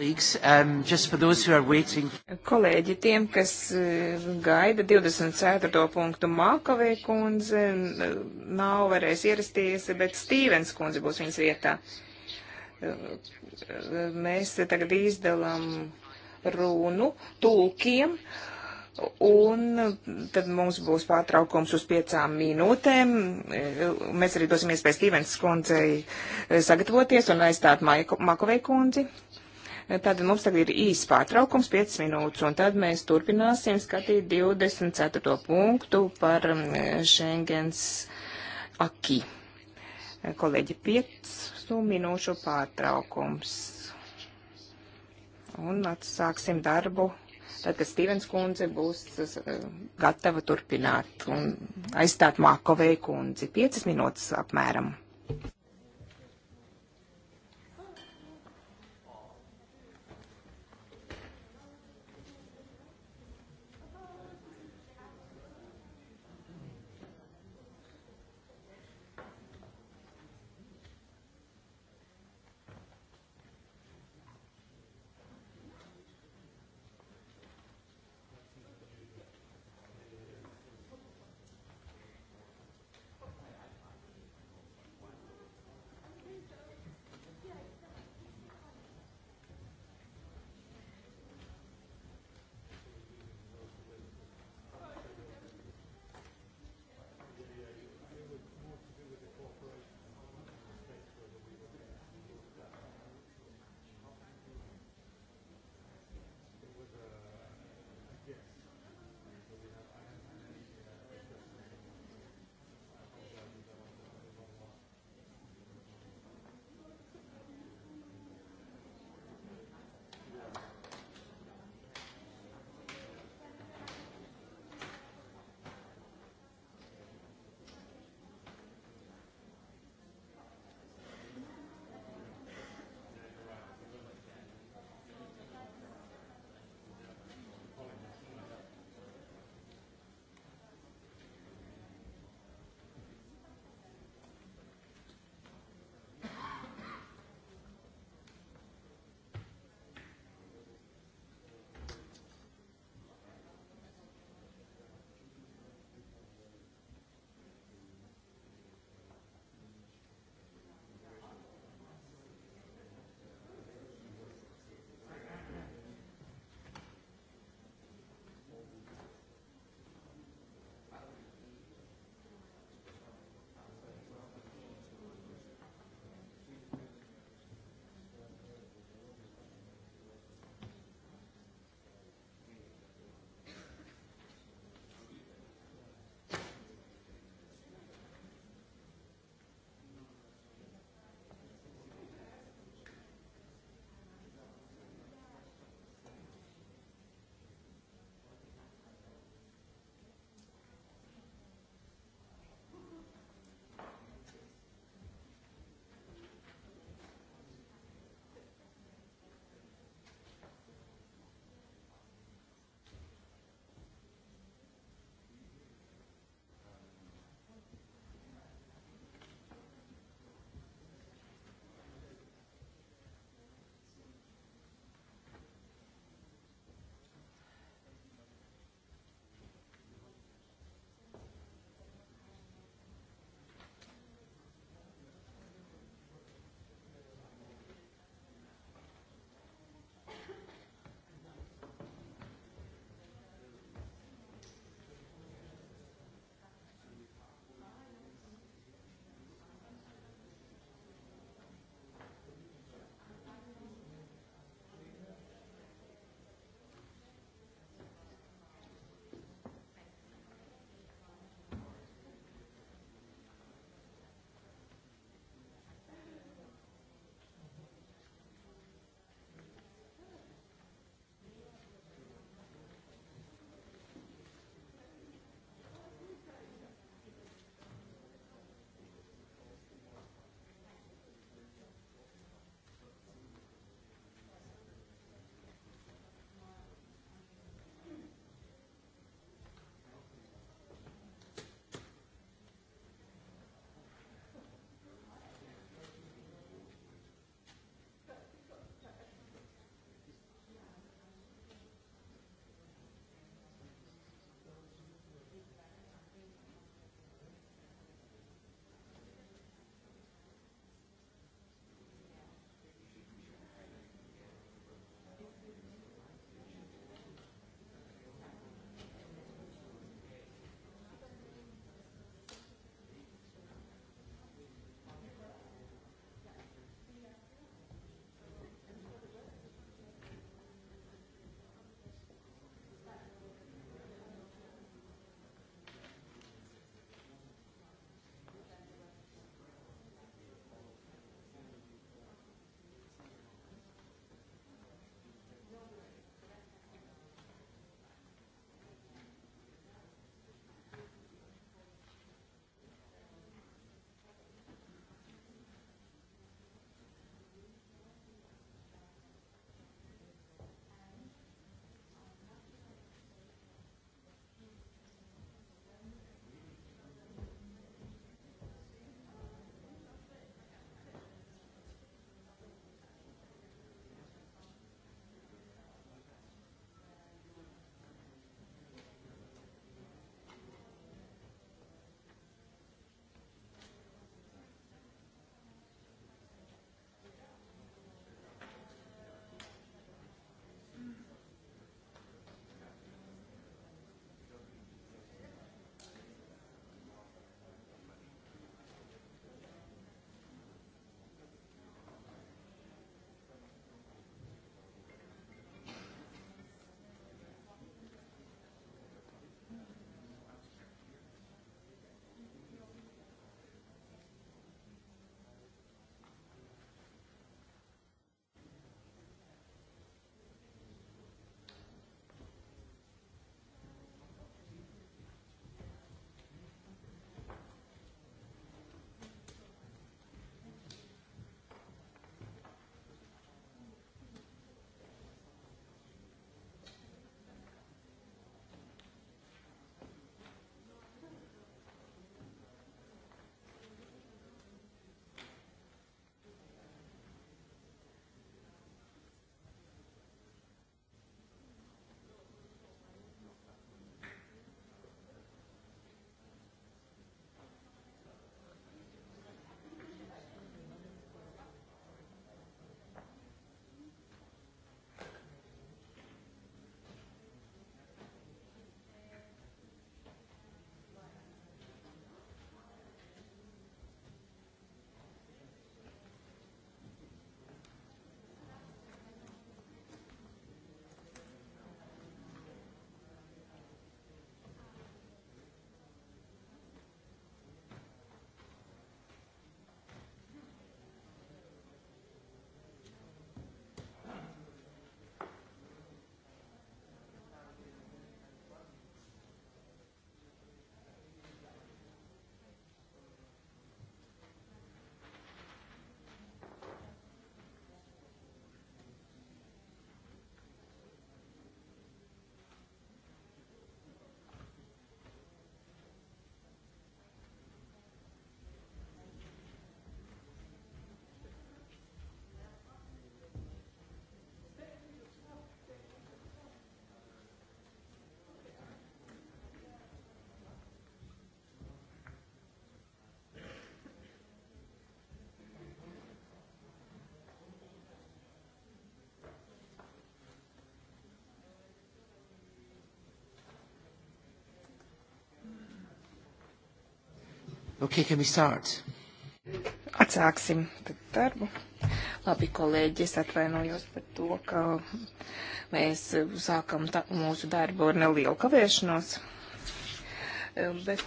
Um, Kolēģi, tiem, kas uh, gaida 24. punktu Makavē kundze, nav varēs ierasties, bet Stīvens kundze būs viņas vietā. Uh, mēs tagad izdalām runu tulkiem. Un tad mums būs pārtraukums uz piecām minūtēm. Uh, mēs arī dosimies pēc Stīvens kundzei sagatavoties un aizstāt Makovei kundzi. Tad mums tagad ir īsts pārtraukums, 5 minūtes, un tad mēs turpināsim skatīt 24. punktu par um, Schengens aki. Kolēģi, 5 minūšu pārtraukums. Un atsāksim darbu, tad, kad Stīvens kundze būs gatava turpināt un aizstāt Mākovei kundzi. 5 minūtes apmēram. Okay, can we start? Atsāksim darbu. Labi, kolēģi, es atvainojos par to, ka mēs sākam tā, mūsu darbu ar nelielu kavēšanos. Bet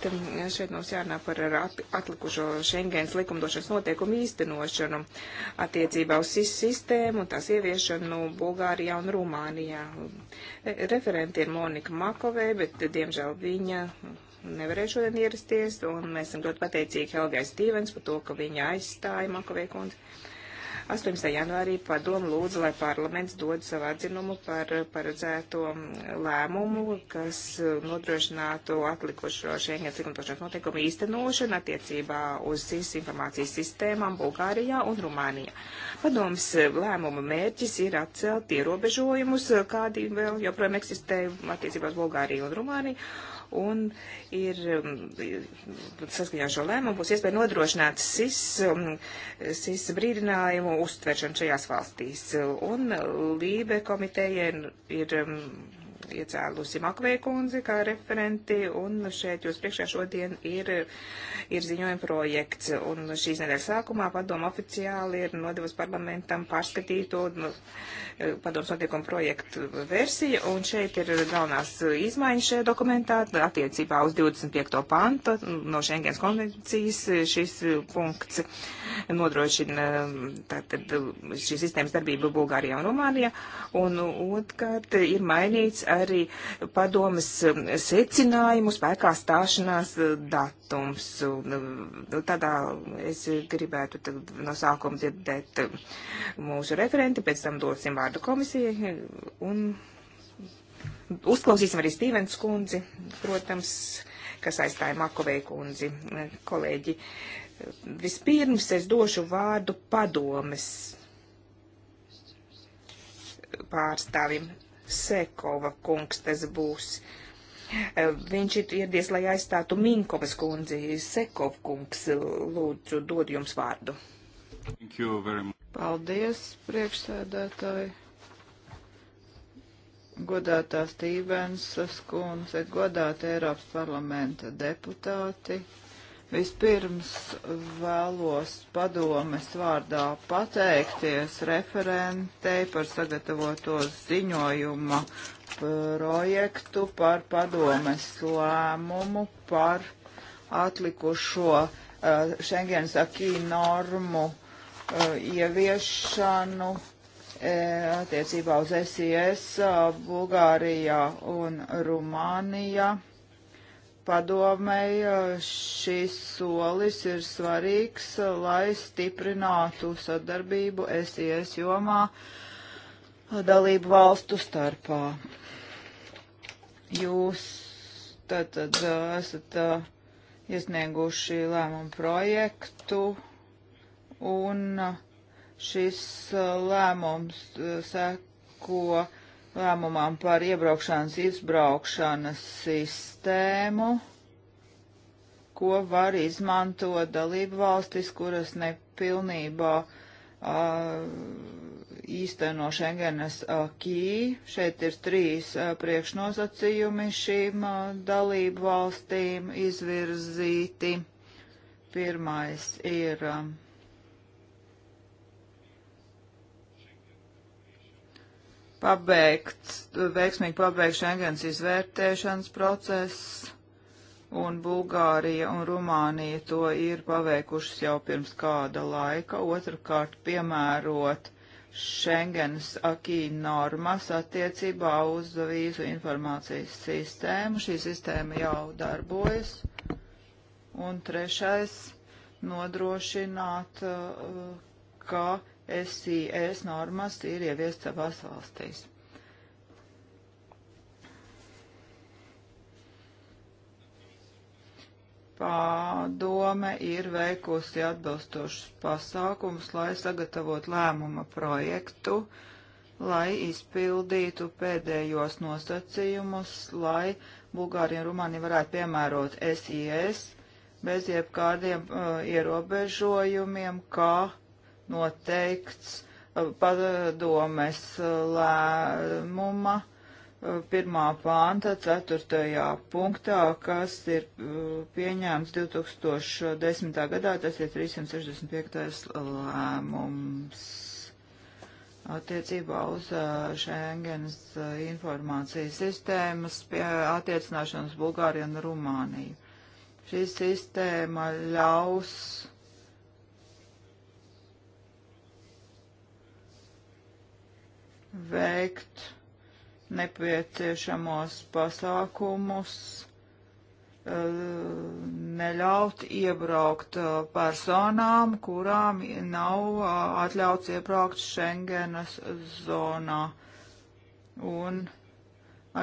šeit mums jārunā par atlikušo Schengens likumdošanas noteikumu īstenošanu attiecībā uz SIS sistēmu un tās ieviešanu Bulgārijā un Rumānijā. Referenti ir Monika Makovē, bet diemžēl viņa nevarēja šodien ierasties, un mēs esam ļoti pateicīgi Helgai Stīvens par to, ka viņa aizstāja Makovē kundzi. 18. janvārī padomu lūdzu, lai parlaments dod savu atzinumu par paredzēto lēmumu, kas nodrošinātu atlikušo Schengens likumdošanas noteikumu īstenošanu attiecībā uz SIS informācijas sistēmām Bulgārijā un Rumānijā. Padomas lēmuma mērķis ir atcelt ierobežojumus, kādi vēl joprojām eksistē attiecībā uz Bulgāriju un Rumāniju un ir um, saskaņā šo lēmumu būs iespēja nodrošināt SIS, um, SIS brīdinājumu uztveršanu šajās valstīs. Un Lībe komiteja ir um, iecēlusi Makvēja kundzi kā referenti, un šeit jūs priekšā šodien ir, ir ziņojuma projekts. Un šīs nedēļas sākumā padoma oficiāli ir nodevusi parlamentam pārskatīto nu, padomas notiekumu projektu versiju, un šeit ir galvenās izmaiņas šajā dokumentā attiecībā uz 25. pantu no Schengens konvencijas. Šis punkts nodrošina tātad, šīs sistēmas darbību Bulgārijā un Rumānijā. Un otrkārt ir mainīts arī padomas um, secinājumu spēkā stāšanās uh, datums. Uh, tādā es gribētu no sākuma dzirdēt um, mūsu referenti, pēc tam dosim vārdu komisijai uh, un uzklausīsim arī Stīvens kundzi, protams, kas aizstāja Makovēju kundzi, kolēģi. Vispirms es došu vārdu padomes pārstāvim. Sekova kungs tas būs. Eh, viņš ir ieradies, lai aizstātu Minkovas kundzi. Sekov kungs, lūdzu, dod jums vārdu. Paldies, priekšsēdētāji. Godātā Stīvensas kundze, godāta Eiropas parlamenta deputāti. Vispirms vēlos padomes vārdā pateikties referentei par sagatavoto ziņojuma projektu par padomes lēmumu par atlikušo uh, Schengens akī normu uh, ieviešanu eh, attiecībā uz SIS Bulgārijā un Rumānijā padomēji šis solis ir svarīgs, lai stiprinātu sadarbību SIS jomā dalību valstu starpā. Jūs tad, tad uh, esat uh, iesnieguši lēmumu projektu un uh, šis lēmums seko lēmumam par iebraukšanas izbraukšanas sistēmu, ko var izmantot dalību valstis, kuras nepilnībā uh, īsteno Schengenas akī. Šeit ir trīs uh, priekšnosacījumi šīm uh, dalību valstīm izvirzīti. Pirmais ir uh, pabeigt, veiksmīgi pabeigt Schengens izvērtēšanas procesu, un Bulgārija un Rumānija to ir paveikušas jau pirms kāda laika. Otrakārt, piemērot Schengens akī normas attiecībā uz vīzu informācijas sistēmu. Šī sistēma jau darbojas. Un trešais, nodrošināt, uh, ka SIS normas ir ieviest savās valstīs. Pārdome ir veikusi atbilstošus pasākumus, lai sagatavot lēmuma projektu, lai izpildītu pēdējos nosacījumus, lai Bulgārija un Rumānija varētu piemērot SIS bez jebkādiem uh, ierobežojumiem, kā noteikts uh, padomes uh, lēmuma uh, pirmā pānta, ceturtajā punktā, kas ir pieņēmts 2010. gadā, tas ir 365. lēmums attiecībā uz Schengens informācijas sistēmas pie attiecināšanas Bulgāriju un Rumāniju. Šī sistēma ļaus veikt nepieciešamos pasākumus, eh, neļaut iebraukt eh, personām, kurām nav eh, atļauts iebraukt Schengenas zonā. Un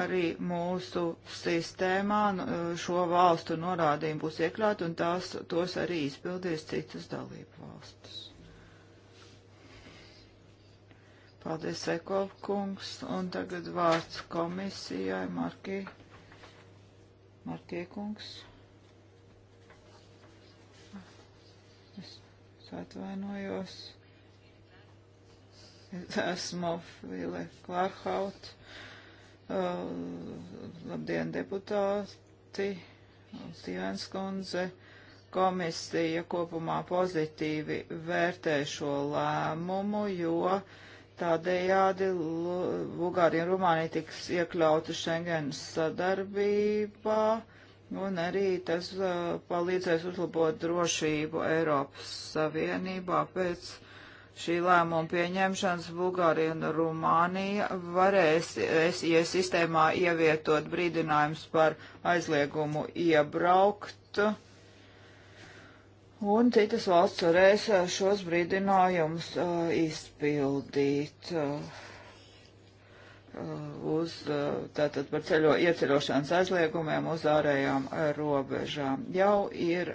arī mūsu sistēmā nu, šo valstu norādījumi būs iekļauti, un tās, tos arī izpildīs citas dalību valstis. Paldies, Ekov kungs. Un tagad vārds komisijai, Markī. Markī kungs. Es atvainojos. Es esmu Vile Klārhaut. Uh, labdien, deputāti. Stīvens kundze. Komisija kopumā pozitīvi vērtē šo lēmumu, jo uh, Tādējādi Bulgārija un Rumānija tiks iekļauti Schengenas sadarbībā, un arī tas uh, palīdzēs uzlabot drošību Eiropas Savienībā pēc šī lēmuma pieņemšanas Bulgārija un Rumānija varēs ja sistēmā ievietot brīdinājums par aizliegumu iebraukt un citas valsts varēs šos brīdinājumus uh, izpildīt uh, uz tātad par ceļo ieceļošanas aizliegumiem uz ārējām robežām. Jau ir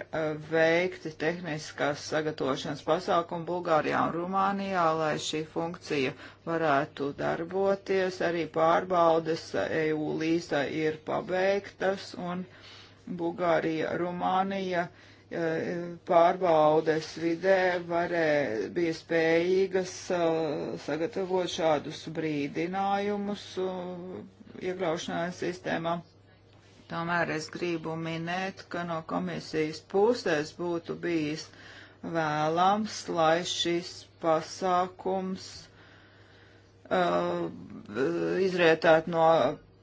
veikti tehniskās sagatavošanas pasākumi Bulgārijā un Rumānijā, lai šī funkcija varētu darboties. Arī pārbaudes EU līsa ir pabeigtas un Bulgārija, Rumānija uh, E, pārbaudes vidē varē, bija spējīgas e, sagatavot šādus brīdinājumus e, iekļaušanai sistēmā. Tomēr es gribu minēt, ka no komisijas puses būtu bijis vēlams, lai šis pasākums uh, izrietētu no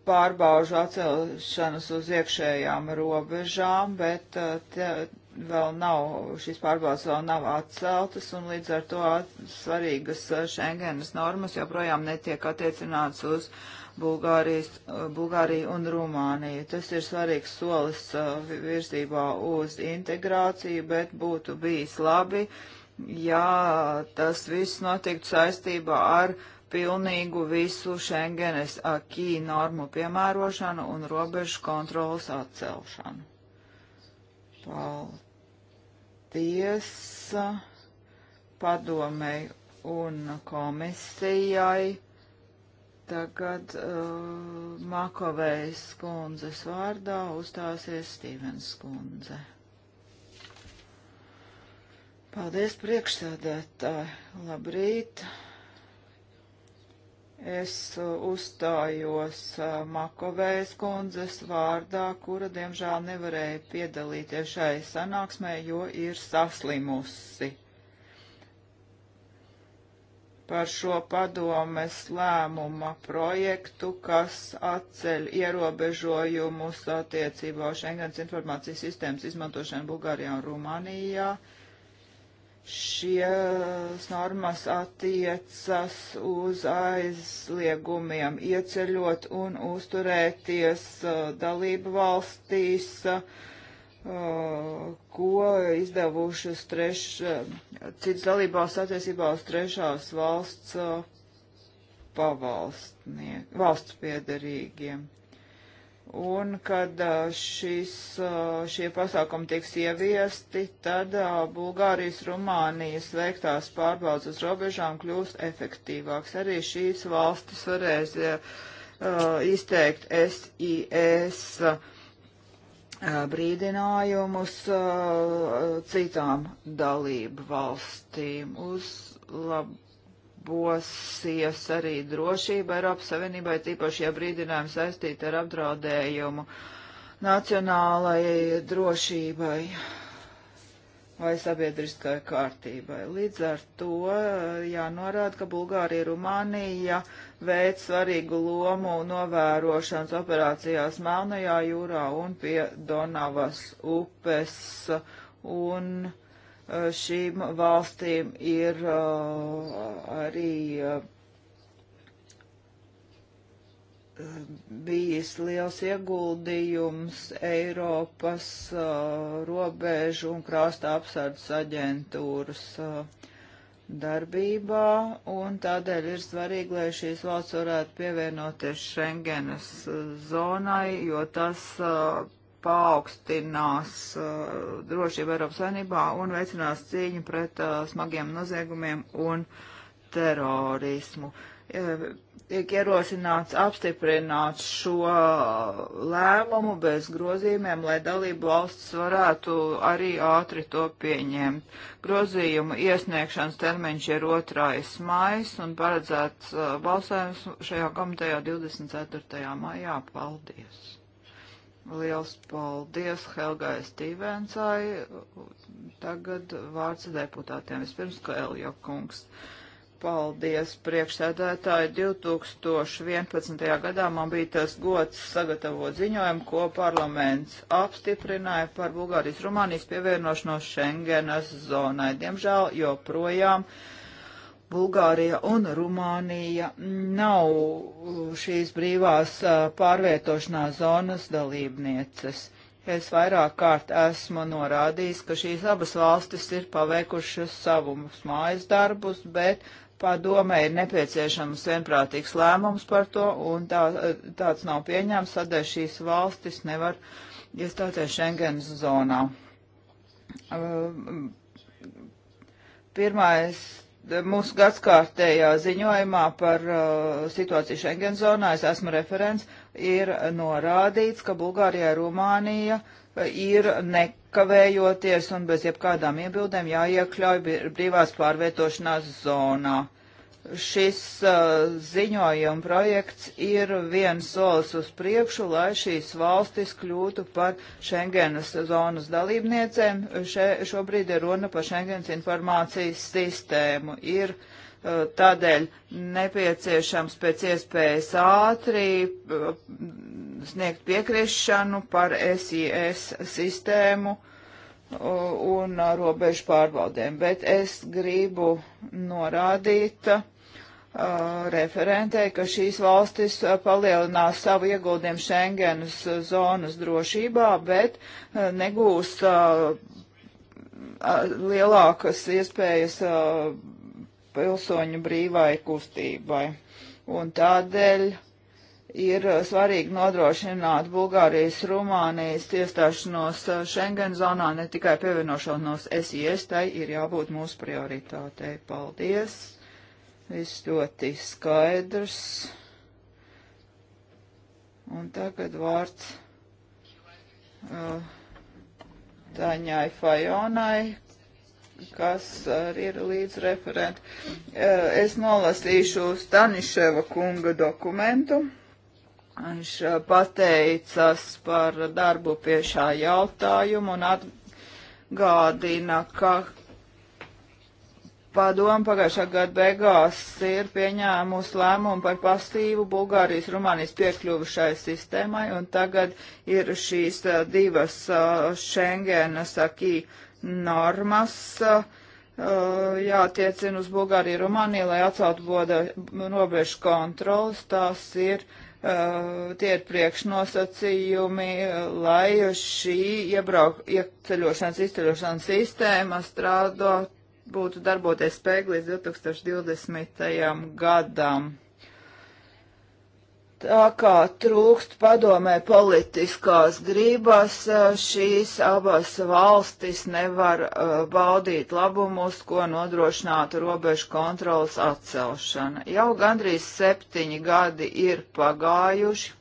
pārbaužu atcelšanas uz iekšējām robežām, bet uh, vēl nav, šīs pārbaudas vēl nav atceltas, un līdz ar to svarīgas uh, Schengenas normas joprojām netiek attiecināts uz Bulgārijas, uh, Bulgāriju un Rumāniju. Tas ir svarīgs solis uh, virzībā uz integrāciju, bet būtu bijis labi, ja tas viss notiktu saistībā ar pilnīgu visu Schengenes akī normu piemērošanu un robežu kontrolas atcelšanu. Paldies! paldies padomei un komisijai. Tagad uh, Makovējas kundzes vārdā uzstāsies Stīvens kundze. Paldies priekšsēdētāji. Labrīt. Es uzstājos Makovējas kundzes vārdā, kura diemžēl nevarēja piedalīties šai sanāksmē, jo ir saslimusi. Par šo padomes lēmuma projektu, kas atceļ ierobežojumus attiecībā Schengens informācijas sistēmas izmantošanu Bulgārijā un Rumānijā. Uh, Šie normas attiecas uz aizliegumiem ieceļot un uzturēties uh, dalību valstīs, uh, ko izdevušas treš, uh, cits dalībās attiecībā uz trešās valsts pavalstnie, valsts piederīgiem. Un, kad šis, šie pasākumi tiks ieviesti, tad Bulgārijas, Rumānijas veiktās pārbaudas uz robežām kļūs efektīvāks. Arī šīs valstis varēs ja, izteikt SIS brīdinājumus citām dalību valstīm uz labu uzlabosies arī drošība Eiropas Savienībai, tīpaši, ja brīdinājumi saistīti ar apdraudējumu nacionālajai drošībai vai sabiedriskai kārtībai. Līdz ar to eh, jānorāda, ka Bulgārija, Rumānija veic svarīgu lomu novērošanas operācijās Melnajā jūrā un pie Donavas upes. Un Eh, šīm valstīm ir eh, arī eh, bijis liels ieguldījums Eiropas robežu un krāsta apsardzes aģentūras darbībā, un tādēļ ir svarīgi, lai šīs valsts varētu pievienoties Schengenas zonai, jo tas uh, paaugstinās uh, drošību Eiropas Savienībā un veicinās cīņu pret uh, smagiem noziegumiem un terorismu. Uh, tiek ierosināts apstiprināt šo uh, lēmumu bez grozījumiem, lai dalību valsts varētu arī ātri to pieņemt. Grozījumu iesniegšanas termiņš ir 2. mais un paredzēts uh, balsojums šajā komitejā 24. maijā. Paldies! Liels paldies Helgai Stīvensai. Tagad vārds deputātiem. Vispirms, ka Elja kungs. Paldies priekšsēdētāji. 2011. gadā man bija tas gods sagatavot ziņojumu, ko parlaments apstiprināja par Bulgārijas Rumānijas pievienošanos Schengenas zonai. Diemžēl joprojām. Uh, Bulgārija un Rumānija nav šīs brīvās pārvietošanās zonas dalībnieces. Es vairāk kārt esmu norādījis, ka šīs abas valstis ir paveikušas savus mājas darbus, bet padomē ir nepieciešams vienprātīgs lēmums par to, un tā, tāds nav pieņēmts, tādēļ šīs valstis nevar iestāties Schengens zonā. Pirmais mūsu gadskārtējā ziņojumā par uh, situāciju Schengen zonā, es esmu referents, ir norādīts, ka Bulgārija, Rumānija uh, ir nekavējoties un bez jebkādām iebildēm jāiekļauj brīvās pārvietošanās zonā. Uh, šis uh, ziņojuma projekts ir viens solis uz priekšu, lai šīs valstis kļūtu par Schengenas zonas dalībniecēm. Še, šobrīd ir runa par Schengenas informācijas sistēmu. Ir uh, tādēļ nepieciešams pēc iespējas ātri uh, sniegt piekrišanu par SIS sistēmu uh, un uh, robežu pārbaudēm, bet es gribu norādīt, Uh, referentei, ka šīs valstis uh, palielinās savu ieguldījumu Schengenas uh, zonas drošībā, bet negūs lielākas iespējas pilsoņu brīvai kustībai. Un tādēļ ir svarīgi nodrošināt Bulgārijas, Rumānijas iestāšanos Schengen zonā, ne tikai pievienošanos SIS, tai ir jābūt mūsu prioritātei. Paldies! Viss ļoti skaidrs. Un tagad vārds uh, Taņai Fajonai, kas arī ir līdz referenti. Uh, es nolasīšu Staniševa kunga dokumentu. Viņš uh, pateicas par darbu pie šā jautājuma un atgādina, ka Padoma pagājušā gada beigās ir pieņēmusi lēmumu par pastīvu Bulgārijas, Rumānijas piekļuvušai sistēmai, un tagad ir šīs divas Schengenas akī normas jātiecina uz Bulgāriju, Rumāniju, lai atceltu boda robežu kontrolas. Tās ir, tie ir priekšnosacījumi, lai šī iebrauk, ieceļošanas, izceļošanas sistēma strādāt būtu darboties spēk līdz 2020. gadam. Tā kā trūkst padomē politiskās gribas, šīs abas valstis nevar uh, baudīt labumus, ko nodrošinātu robežu kontrolas atcelšana. Jau gandrīz septiņi gadi ir pagājuši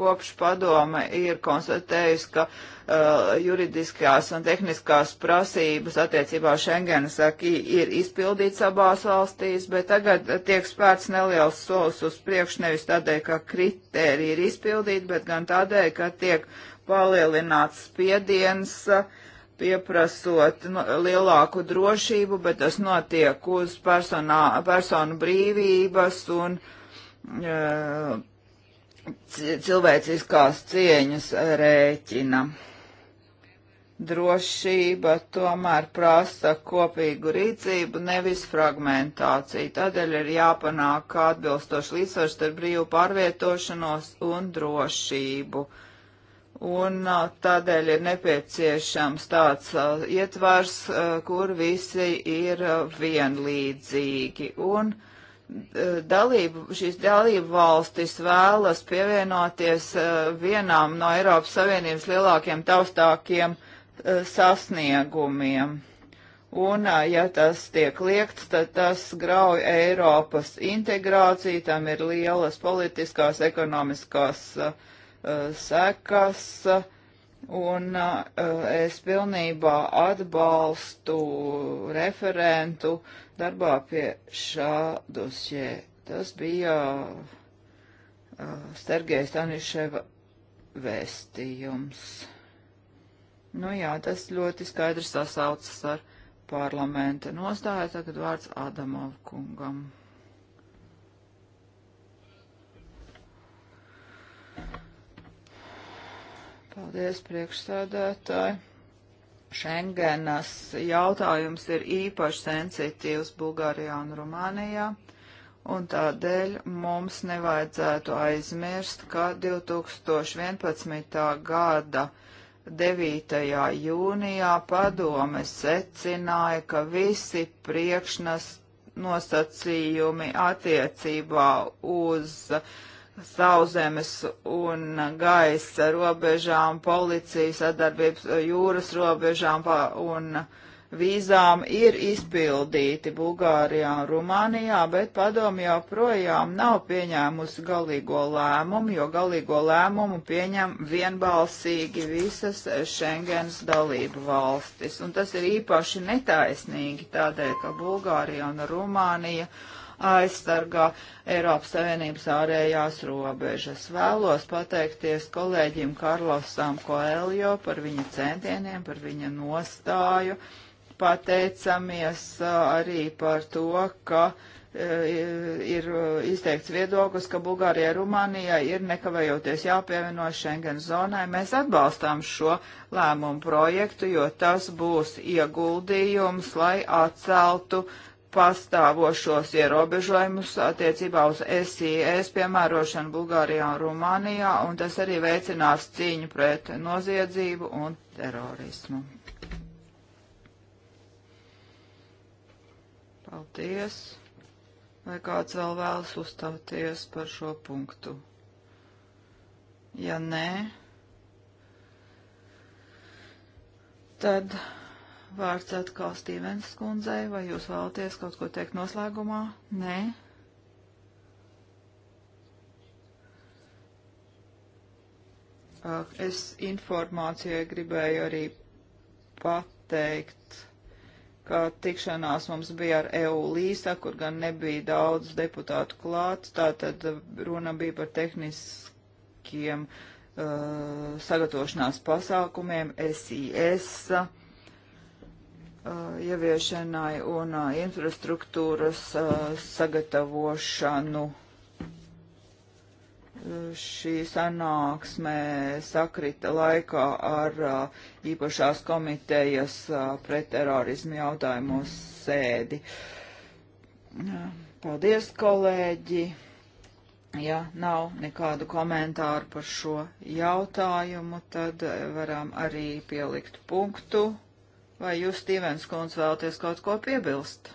kopš padome ir konstatējusi, ka uh, juridiskās un tehniskās prasības attiecībā Schengenas akī ir izpildīts abās valstīs, bet tagad tiek spērts neliels solis uz priekšu nevis tādēļ, ka kritēriji ir izpildīti, bet gan tādēļ, ka tiek palielināts spiediens uh, pieprasot no, nu, lielāku drošību, bet tas notiek uz personā, personu brīvības un uh, cilvēciskās cieņas rēķina. Drošība tomēr prasa kopīgu rīcību, nevis fragmentāciju. Tādēļ ir jāpanāk atbilstoši līdzsvars starp brīvu pārvietošanos un drošību. Un tādēļ ir nepieciešams tāds uh, ietvars, uh, kur visi ir uh, vienlīdzīgi. Un, uh, E, dalību, šīs dalību valstis vēlas pievienoties e, vienām no Eiropas Savienības lielākiem taustākiem e, sasniegumiem. Un, ja tas tiek liekts, tad tas grauj Eiropas integrāciju, tam ir lielas politiskās, ekonomiskās uh, sekas. Uh, un uh, es pilnībā atbalstu referentu darbā pie šā dosjē. Tas bija uh, Sergeja Staniševa vēstījums. Nu jā, tas ļoti skaidri sasaucas ar parlamenta nostāju. Tagad vārds Adamov kungam. Paldies, priekšsēdētāji. Šengenas jautājums ir īpaši sensitīvs Bulgārijā un Rumānijā, un tādēļ mums nevajadzētu aizmirst, ka 2011. gada 9. jūnijā padome secināja, ka visi priekšnas nosacījumi attiecībā uz uh, sauzemes un gaisa robežām, policijas sadarbības jūras robežām un vīzām ir izpildīti Bulgārijā un Rumānijā, bet padomi joprojām nav pieņēmusi galīgo lēmumu, jo galīgo lēmumu pieņem vienbalsīgi visas Schengens dalību valstis. Un tas ir īpaši netaisnīgi tādēļ, ka Bulgārija un Rumānija uh, aizsargā Eiropas Savienības ārējās robežas. Vēlos pateikties kolēģim Karlosam Koeljo par viņa centieniem, par viņa nostāju. Pateicamies uh, arī par to, ka uh, ir uh, izteikts viedoklis, ka Bulgārija, Rumānija ir nekavējoties jāpievieno Schengen zonai. Mēs atbalstām šo lēmumu projektu, jo tas būs ieguldījums, lai atceltu uh, pastāvošos ierobežojumus attiecībā uz SIS e piemērošanu Bulgārijā un Rumānijā, un tas arī veicinās cīņu pret noziedzību un terorismu. Paldies! Vai kāds vēl vēlas uzstāties par šo punktu? Ja nē, tad vārds atkal Stīvens kundzei, vai jūs vēlaties kaut ko teikt noslēgumā? Nē. Es informācijai gribēju arī pateikt, ka tikšanās mums bija ar EU līsa, kur gan nebija daudz deputātu klāt, tātad runa bija par tehniskiem uh, sagatavošanās pasākumiem, SIS. Uh, Uh, ieviešanai un uh, infrastruktūras uh, sagatavošanu. Šī sanāksme sakrita laikā ar īpašās komitejas pretterorismu jautājumos sēdi. Paldies, kolēģi! Ja nav nekādu komentāru par šo jautājumu, tad varam arī pielikt punktu. Vai jūs, Stīvens Kunds, vēlaties kaut ko piebilst?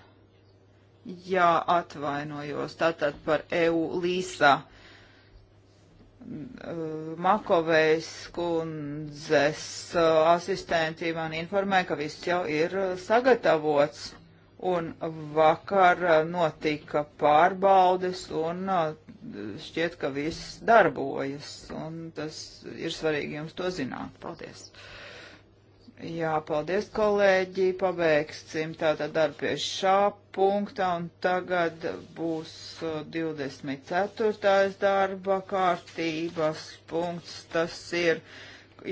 Jā, atvainojos. Tātad par EU līsā. Mm, uh, Makovejs kundzes uh, asistentī man informēja, ka viss jau ir uh, sagatavots. Un vakar notika pārbaudes un šķiet, ka viss darbojas. Un tas ir svarīgi jums to zināt. Paldies! Jā, paldies, kolēģi. Pabeigsim tātad darbu pie šā punktā, un tagad būs 24. Uh, darba kārtības punkts. Tas ir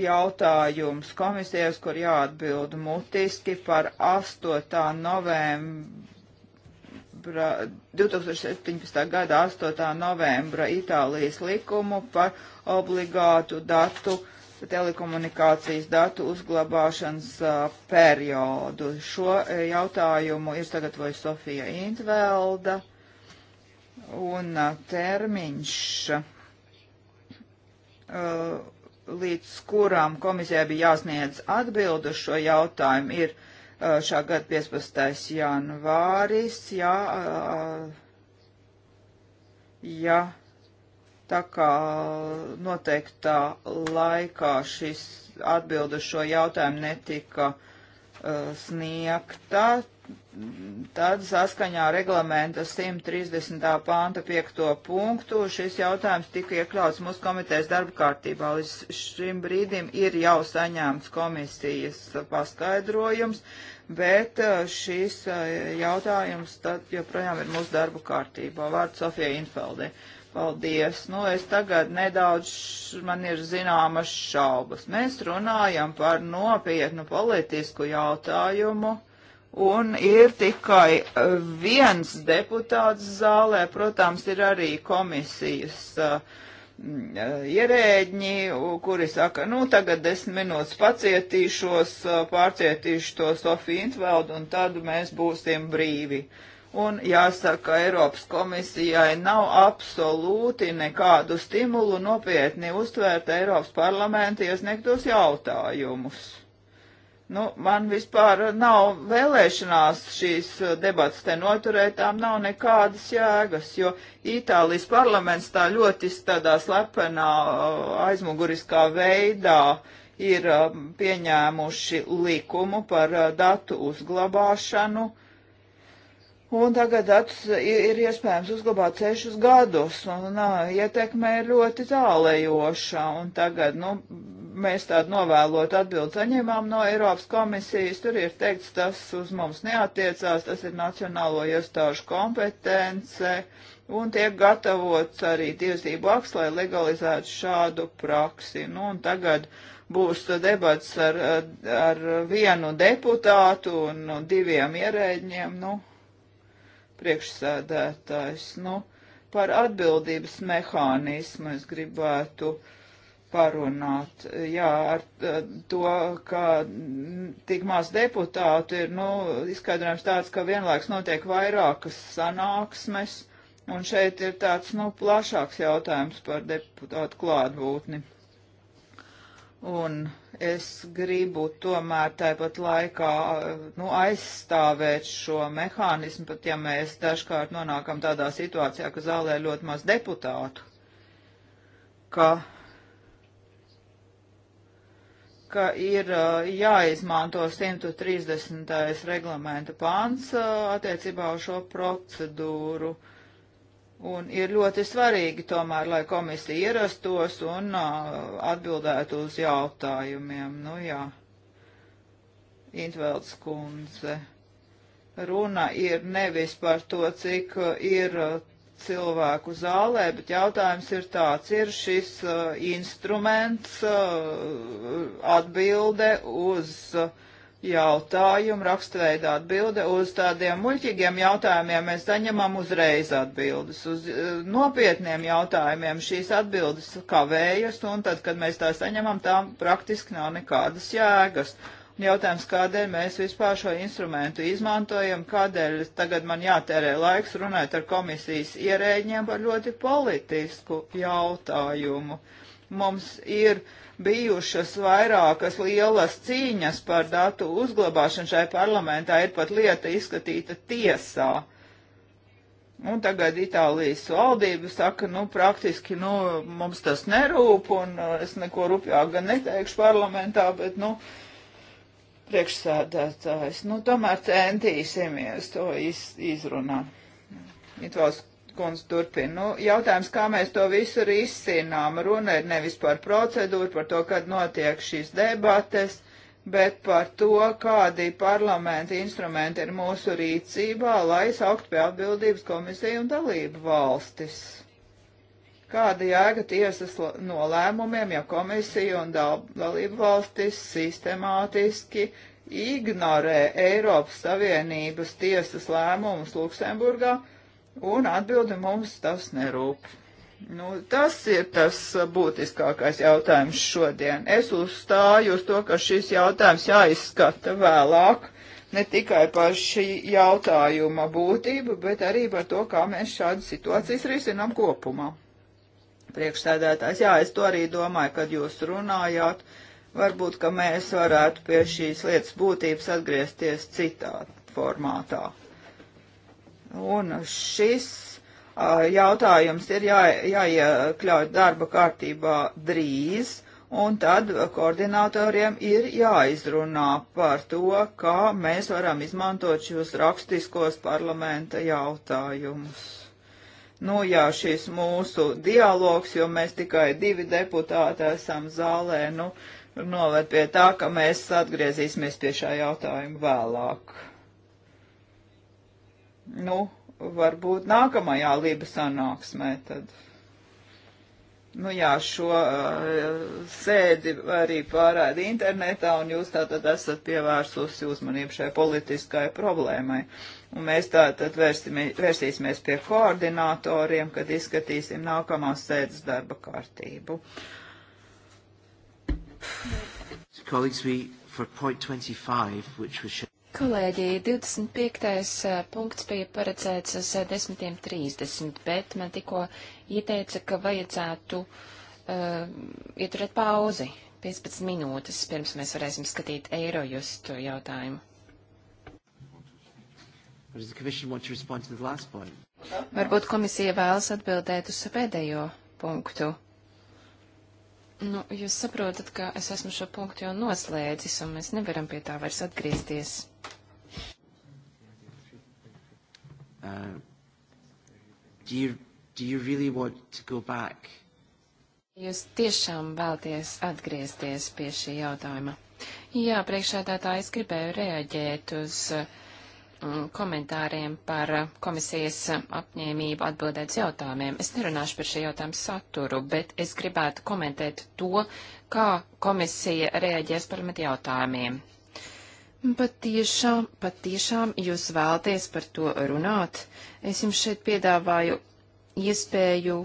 jautājums komisijas, kur jāatbild mutiski par 8. novembra, 2017. gada 8. novembra Itālijas likumu par obligātu datu telekomunikācijas datu uzglabāšanas uh, periodu. Šo uh, jautājumu ir sagatavojusi Sofija Intvelda un uh, termiņš, uh, līdz kurām komisijai bija jāsniedz atbildu šo jautājumu, ir uh, šā gada 15. janvāris. Jā, uh, jā, Tā kā noteiktā laikā šis atbildu šo jautājumu netika uh, sniegta, tad saskaņā reglamenta 130. pānta 5. punktu šis jautājums tika iekļauts mūsu komitejas darba kārtībā. Līdz šim brīdim ir jau saņēmts komisijas paskaidrojums, bet uh, šis uh, jautājums tad joprojām ir mūsu darba kārtībā. Vārds Sofija Infeldei. Paldies. Nu, es tagad nedaudz, man ir zināmas šaubas. Mēs runājam par nopietnu politisku jautājumu, un ir tikai e, viens deputāts zālē, protams, ir arī komisijas uh, ierēģi, kuri saka, nu, tagad desmit minūtes pacietīšos, pārcietīšu to Sofiju Intveldu, un tad mēs būsim brīvi. Uh, Un jāsaka, Eiropas komisijai nav absolūti nekādu stimulu nopietni uztvērt Eiropas parlamenta iesniegtos jautājumus. Nu, man vispār nav vēlēšanās šīs debats te noturēt, tām nav nekādas jēgas, jo Itālijas parlaments tā ļoti tādā slepenā uh, aizmuguriskā veidā ir uh, pieņēmuši likumu par uh, datu uzglabāšanu. Uh, Un tagad ats, ir iespējams uzglabāt sešus gadus, un nā, ietekme ir ļoti tālējoša. Un tagad, nu, mēs tādu novēlot atbildi saņēmām no Eiropas komisijas. Tur ir teikts, tas uz mums neatiecās, tas ir nacionālo iestāžu kompetence, un tiek gatavots arī tiesību aks, lai legalizētu šādu praksi. Nu, un tagad būs debats ar, ar vienu deputātu un nu, diviem ierēģiem. Nu, priekšsēdētājs. Nu, par atbildības mehānismu es gribētu parunāt. Jā, ar eh, to, ka tik maz deputātu ir, nu, izskaidrojums tāds, ka vienlaiks notiek vairākas sanāksmes, un šeit ir tāds, nu, plašāks jautājums par deputātu klātbūtni. Un es gribu tomēr tāpat laikā nu, aizstāvēt šo mehānismu, pat ja mēs dažkārt nonākam tādā situācijā, ka zālē ļoti maz deputātu, ka, ka ir uh, jāizmanto 130. reglamenta pāns uh, attiecībā uz šo procedūru. Uh, Un ir ļoti svarīgi tomēr, lai komisija ierastos un uh, atbildētu uz jautājumiem. Nu jā, Intvelds kundze. Runa ir nevis par to, cik ir cilvēku zālē, bet jautājums ir tāds, ir šis uh, instruments uh, atbilde uz uh, jautājumu, rakstveida atbilde uz tādiem muļķīgiem jautājumiem mēs saņemam uzreiz atbildes. Uz eh, nopietniem jautājumiem šīs atbildes kavējas, un tad, kad mēs tā saņemam, tām praktiski nav nekādas jēgas. Jautājums, kādēļ mēs vispār šo instrumentu izmantojam, kādēļ tagad man jātērē laiks runāt ar komisijas ierēģiem par ļoti politisku jautājumu. Mums ir uh, bijušas vairākas lielas cīņas par datu uzglabāšanu šai parlamentā, ir pat lieta izskatīta tiesā. Un tagad Itālijas valdība saka, nu, praktiski, nu, mums tas nerūp, un uh, es neko rupjāk gan neteikšu parlamentā, bet, nu, priekšsēdētājs, nu, tomēr centīsimies to iz, izrunāt. Itālijas Kundz turpina. Nu, jautājums, kā mēs to visu risinām. Runa ir nevis par procedūru, par to, kad notiek šīs debates, bet par to, kādi parlamenta instrumenti ir mūsu rīcībā, lai saukt pie atbildības komisiju un dalību valstis. Kāda jēga tiesas nolēmumiem, ja komisija un dal dalību valstis sistemātiski ignorē Eiropas Savienības tiesas lēmumus Luksemburgā? Un atbildi mums tas nerūp. Nu, tas ir tas būtiskākais jautājums šodien. Es uzstāju uz to, ka šis jautājums jāizskata vēlāk, ne tikai par šī jautājuma būtību, bet arī par to, kā mēs šādas situācijas risinām kopumā. Priekšsēdētājs, jā, es to arī domāju, kad jūs runājāt. Varbūt, ka mēs varētu pie šīs lietas būtības atgriezties citā formātā. Un šis uh, jautājums ir jā, jāiekļauj darba kārtībā drīz, un tad koordinatoriem ir jāizrunā par to, kā mēs varam izmantot šos rakstiskos parlamenta jautājumus. Nu, jā, šis mūsu dialogs, jo mēs tikai divi deputāti esam zālē, nu, noved pie tā, ka mēs atgriezīsimies pie šā jautājuma vēlāk. Nu, varbūt nākamajā Liba sanāksmē tad. Nu jā, šo uh, sēdi arī pārāda internetā, un jūs tātad esat pievērsusi uzmanību šai politiskai problēmai. Un mēs tātad vērsīsimies pie koordinatoriem, kad izskatīsim nākamās sēdes darba kārtību. Colleagues, we, for point 25, which was... Kolēģi, 25. punkts bija paredzēts uz 10.30, bet man tikko ieteica, ka vajadzētu uh, ieturēt pauzi 15 minūtes, pirms mēs varēsim skatīt eirojustu jautājumu. Varbūt komisija vēlas atbildēt uz pēdējo punktu. Nu, jūs saprotat, ka es esmu šo punktu jau noslēdzis, un mēs nevaram pie tā vairs atgriezties. Uh, do you, do you really want to go back? Jūs tiešām vēlties atgriezties pie šī jautājuma. Jā, priekšādātājs gribēju reaģēt uz mm, komentāriem par komisijas apņēmību atbildēt jautājumiem. Es nerunāšu par šī jautājuma saturu, bet es gribētu komentēt to, kā komisija reaģēs par met jautājumiem. Patiešām, patiešām jūs vēlaties par to runāt. Es jums šeit piedāvāju iespēju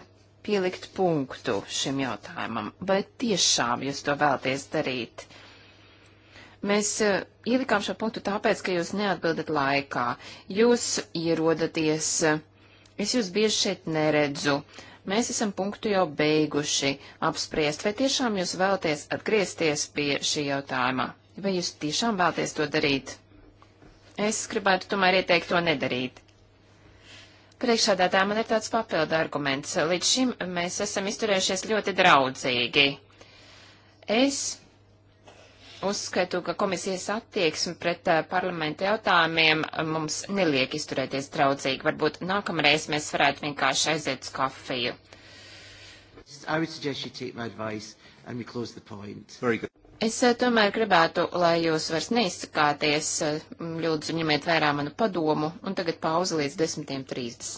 pielikt punktu šim jautājumam. Vai tiešām jūs to vēlaties darīt? Mēs uh, ielikām šo punktu tāpēc, ka jūs neatbildat laikā. Jūs ierodaties. Es jūs bieži šeit neredzu. Mēs esam punktu jau beiguši apspriest. Vai tiešām jūs vēlaties atgriezties pie šī jautājuma? vai jūs tiešām vēlaties to darīt? Es gribētu tomēr ieteikt to nedarīt. Priekšādātā man ir tāds papildu arguments. Līdz šim mēs esam izturējušies ļoti draudzīgi. Es uzskatu, ka komisijas attieksme pret uh, parlamenta jautājumiem eh, mums neliek izturēties draudzīgi. Varbūt nākamreiz mēs varētu vienkārši aiziet uz kafiju. Es eh, tomēr gribētu, lai jūs vairs neizsakāties, lūdzu eh, ņemiet vērā manu padomu, un tagad pauze līdz 10.30.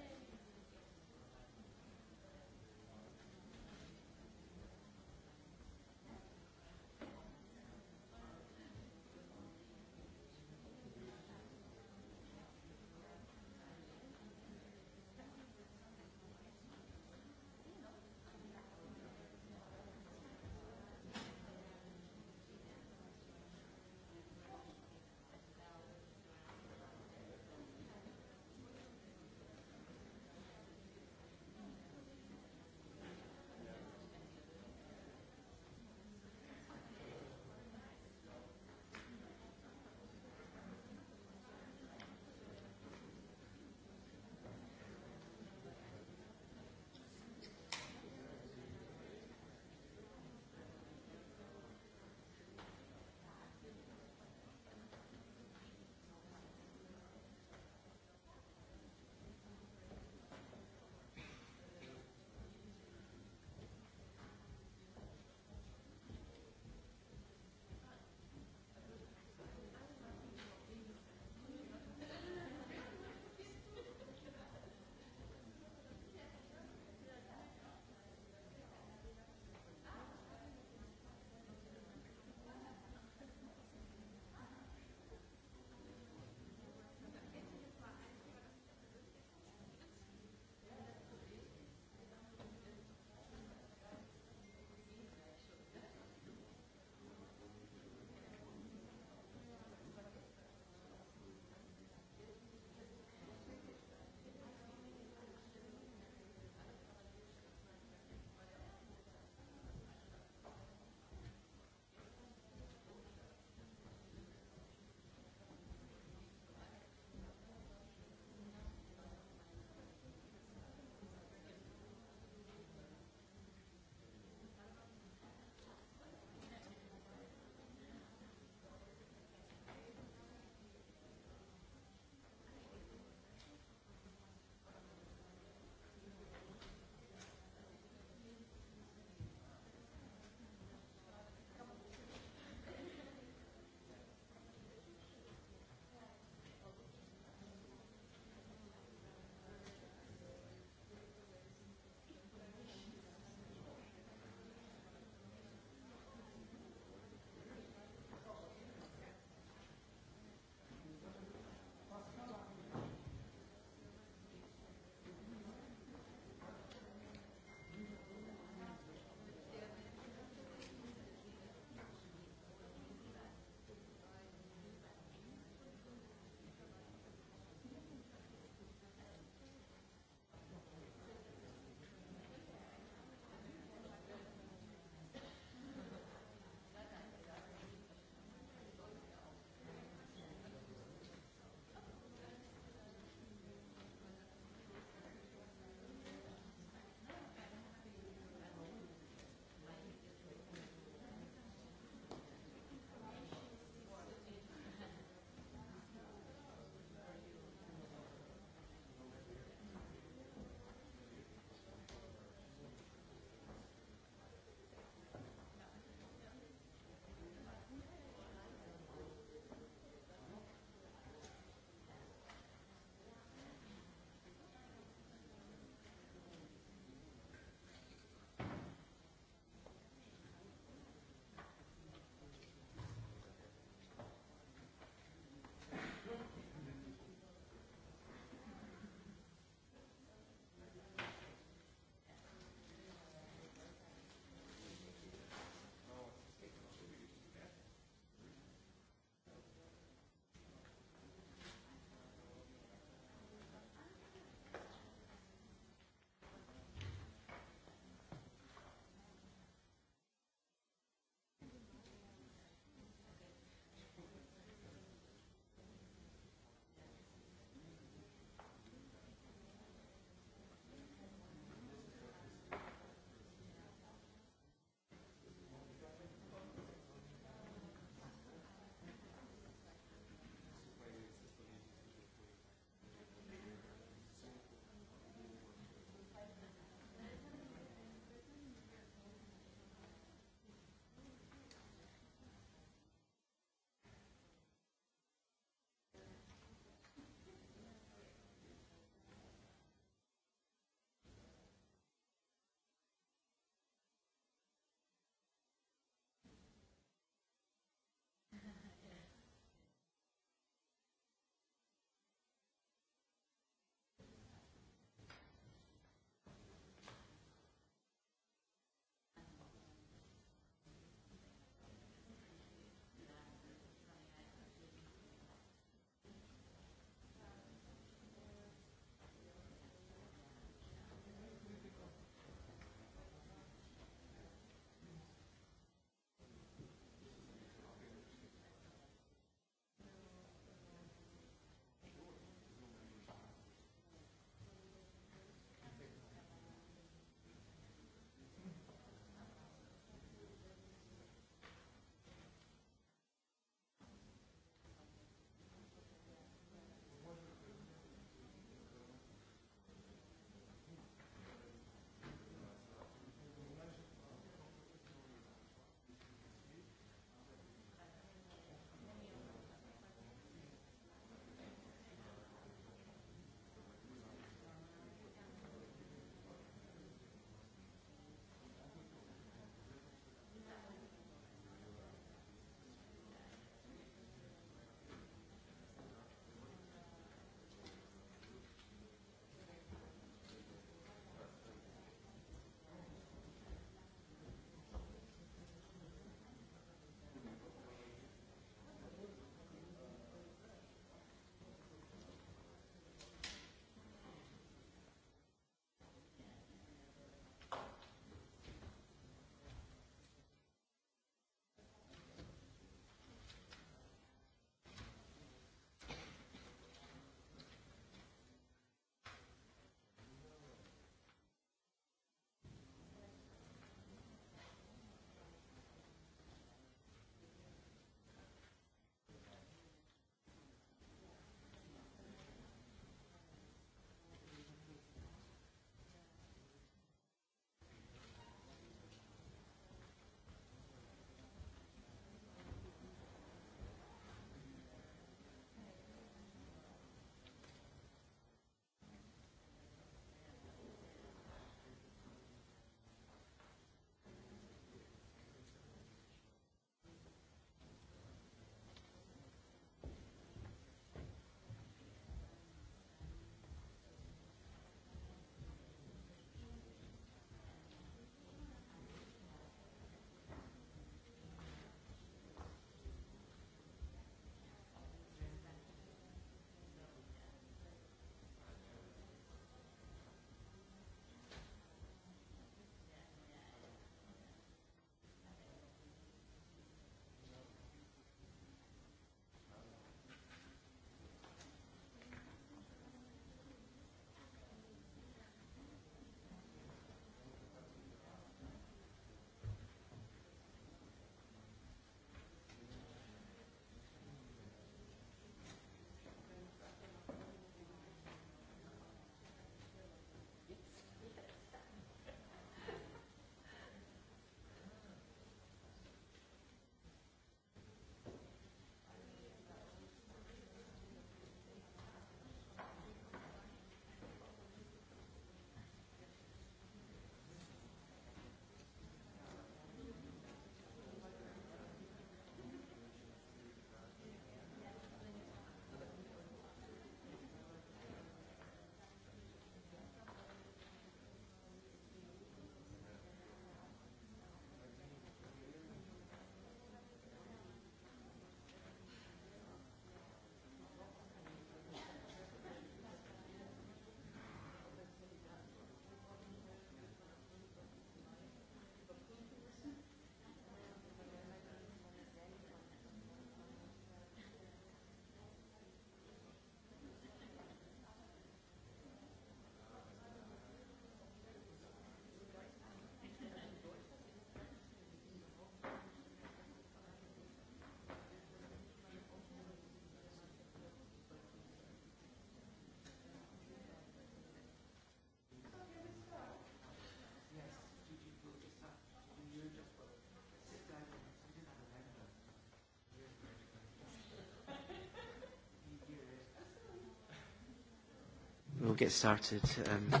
we'll get started. Um,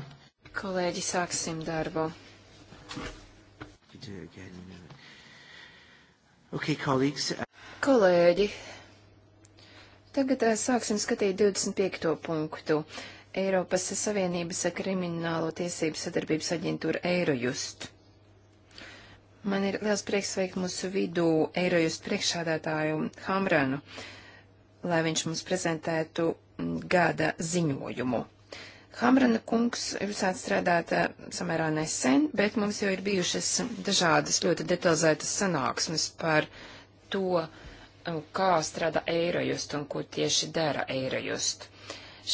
Kolēģi, sāksim darbu. Okay, colleagues. Uh, Kolēģi, tagad uh, sāksim skatīt 25. punktu. Eiropas Savienības kriminālo tiesību sadarbības aģentūra Eirojust. Man ir liels prieks sveikt mūsu vidū Eirojust priekšādātāju Hamranu, lai viņš mums prezentētu mm, gada ziņojumu. Hamrana kungs, jūs atstrādāt eh, samērā nesen, bet mums jau ir bijušas dažādas ļoti detalizētas sanāksmes par to, eh, kā strādā Eirojust un ko tieši dara Eirojust.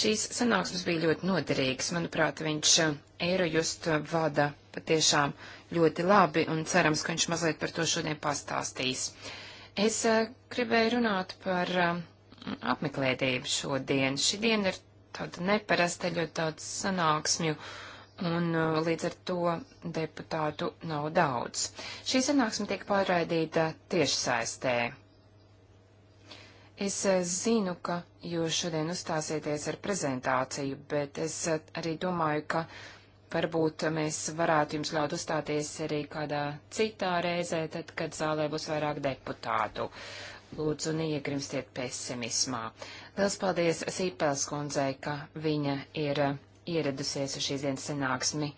Šīs sanāksmes bija ļoti noderīgas. Manuprāt, viņš eh, Eirojust vada patiešām ļoti labi un cerams, ka viņš mazliet par to šodien pastāstīs. Es gribēju runāt par apmeklētību šodien. Šī diena ir tāda neparasta, ļoti daudz sanāksmju, un uh, līdz ar to deputātu nav daudz. Šī sanāksme tiek pārraidīta tiešsaistē. Es uh, zinu, ka jūs šodien uzstāsieties ar prezentāciju, bet es uh, arī domāju, ka varbūt mēs varētu jums ļaut uzstāties arī kādā citā reizē, tad, kad zālē būs vairāk deputātu. Lūdzu, neiegrimstiet pesimismā. Liels paldies Sīpels kundzei, ka viņa ir uh, ieradusies uz šīs dienas sanāksmi.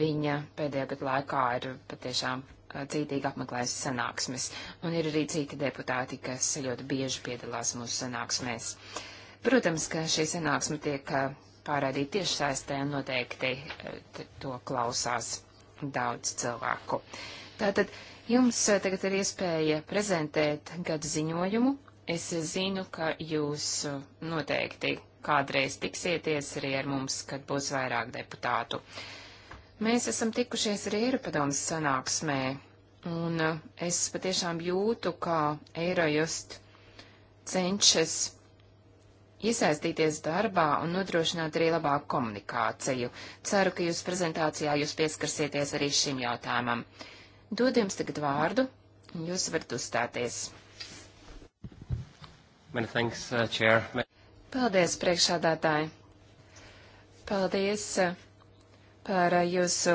Viņa pēdējo gadu laikā ir patiešām uh, cītīgi apmeklējusi sanāksmes, un ir arī citi deputāti, kas ļoti bieži piedalās mūsu sanāksmēs. Protams, ka šī sanāksme tiek uh, pārādīta tieši saistē un noteikti to klausās daudz cilvēku. Tātad jums tagad ir iespēja prezentēt gadu ziņojumu, Es zinu, ka jūs uh, noteikti kādreiz tiksieties arī ar mums, kad būs vairāk deputātu. Mēs esam tikušies arī Eiropadomas sanāksmē, un uh, es patiešām jūtu, kā Eirojust cenšas iesaistīties darbā un nodrošināt arī labāku komunikāciju. Ceru, ka jūs prezentācijā jūs pieskarsieties arī šim jautājumam. Dod jums tagad vārdu, un jūs varat uzstāties. Many thanks, uh, chair. Paldies, priekšādātāji. Paldies uh, par uh, jūsu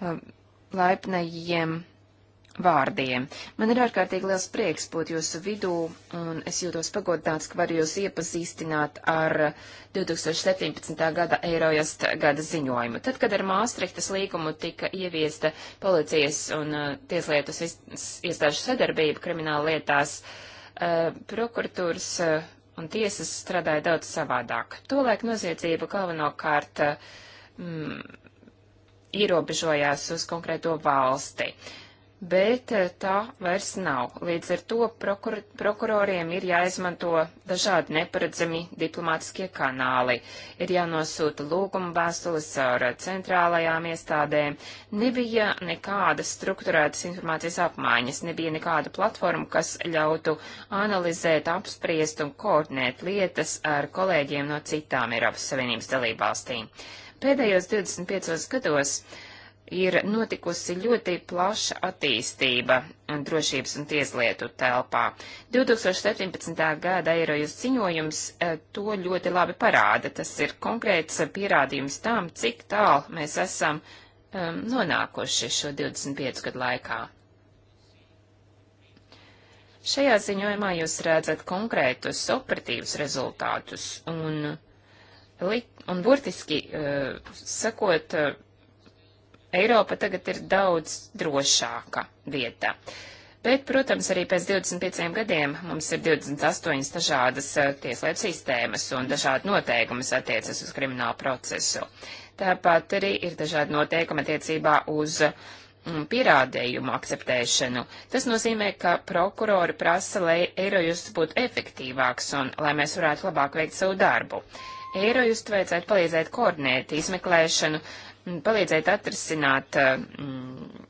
um, laipnajiem vārdiem. Man ir ārkārtīgi liels prieks būt jūsu vidū, un es jūtos pagodināts, ka varu jūs iepazīstināt ar 2017. gada Eirojast gada ziņojumu. Tad, kad ar Māstrihtas līgumu tika ieviesta policijas un uh, tieslietu iestāžu sadarbība krimināla lietās, uh, Eh, prokuratūras eh, un tiesas strādāja daudz savādāk. Tolēk noziedzība galvenokārt eh, mm, ierobežojās uz konkrēto valsti. Uh, bet eh, tā vairs nav. Līdz ar to prokur prokuroriem ir jāizmanto dažādi neparedzami diplomātiskie kanāli, ir jānosūta lūguma vēstules ar centrālajām iestādēm, nebija nekādas struktūrētas informācijas apmaiņas, nebija nekāda platforma, kas ļautu analizēt, apspriest un koordinēt lietas ar kolēģiem no citām Eiropas Savienības dalībvalstīm. Pēdējos 25 gados ir notikusi ļoti plaša attīstība drošības un tieslietu telpā. 2017. gada eirojas ziņojums eh, to ļoti labi parāda. Tas ir konkrēts pierādījums tam, cik tālu mēs esam um, nonākuši šo 25 gadu laikā. Šajā ziņojumā jūs redzat konkrētus operatīvus rezultātus un, un burtiski uh, sakot, uh, Eiropa tagad ir daudz drošāka vieta. Bet, protams, arī pēc 25 gadiem mums ir 28 dažādas eh, tieslietu sistēmas un dažādi noteikumi attiecas uz kriminālu procesu. Tāpat arī ir dažādi noteikumi attiecībā uz mm, pierādījumu akceptēšanu. Tas nozīmē, ka prokurori prasa, lai Eirojust būtu efektīvāks un lai mēs varētu labāk veikt savu darbu. Eirojust vajadzētu palīdzēt koordinēt izmeklēšanu, palīdzēt atrisināt eh, mm,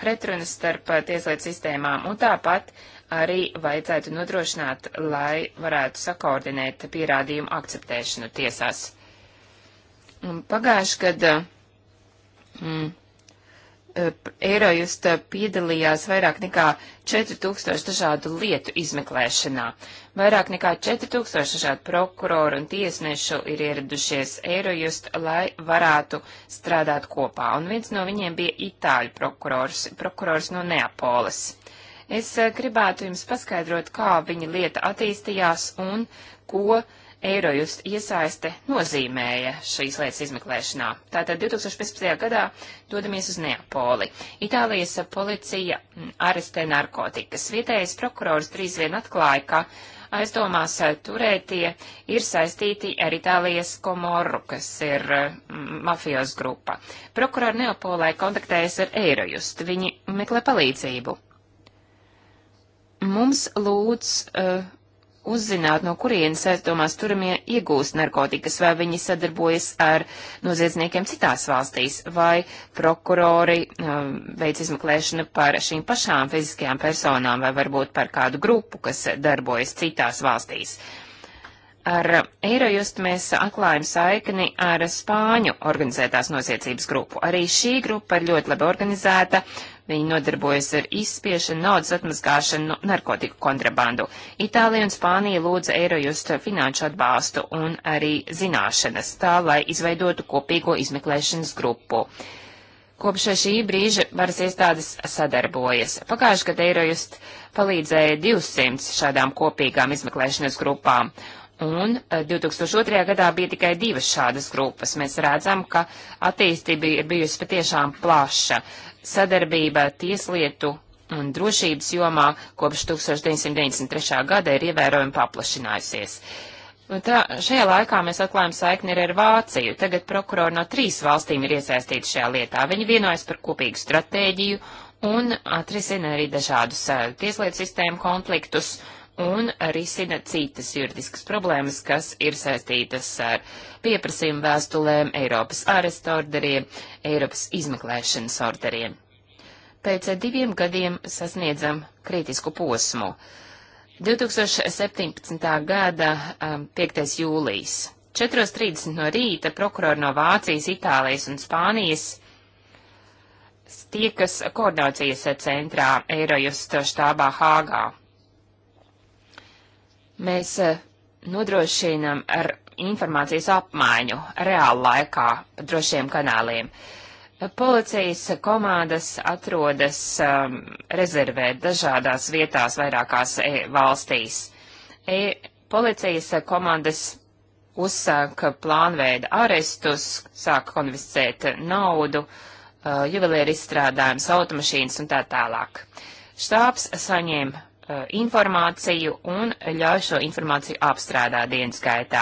pretrunas starp eh, tieslietu sistēmām, un tāpat arī vajadzētu nodrošināt, lai varētu sakoordinēt pierādījumu akceptēšanu tiesās. Pagājuši, kad mm, Eirojust piedalījās vairāk nekā 4000 dažādu lietu izmeklēšanā. Vairāk nekā 4000 dažādu prokuroru un tiesnešu ir ieradušies Eirojust, lai varētu strādāt kopā, un viens no viņiem bija itāļu prokurors, prokurors no Neapoles. Es gribētu jums paskaidrot, kā viņa lieta attīstījās un ko uh, Eirojust iesaiste nozīmēja šīs lietas izmeklēšanā. Tātad 2015. gadā dodamies uz Neapoli. Itālijas policija arestē narkotikas. Vietējais prokurors drīz vien atklāja, ka aizdomās turētie ir saistīti ar Itālijas komoru, kas ir mm, mafijos grupa. Prokurori Neapolē kontaktējas ar Eirojust. Viņi meklē palīdzību. Mums lūdz uh, uzzināt, no kurienes aizdomās turamie iegūst narkotikas, vai viņi sadarbojas ar noziedzniekiem citās valstīs, vai prokurori um, veic izmeklēšanu par šīm pašām fiziskajām personām, vai varbūt par kādu grupu, kas darbojas citās valstīs. Ar Eirojust mēs atklājam saikni ar Spāņu organizētās noziedzības grupu. Arī šī grupa ir ļoti labi organizēta, uh, Viņi nodarbojas ar izspiešanu, naudas atmazgāšanu, nu, narkotiku kontrabandu. Itālija un Spānija lūdza Eirojust finanšu atbalstu un arī zināšanas, tā lai izveidotu kopīgo izmeklēšanas grupu. Kopš šī brīža varas iestādes sadarbojas. Pagājuši gadu Eirojust palīdzēja 200 šādām kopīgām izmeklēšanas grupām, un 2002. Eh, gadā bija tikai divas šādas grupas. Mēs redzam, ka attīstība ir bijusi patiešām plaša sadarbība tieslietu un drošības jomā kopš 1993. gada ir ievērojami paplašinājusies. Un tā, šajā laikā mēs atklājam saikni arī ar Vāciju. Tagad prokurori no trīs valstīm ir iesaistīti šajā lietā. Viņi vienojas par kopīgu stratēģiju un atrisina arī dažādus uh, tieslietu sistēmu konfliktus un risina citas juridiskas problēmas, kas ir saistītas ar pieprasījumu vēstulēm, Eiropas arestu orderiem, Eiropas izmeklēšanas orderiem. Pēc diviem gadiem sasniedzam kritisku posmu. 2017. gada 5. Um, jūlijas. 4.30 no rīta prokurori no Vācijas, Itālijas un Spānijas tiekas koordinācijas centrā Eirojust štābā Hāgā. Mēs e, nodrošinām ar informācijas apmaiņu reāla laikā drošiem kanāliem. Policijas komandas atrodas um, rezervē dažādās vietās vairākās e valstīs. E policijas komandas uzsāk plānveida arestus, sāk konfiscēt naudu, uh, juvelieru izstrādājumus, automašīnas un tā tālāk. Štābs saņēma Uh, informāciju un ļauj šo informāciju apstrādāt dienas gaitā.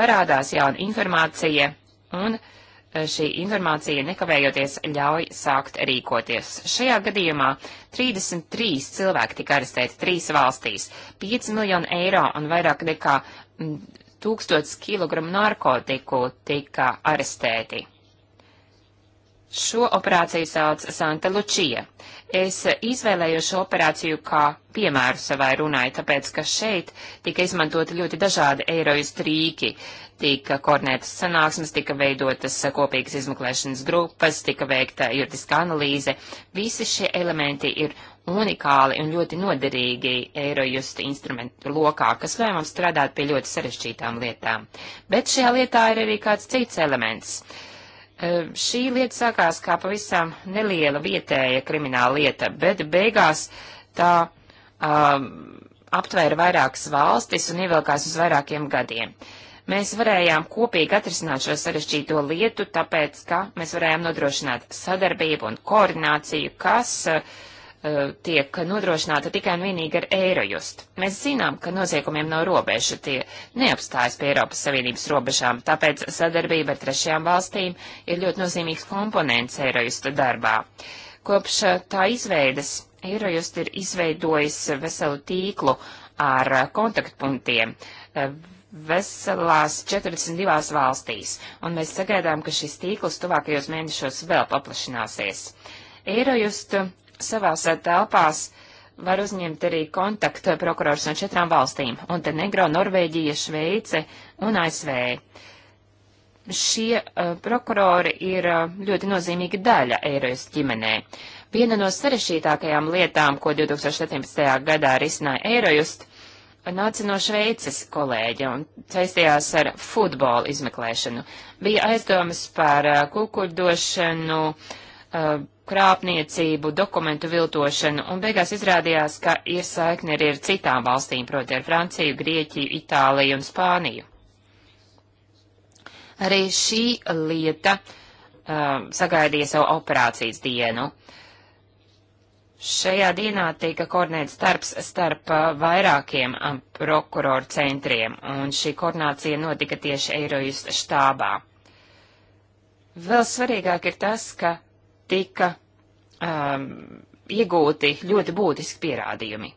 Parādās jauna informācija un uh, šī informācija nekavējoties ļauj sākt rīkoties. Šajā gadījumā 33 cilvēki tika arestēti trīs valstīs, 5 miljonu eiro un vairāk nekā 1000 mm, kg narkotiku tika arestēti. Šo operāciju sauc Santa Lucija. Es izvēlējos šo operāciju kā piemēru savai runai, tāpēc, ka šeit tika izmantoti ļoti dažādi eirojas trīki. Tika koordinētas sanāksmes, tika veidotas kopīgas izmeklēšanas grupas, tika veikta juridiska analīze. Visi šie elementi ir unikāli un ļoti noderīgi eirojusta instrumentu lokā, kas ļauj mums strādāt pie ļoti sarežģītām lietām. Bet šajā lietā ir arī kāds cits elements. Uh, Eh, šī lieta sākās kā pavisam neliela vietēja krimināla lieta, bet beigās tā um, aptvēra vairākas valstis un ievilkās uz vairākiem gadiem. Mēs varējām kopīgi atrisināt šo sarežģīto lietu, tāpēc, ka mēs varējām nodrošināt sadarbību un koordināciju, kas uh, Eh, tiek nodrošināta tikai un vienīgi ar eirojust. Mēs zinām, ka noziegumiem nav robežu, tie neapstājas pie Eiropas Savienības robežām, tāpēc sadarbība ar trešajām valstīm ir ļoti nozīmīgs komponents eirojusta darbā. Kopš eh, tā izveidas eirojust ir izveidojis veselu tīklu ar eh, kontaktpunktiem veselās 42 valstīs, un mēs sagaidām, ka šis tīkls tuvākajos mēnešos vēl paplašināsies. Eirojust savās telpās var uzņemt arī kontaktu prokurors no četrām valstīm - Montenegro, Norvēģija, Šveice un ASV. Šie uh, prokurori ir uh, ļoti nozīmīga daļa Eiropas ģimenē. Viena no sarešķītākajām lietām, ko 2017. gadā risināja Eirojust, nāca no Šveices kolēģa un saistījās ar futbolu izmeklēšanu. Bija aizdomas par uh, kukuļdošanu, uh, krāpniecību, dokumentu viltošanu, un beigās izrādījās, ka ir saikni arī ar citām valstīm, proti ar Franciju, Grieķiju, Itāliju un Spāniju. Arī šī lieta um, sagaidīja savu operācijas dienu. Šajā dienā tika koordinēts darbs starp uh, vairākiem um, prokuroru centriem, un šī koordinācija notika tieši Eirojust štābā. Vēl svarīgāk ir tas, ka tika um, iegūti ļoti būtiski pierādījumi.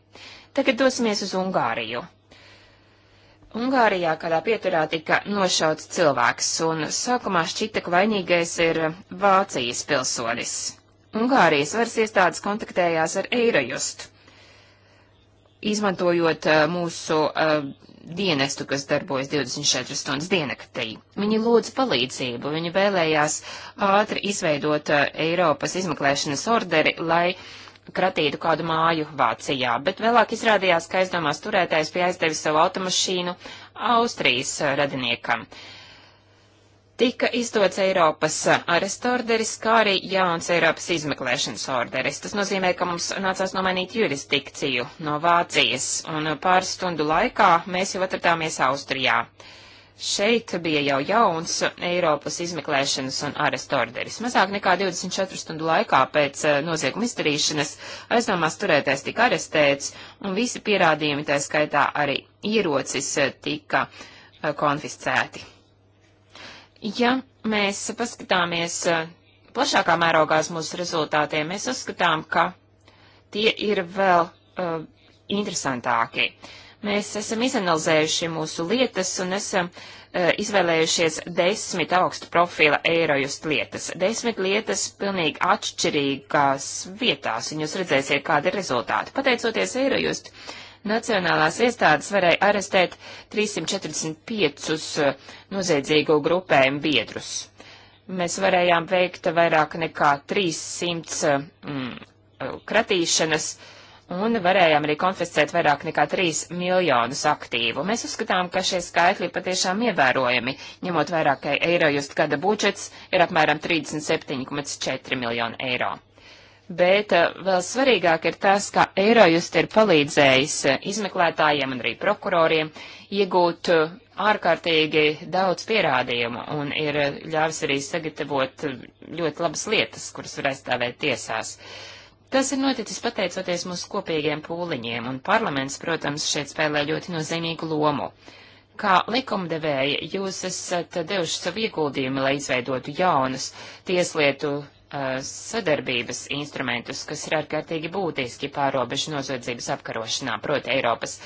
Tagad dosimies uz Ungāriju. Ungārijā kādā pieturā tika nošauts cilvēks, un sākumā šķita, ka vainīgais ir Vācijas pilsonis. Ungārijas varas iestādes kontaktējās ar Eirojustu, izmantojot uh, mūsu uh, dienestu, kas darbojas 24 stundas dienaktī. Viņi lūdza palīdzību, viņi vēlējās ātri izveidot uh, Eiropas izmeklēšanas orderi, lai kratītu kādu māju Vācijā, bet vēlāk izrādījās, ka aizdomās turētājs bija aizdevis savu automašīnu Austrijas uh, radiniekam. Uh, Tika izdots Eiropas arestorderis, kā arī jauns Eiropas izmeklēšanas orderis. Tas nozīmē, ka mums nācās nomainīt jurisdikciju no Vācijas, un pāris stundu laikā mēs jau atradāmies Austrijā. Šeit bija jau jauns Eiropas izmeklēšanas un arestorderis. Mazāk nekā 24 stundu laikā pēc eh, nozieguma izdarīšanas aizdomās turētais tika arestēts, un visi pierādījumi, tā skaitā arī ierocis, eh, tika eh, konfiscēti. Ja mēs paskatāmies eh, plašākā mērogā uz mūsu rezultātiem, mēs uzskatām, ka tie ir vēl uh, interesantāki. Mēs esam izanalizējuši mūsu lietas un esam uh, izvēlējušies desmit augstu profila eirojust lietas. Desmit lietas pilnīgi atšķirīgās vietās, un jūs redzēsiet, kādi ir rezultāti. Pateicoties eirojust, uh, nacionālās iestādes varēja arestēt 345 eh, noziedzīgo grupējumu biedrus. Mēs varējām veikt vairāk nekā 300 eh, mm, eh, kratīšanas un varējām arī konfiscēt vairāk nekā 3 miljonus aktīvu. Mēs uzskatām, ka šie skaitļi patiešām ievērojami, ņemot vairāk eiro just gada budžets ir apmēram 37,4 miljonu eiro bet eh, vēl svarīgāk ir tas, ka Eirojust ir palīdzējis eh, izmeklētājiem un arī prokuroriem iegūt eh, ārkārtīgi daudz pierādījumu un ir ļāvis arī sagatavot ļoti labas lietas, kuras var aizstāvēt tiesās. Tas ir noticis pateicoties mūsu kopīgiem pūliņiem, un parlaments, protams, šeit spēlē ļoti nozīmīgu lomu. Kā likumdevēja, jūs esat devuši savu ieguldījumu, lai izveidotu jaunas tieslietu Eh, sadarbības instrumentus, kas ir ārkārtīgi būtiski pārobežu noziedzības apkarošanā, proti Eiropas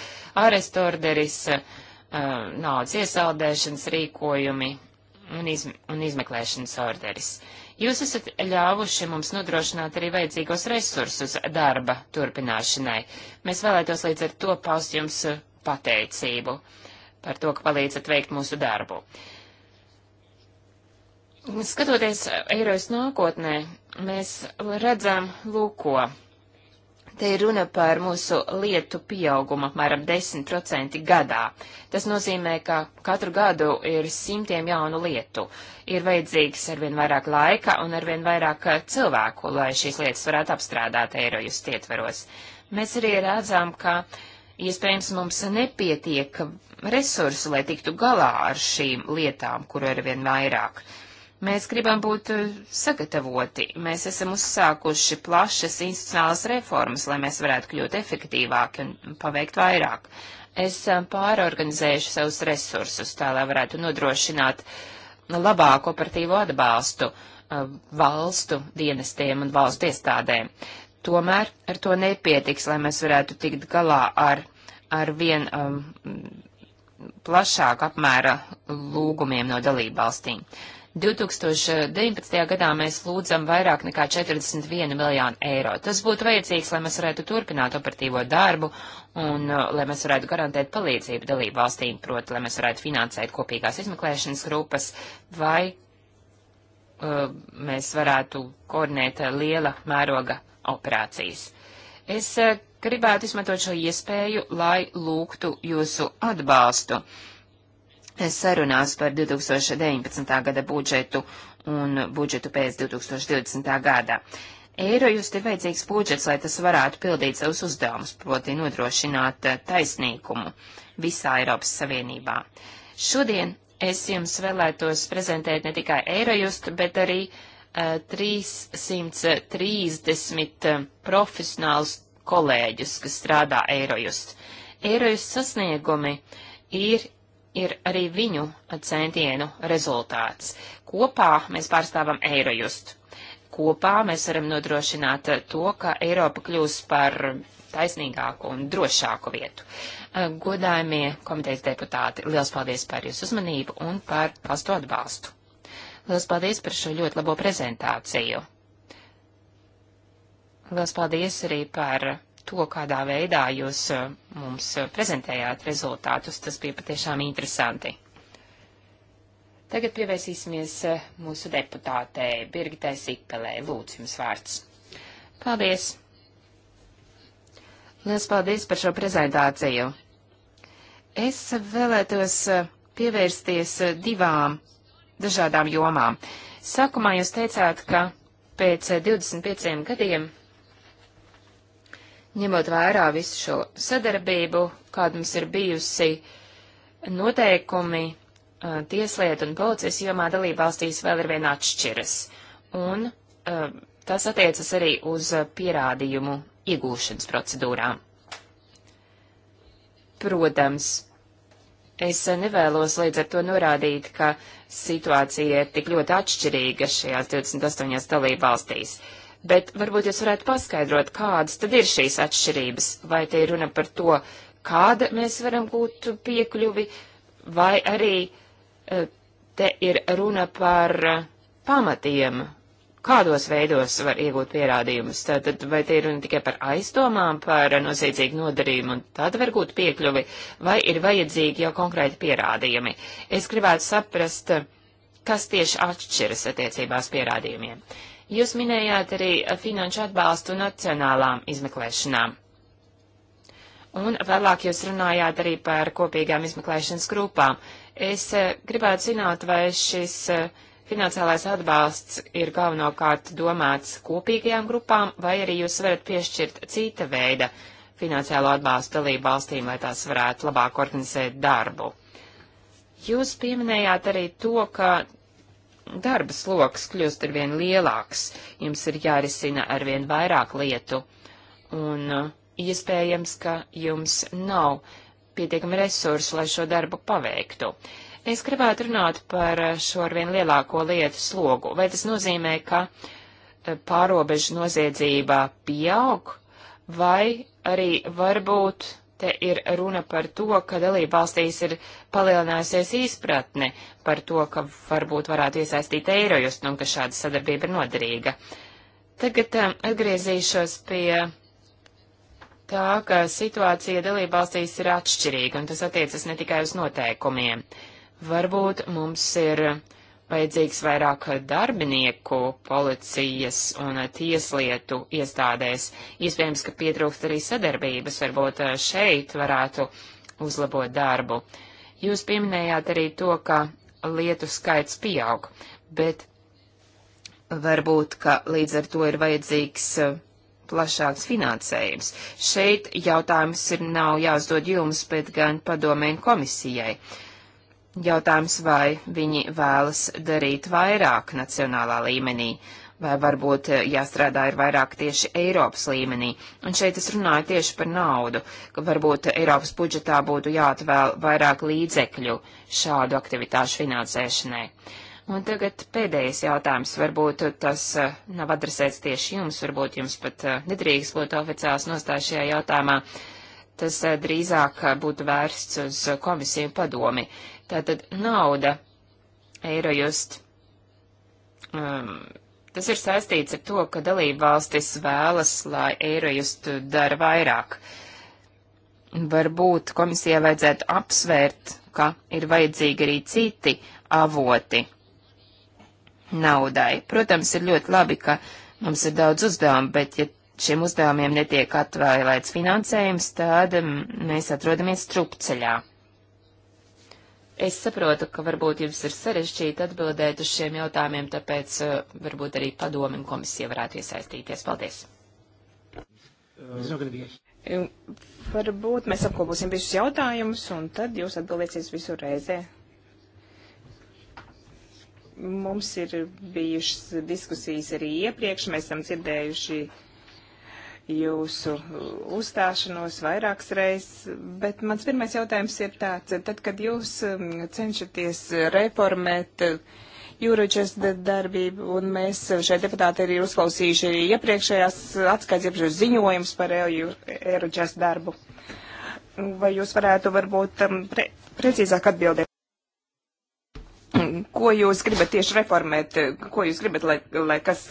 arestu orderis, eh, naudas iesaldēšanas rīkojumi un, izm un izmeklēšanas orderis. Jūs esat ļāvuši mums nodrošināt arī vajadzīgos resursus darba turpināšanai. Mēs vēlētos līdz ar to paust jums pateicību par to, ka palīdzat veikt mūsu darbu. Uh, Skatoties eiros nākotnē, mēs redzam lūko. Te ir runa par mūsu lietu pieaugumu apmēram 10% gadā. Tas nozīmē, ka katru gadu ir simtiem jaunu lietu. Ir vajadzīgs arvien vairāk laika un arvien vairāk cilvēku, lai šīs lietas varētu apstrādāt eirojus ietveros. Mēs arī redzam, ka iespējams mums nepietiek resursu, lai tiktu galā ar šīm lietām, kuru arvien vairāk. Uh, Mēs gribam būt eh, sagatavoti. Mēs esam uzsākuši plašas institucionālas reformas, lai mēs varētu kļūt efektīvāki un paveikt vairāk. Esam pārorganizējuši savus resursus, tā lai varētu nodrošināt labāku operatīvo atbalstu eh, valstu dienestiem un valstu iestādēm. Tomēr ar to nepietiks, lai mēs varētu tikt galā ar, ar vien um, plašāku apmēra lūgumiem no dalībvalstīm. Uh, 2019. gadā mēs lūdzam vairāk nekā 41 miljonu eiro. Tas būtu vajadzīgs, lai mēs varētu turpināt operatīvo darbu un uh, lai mēs varētu garantēt palīdzību dalību valstīm, proti, lai mēs varētu finansēt kopīgās izmeklēšanas grupas vai uh, mēs varētu koordinēt uh, liela mēroga operācijas. Es uh, gribētu izmantot šo iespēju, lai lūgtu jūsu atbalstu. Uh, sarunās par 2019. gada budžetu un budžetu pēc 2020. gadā. Eiro jūs ir vajadzīgs budžets, lai tas varētu pildīt savus uzdevumus, proti nodrošināt eh, taisnīgumu visā Eiropas Savienībā. Šodien es jums vēlētos prezentēt ne tikai Eirojust, bet arī uh, eh, 330 eh, profesionālus kolēģus, kas strādā Eirojust. Eirojust sasniegumi ir ir arī viņu centienu rezultāts. Kopā mēs pārstāvam Eirojust. Kopā mēs varam nodrošināt to, ka Eiropa kļūs par taisnīgāku un drošāku vietu. Eh, godājumie komitejas deputāti, liels paldies par jūsu uzmanību un par pastu atbalstu. Liels paldies par šo ļoti labo prezentāciju. Liels paldies arī par to, kādā veidā jūs uh, mums uh, prezentējāt rezultātus. Tas bija patiešām interesanti. Tagad pievērsīsimies uh, mūsu deputātei Birgitai Sikpelē. Lūdzu, jums vārds. Paldies! Liels paldies par šo prezentāciju. Es vēlētos pievērsties divām dažādām jomām. Sākumā jūs teicāt, ka pēc 25 gadiem ņemot vērā visu šo sadarbību, kāda mums ir bijusi noteikumi uh, tieslietu un policijas jomā dalībvalstīs vēl ir viena atšķiras. Un uh, tas attiecas arī uz uh, pierādījumu iegūšanas procedūrām. Protams, es nevēlos līdz ar to norādīt, ka situācija ir tik ļoti atšķirīga šajās 28 dalībvalstīs. valstīs bet varbūt jūs varētu paskaidrot, kādas tad ir šīs atšķirības, vai te ir runa par to, kāda mēs varam gūt piekļuvi, vai arī e, te ir runa par e, pamatiem, kādos veidos var iegūt pierādījumus. Tātad, vai te ir runa tikai par aizdomām, par noziedzīgu nodarījumu, un tad var gūt piekļuvi, vai ir vajadzīgi jau konkrēti pierādījumi. Es gribētu saprast, kas tieši atšķiras attiecībās pierādījumiem. Uh, Jūs minējāt arī finanšu atbalstu nacionālām izmeklēšanām. Un vēlāk jūs runājāt arī par kopīgām izmeklēšanas grupām. Es eh, gribētu zināt, vai šis eh, finansiālais atbalsts ir galvenokārt domāts kopīgajām grupām, vai arī jūs varat piešķirt cita veida finansiālo atbalstu dalību valstīm, lai tās varētu labāk organizēt darbu. Jūs pieminējāt arī to, ka darba sloks kļūst arvien lielāks, jums ir jārisina arvien vairāk lietu, un uh, iespējams, ka jums nav pietiekami resursi, lai šo darbu paveiktu. Es gribētu runāt par uh, šo arvien lielāko lietu slogu. Vai tas nozīmē, ka uh, pārobežu noziedzība pieaug, vai arī varbūt Te ir runa par to, ka dalība valstīs ir palielinājusies izpratne par to, ka varbūt varētu iesaistīt eirojust un ka šāda sadarbība ir noderīga. Tagad um, atgriezīšos pie tā, ka situācija dalība valstīs ir atšķirīga, un tas attiecas ne tikai uz noteikumiem. Varbūt mums ir uh, vajadzīgs vairāk darbinieku policijas un tieslietu iestādēs. Iespējams, ka pietrūkst arī sadarbības, varbūt eh, šeit varētu uzlabot darbu. Jūs pieminējāt arī to, ka lietu skaits pieaug, bet varbūt, ka līdz ar to ir vajadzīgs eh, plašāks finansējums. Šeit jautājums ir nav jāuzdod jums, bet gan padomēn komisijai. Uh, Jautājums, vai viņi vēlas darīt vairāk nacionālā līmenī, vai varbūt eh, jāstrādā ir vairāk tieši Eiropas līmenī. Un šeit es runāju tieši par naudu, ka varbūt Eiropas budžetā būtu jāatvēl vairāk līdzekļu šādu aktivitāšu finansēšanai. Un tagad pēdējais jautājums, varbūt tas eh, nav adresēts tieši jums, varbūt jums pat eh, nedrīkst būt oficiāls nostājs šajā jautājumā. Tas drīzāk būtu vērsts uz komisiju padomi. Tātad nauda Eirojust. Um, tas ir saistīts ar to, ka dalība valstis vēlas, lai Eirojust dara vairāk. Varbūt komisijai vajadzētu apsvērt, ka ir vajadzīgi arī citi avoti naudai. Protams, ir ļoti labi, ka mums ir daudz uzdevumu, bet ja šiem uzdevumiem netiek atvēlēts finansējums, tad mm, mēs atrodamies strupceļā. Es saprotu, ka varbūt jums ir sarežģīti atbildēt uz šiem jautājumiem, tāpēc uh, varbūt arī padomi un komisija varētu iesaistīties. Paldies! Uh, varbūt mēs apkoposim visus jautājumus, un tad jūs atbildēsiet visu reizē. Mums ir bijušas diskusijas arī iepriekš, mēs esam dzirdējuši uh, jūsu uzstāšanos vairākas reizes, bet mans pirmais jautājums ir tāds, tad, kad jūs um, cenšaties reformēt jūroģes uh, darbību, un mēs šeit deputāti arī uzklausījuši iepriekšējās atskaits, iepriekšējos ziņojums par jūroģes darbu. Vai jūs varētu varbūt um, pre precīzāk atbildēt? Ko jūs gribat tieši reformēt, ko jūs gribat, lai, lai kas,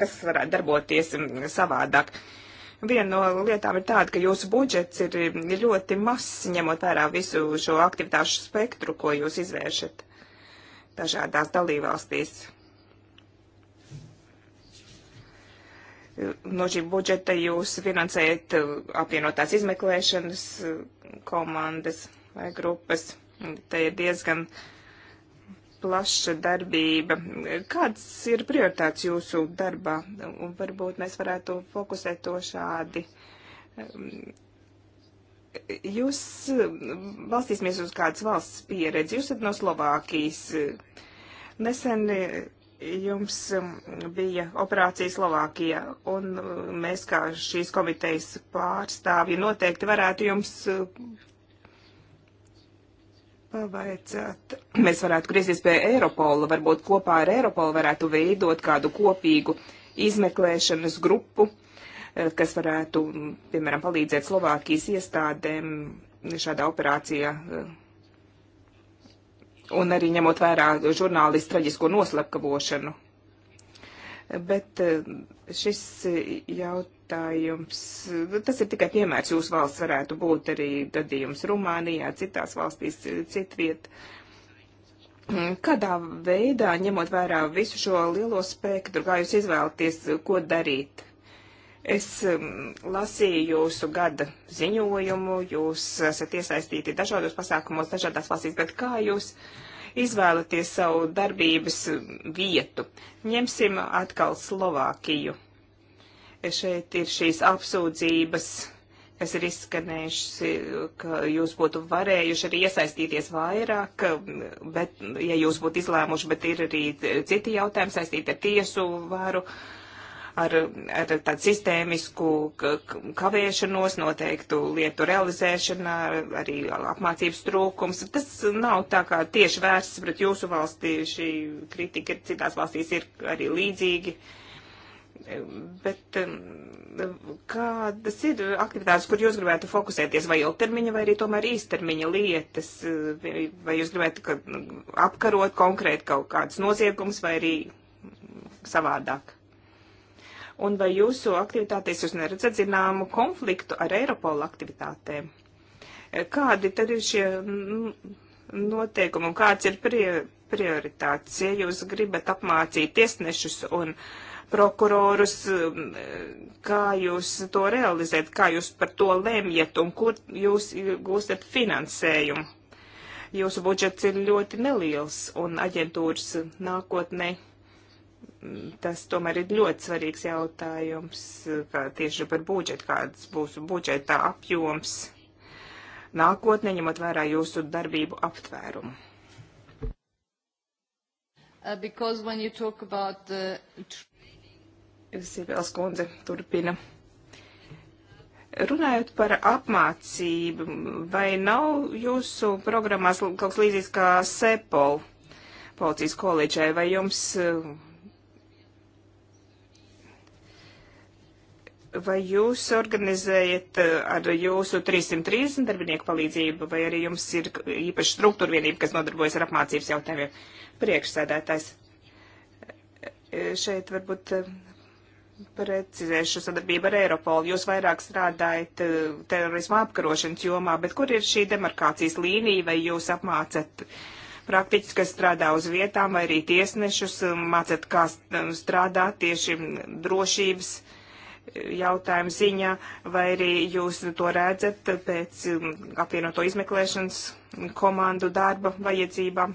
kas varētu darboties mm, savādāk? Viena no lietām ir tāda, ka jūsu budžets ir mm, ļoti mazs, ņemot vērā visu šo aktivitāšu spektru, ko jūs izvēršat dažādās dalībvalstīs. No šī budžeta jūs finansējat mm, apvienotās izmeklēšanas komandas vai grupas. Te ir diezgan uh, plaša darbība. Kāds ir prioritāts jūsu darbā? Un varbūt mēs varētu fokusēt to šādi. Jūs balstīsimies uz kādas valsts pieredzi. Jūs esat no Slovākijas. Nesen jums bija operācija Slovākijā, un mēs kā šīs komitejas pārstāvji noteikti varētu jums pavaicāt. Mēs varētu griezties pie Eiropola, varbūt kopā ar Eiropolu varētu veidot kādu kopīgu izmeklēšanas grupu, eh, kas varētu, piemēram, palīdzēt Slovākijas iestādēm šādā operācijā. Un arī ņemot vērā žurnālistu traģisko noslapkavošanu bet eh, šis jautājums, tas ir tikai piemērs, jūsu valsts varētu būt arī gadījums Rumānijā, citās valstīs, citviet. Kādā veidā, ņemot vērā visu šo lielo spektru, kā jūs izvēlaties, ko darīt? Es mm, lasīju jūsu gada ziņojumu, jūs esat iesaistīti dažādos pasākumos, dažādās valstīs, bet kā jūs uh, izvēlaties savu darbības vietu. Ņemsim atkal Slovākiju. Šeit ir šīs apsūdzības, kas ir izskanējuši, ka jūs būtu varējuši arī iesaistīties vairāk, bet, ja jūs būtu izlēmuši, bet ir arī citi jautājumi saistīti ar tiesu varu. Uh, ar, ar tādu sistēmisku kavēšanos, noteiktu lietu realizēšanā, arī apmācības trūkums. Tas nav tā kā tieši vērsts pret jūsu valstī, šī kritika citās valstīs ir arī līdzīgi. Bet um, kādas ir aktivitātes, kur jūs gribētu fokusēties, vai ilgtermiņa, vai arī tomēr īstermiņa lietas, vai jūs gribētu nu, apkarot konkrēti kaut kādas noziegums, vai arī savādāk? un vai jūsu aktivitātēs jūs neredzat zināmu konfliktu ar Eiropola aktivitātēm? Kādi tad ir šie noteikumi un kāds ir prie, prioritātes, ja jūs gribat apmācīt tiesnešus un prokurorus, kā jūs to realizēt, kā jūs par to lemjat un kur jūs gūstat finansējumu? Jūsu budžets ir ļoti neliels un aģentūras nākotnē. Ne tas tomēr ir ļoti svarīgs jautājums, kā tieši par budžetu, kāds būs budžeta apjoms nākotnē, ņemot vērā jūsu darbību aptvērumu. Uh, about, uh, Sīvēls kundze turpina. Runājot par apmācību, vai nav jūsu programmās kaut kas līdzīgs kā SEPOL? policijas koledžai, vai jums uh, Vai jūs organizējat eh, ar jūsu 330 darbinieku palīdzību, vai arī jums ir īpaši struktūra vienība, kas nodarbojas ar apmācības jautājumiem? Priekšsēdētājs. Eh, šeit varbūt eh, precizēšu sadarbību ar Eiropolu. Jūs vairāk strādājat terorismu apkarošanas jomā, bet kur ir šī demarkācijas līnija, vai jūs apmācat? praktiķus, kas strādā uz vietām, vai arī tiesnešus, mācot, kā strādāt tieši drošības jautājuma ziņā, vai arī jūs nu to redzat pēc um, apvienoto izmeklēšanas komandu darba vajadzībām?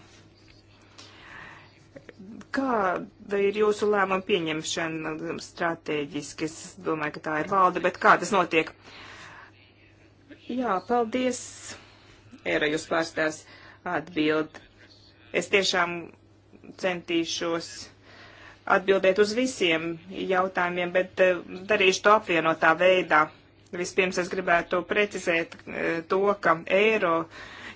Kāda ir jūsu lēmuma pieņemšana um, strateģiski? Es domāju, ka tā ir valde, bet kā tas notiek? Jā, paldies. Eira, jūs pārstās atbild. Es tiešām centīšos atbildēt uz visiem jautājumiem, bet eh, darīšu to apvienotā veidā. Vispirms es gribētu precizēt eh, to, ka eiro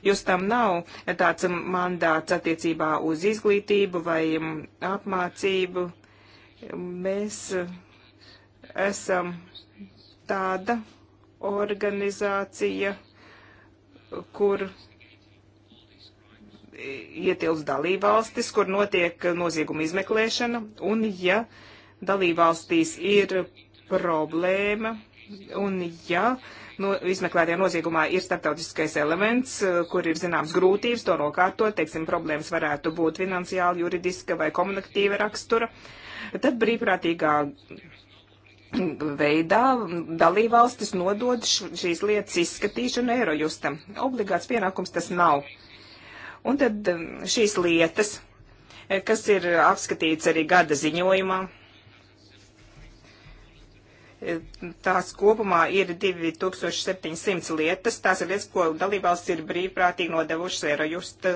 justam nav tāds mandāts attiecībā uz izglītību vai mm, apmācību. Mēs eh, esam tāda organizācija, kur ietilps dalībvalstis, kur notiek nozieguma izmeklēšana, un ja dalībvalstīs ir problēma, un ja no, izmeklētajā noziegumā ir starptautiskais elements, kur ir zināms grūtības to nokārtot, teiksim, problēmas varētu būt finansiāli, juridiska vai komunikatīva rakstura, tad brīvprātīgā veidā dalībvalstis nodod šīs lietas izskatīšanu Eirojustam. Obligāts pienākums tas nav. Un tad um, šīs lietas, eh, kas ir apskatīts arī gada ziņojumā, eh, tās kopumā ir 2700 lietas. Tās ir lietas, ko dalībvalsts ir brīvprātīgi nodevušas Eirojusta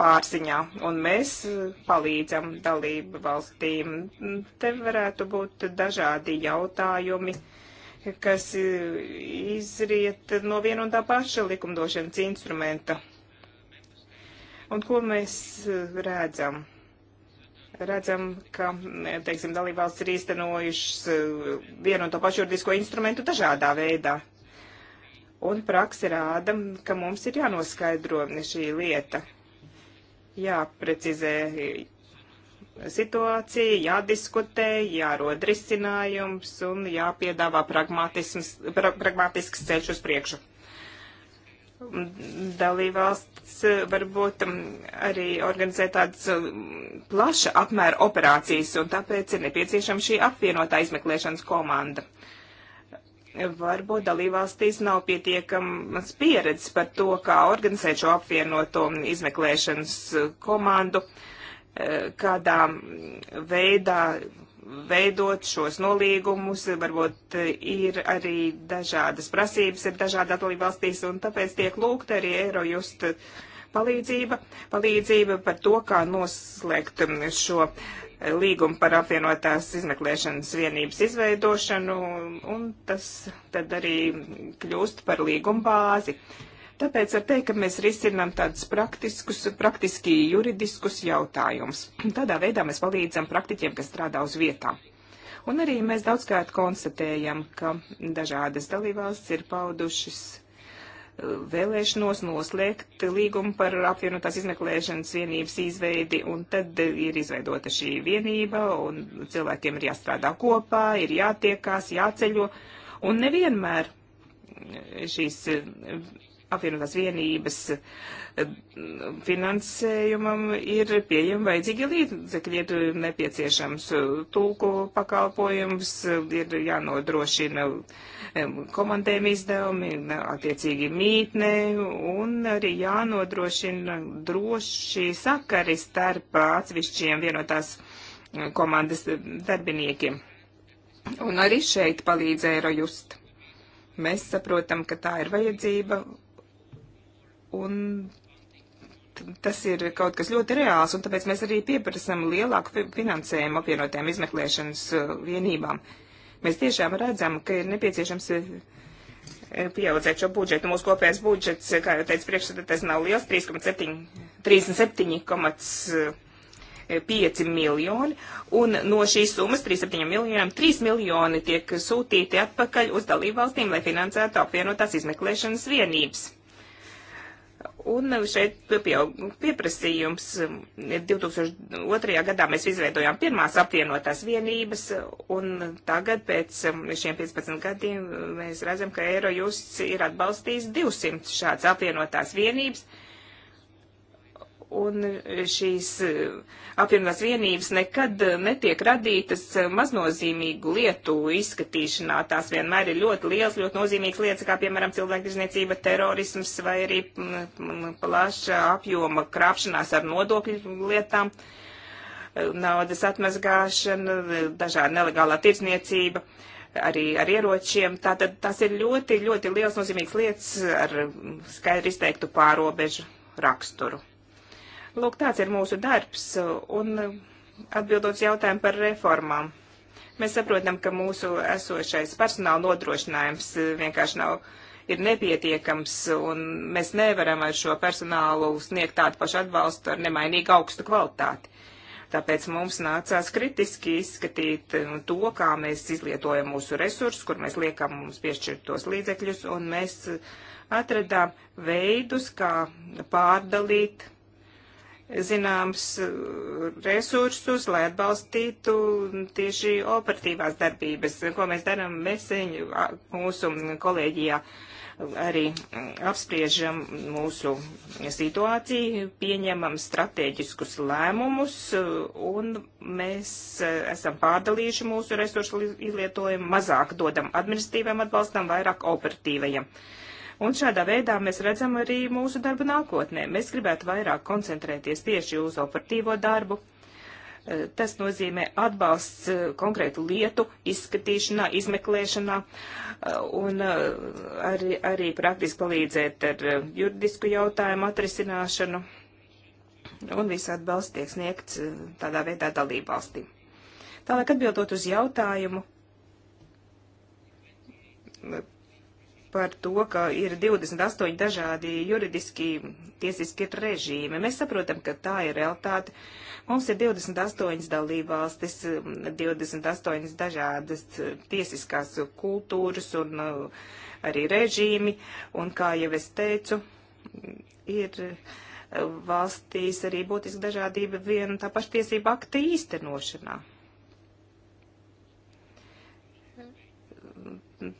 pārziņā, un mēs eh, palīdzam dalību valstīm. Te varētu būt dažādi jautājumi, kas izriet no viena un tā paša likumdošanas instrumenta. Un ko mēs eh, redzam? Redzam, ka, eh, teiksim, dalībvalsts ir īstenojušas eh, vienu un to pašu juridisko instrumentu dažādā veidā. Un praksi rāda, ka mums ir jānoskaidro šī lieta, jāprecizē situācija, jādiskutē, jārod risinājums un jāpiedāvā pragmatisks ceļš uz priekšu dalībvalsts eh, varbūt mm, arī organizē tādas eh, plaša apmēra operācijas, un tāpēc ir nepieciešama šī apvienotā izmeklēšanas komanda. Varbūt dalībvalstīs nav pietiekamas pieredzes par to, kā organizēt šo apvienoto izmeklēšanas eh, komandu, kādā veidā veidot šos nolīgumus, varbūt ir arī dažādas prasības, ir dažādi atbalība valstīs, un tāpēc tiek lūgta arī Eirojust palīdzība, palīdzība par to, kā noslēgt šo līgumu par apvienotās izmeklēšanas vienības izveidošanu, un tas tad arī kļūst par līgumu bāzi. Uh, Tāpēc var teikt, ka mēs risinām tādus praktiskus, praktiski juridiskus jautājumus. Tādā veidā mēs palīdzam praktiķiem, kas strādā uz vietām. Un arī mēs daudzkārt konstatējam, ka dažādas dalībvalstis ir paudušas uh, vēlēšanos noslēgt līgumu par apvienotās izmeklēšanas vienības izveidi, un tad ir izveidota šī vienība, un cilvēkiem ir jāstrādā kopā, ir jātiekās, jāceļo, un nevienmēr šīs uh, apvienotās vienības eh, finansējumam ir pieejami vajadzīgi līdzekļi, ir nepieciešams eh, tulku pakalpojums, eh, ir jānodrošina komandēm izdevumi, attiecīgi mītnē un arī jānodrošina droši sakari starp atsevišķiem vienotās komandas darbiniekiem. Un arī šeit palīdz Eirojust. Mēs saprotam, ka tā ir vajadzība Un tas ir kaut kas ļoti reāls, un tāpēc mēs arī pieprasam lielāku finansējumu apvienotēm izmeklēšanas uh, vienībām. Mēs tiešām redzam, ka ir nepieciešams uh, pieaudzēt šo budžetu. Mūsu kopējais budžets, kā jau teicu, priekšsēdētājs nav liels, 37,5 miljoni, un no šīs summas 37 miljoniem 3 miljoni tiek sūtīti atpakaļ uz dalībvalstīm, lai finansētu apvienotās izmeklēšanas vienības Un šeit pieaug pieprasījums. 2002. gadā mēs izveidojām pirmās apvienotās vienības, un tagad pēc um, šiem 15 gadiem mēs redzam, ka Eirojusts ir atbalstījis 200 šādas apvienotās vienības un šīs e, apvienotās vienības nekad e, netiek radītas e, maznozīmīgu lietu izskatīšanā. Tās vienmēr ir ļoti liels, ļoti nozīmīgs lietas, kā piemēram cilvēktiesniecība, terorisms vai arī plaša apjoma krāpšanās ar nodokļu lietām, naudas atmazgāšana, dažāda nelegālā tirsniecība arī ar ieročiem. Tātad tās ir ļoti, ļoti liels nozīmīgs lietas ar skaidri izteiktu pārobežu raksturu. Lūk, tāds ir mūsu darbs, un atbildot jautājumu par reformām. Mēs saprotam, ka mūsu esošais personāla nodrošinājums vienkārši nav ir nepietiekams, un mēs nevaram ar šo personālu sniegt tādu pašu atbalstu ar nemainīgu augstu kvalitāti. Tāpēc mums nācās kritiski izskatīt nu, to, kā mēs izlietojam mūsu resursus, kur mēs liekam mums piešķirtos līdzekļus, un mēs atradām veidus, kā pārdalīt zināms eh, resursus, lai atbalstītu tieši operatīvās darbības, ko mēs darām mēs mūsu kolēģijā. Arī apspriežam mūsu situāciju, pieņemam strateģiskus lēmumus eh, un mēs eh, esam pārdalījuši mūsu resursu izlietojumu, mazāk dodam administratīviem atbalstam, vairāk operatīvajam. Uh, Un šādā veidā mēs redzam arī mūsu darbu nākotnē. Mēs gribētu vairāk koncentrēties tieši uz operatīvo darbu. E, tas nozīmē atbalsts e, konkrētu lietu izskatīšanā, izmeklēšanā e, un arī, arī praktiski palīdzēt ar juridisku jautājumu atrisināšanu. Un viss atbalsts tiek sniegts tādā veidā dalībvalstīm. Tālāk atbildot uz jautājumu par to, ka ir 28 dažādi juridiski tiesiskie režīmi. Mēs saprotam, ka tā ir realitāte. Mums ir 28 dalībvalstis, 28 dažādas tiesiskās kultūras un uh, arī režīmi, un kā jau es teicu, ir uh, valstīs arī būtiski dažādība viena tā paša tiesība akta īstenošanā.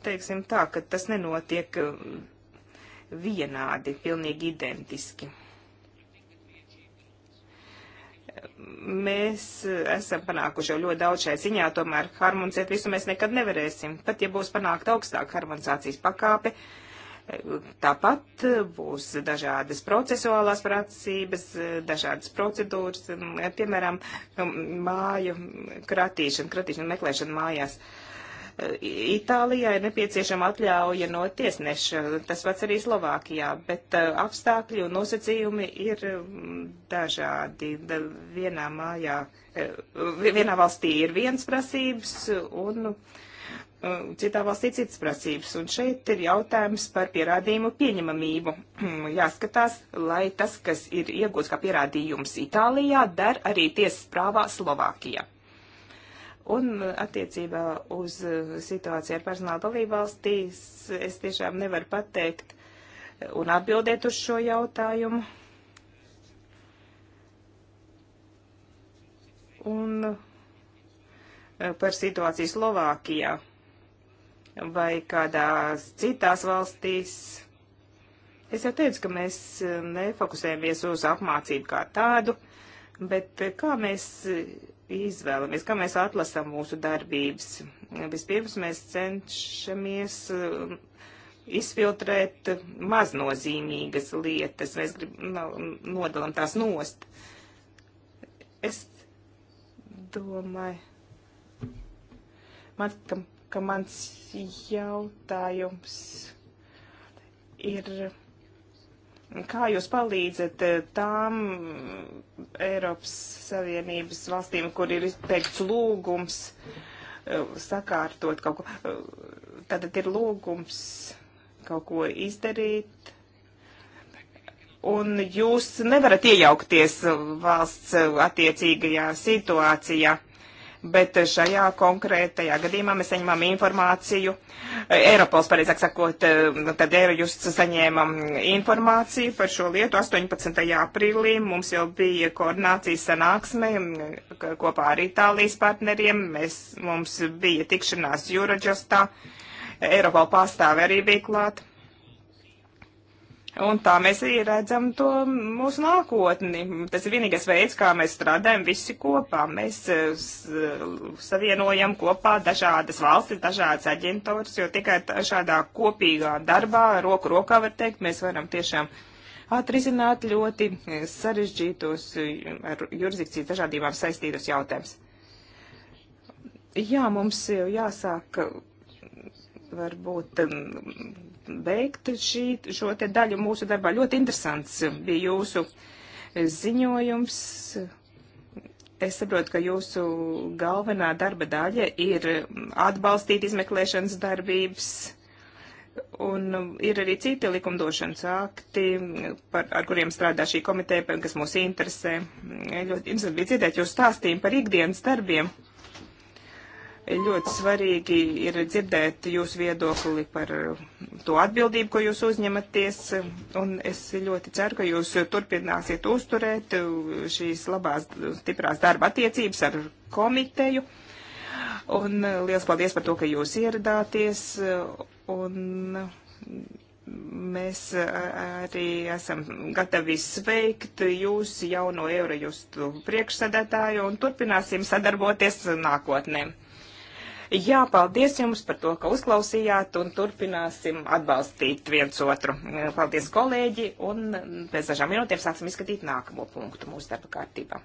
teiksim tā, ka tas nenotiek eh, vienādi, pilnīgi identiski. Mēs eh, esam panākuši jau ļoti daudz šai ziņā, tomēr harmonizēt visu mēs nekad nevarēsim. Pat ja būs panākta augstāka harmonizācijas pakāpe, eh, tāpat būs dažādas procesuālās prasības, dažādas procedūras, mm, piemēram, māju kratīšana, kratīšana meklēšana mājās. Uh, Itālijā ir nepieciešama atļauja no tiesneša, tas pats arī Slovākijā, bet uh, apstākļi un nosacījumi ir mm, dažādi. Vienā mājā, uh, vienā valstī ir viens prasības un uh, citā valstī citas prasības. Un šeit ir jautājums par pierādījumu pieņemamību. Jāskatās, lai tas, kas ir iegūts kā pierādījums Itālijā, der arī tiesas prāvā Slovākijā. Un attiecībā uz uh, situāciju ar personāla dalībvalstīs es tiešām nevaru pateikt un atbildēt uz šo jautājumu. Un uh, par situāciju Slovākijā vai kādās citās valstīs. Es jau teicu, ka mēs uh, nefokusējamies uz apmācību kā tādu, bet kā mēs izvēlamies, kā mēs atlasām mūsu darbības. Vispirms mēs cenšamies um, izfiltrēt maznozīmīgas lietas, mēs grib, nodalam tās nost. Es domāju, man, ka, ka mans jautājums ir Kā jūs palīdzat eh, tām Eiropas Savienības valstīm, kur ir izteikts lūgums eh, sakārtot kaut ko? Eh, tātad ir lūgums kaut ko izdarīt. Un jūs nevarat iejaukties valsts attiecīgajā situācijā bet šajā konkrētajā gadījumā mēs saņemam informāciju, Eiropols, pareizāk sakot, tad Eirojust saņēmam informāciju par šo lietu 18. aprīlī. Mums jau bija koordinācijas sanāksme kopā ar Itālijas partneriem. Mēs, mums bija tikšanās Eurojustā. Eiropola pārstāve arī bija klāta. Un tā mēs arī redzam to mūsu nākotni. Tas ir vienīgais veids, kā mēs strādājam visi kopā. Mēs eh, savienojam kopā dažādas valstis, dažādas aģentūras, jo tikai šādā kopīgā darbā, roku rokā var teikt, mēs varam tiešām atrisināt ļoti eh, sarežģītos eh, ar jurisdikciju dažādībām saistītos jautājumus. Jā, mums jau jāsāk varbūt beigt šī, šo te daļu mūsu darbā. Ļoti interesants bija jūsu ziņojums. Es saprotu, ka jūsu galvenā darba daļa ir atbalstīt izmeklēšanas darbības, un ir arī citi likumdošanas akti, par, ar kuriem strādā šī komiteja, kas mūs interesē. Ļoti interesanti bija dzirdēt jūsu stāstījumu par ikdienas darbiem. Uh, Ļoti svarīgi ir dzirdēt jūsu viedokli par to atbildību, ko jūs uzņematies, un es ļoti ceru, ka jūs turpināsiet uzturēt šīs labās, stiprās darba attiecības ar komiteju. Un liels paldies par to, ka jūs ieradāties, un mēs arī esam gatavi sveikt jūs jauno Eurojustu priekšsēdētāju un turpināsim sadarboties nākotnē. Jā, paldies jums par to, ka uzklausījāt un turpināsim atbalstīt viens otru. Paldies, kolēģi, un pēc dažām minūtēm sāksim izskatīt nākamo punktu mūsu darba kārtībā.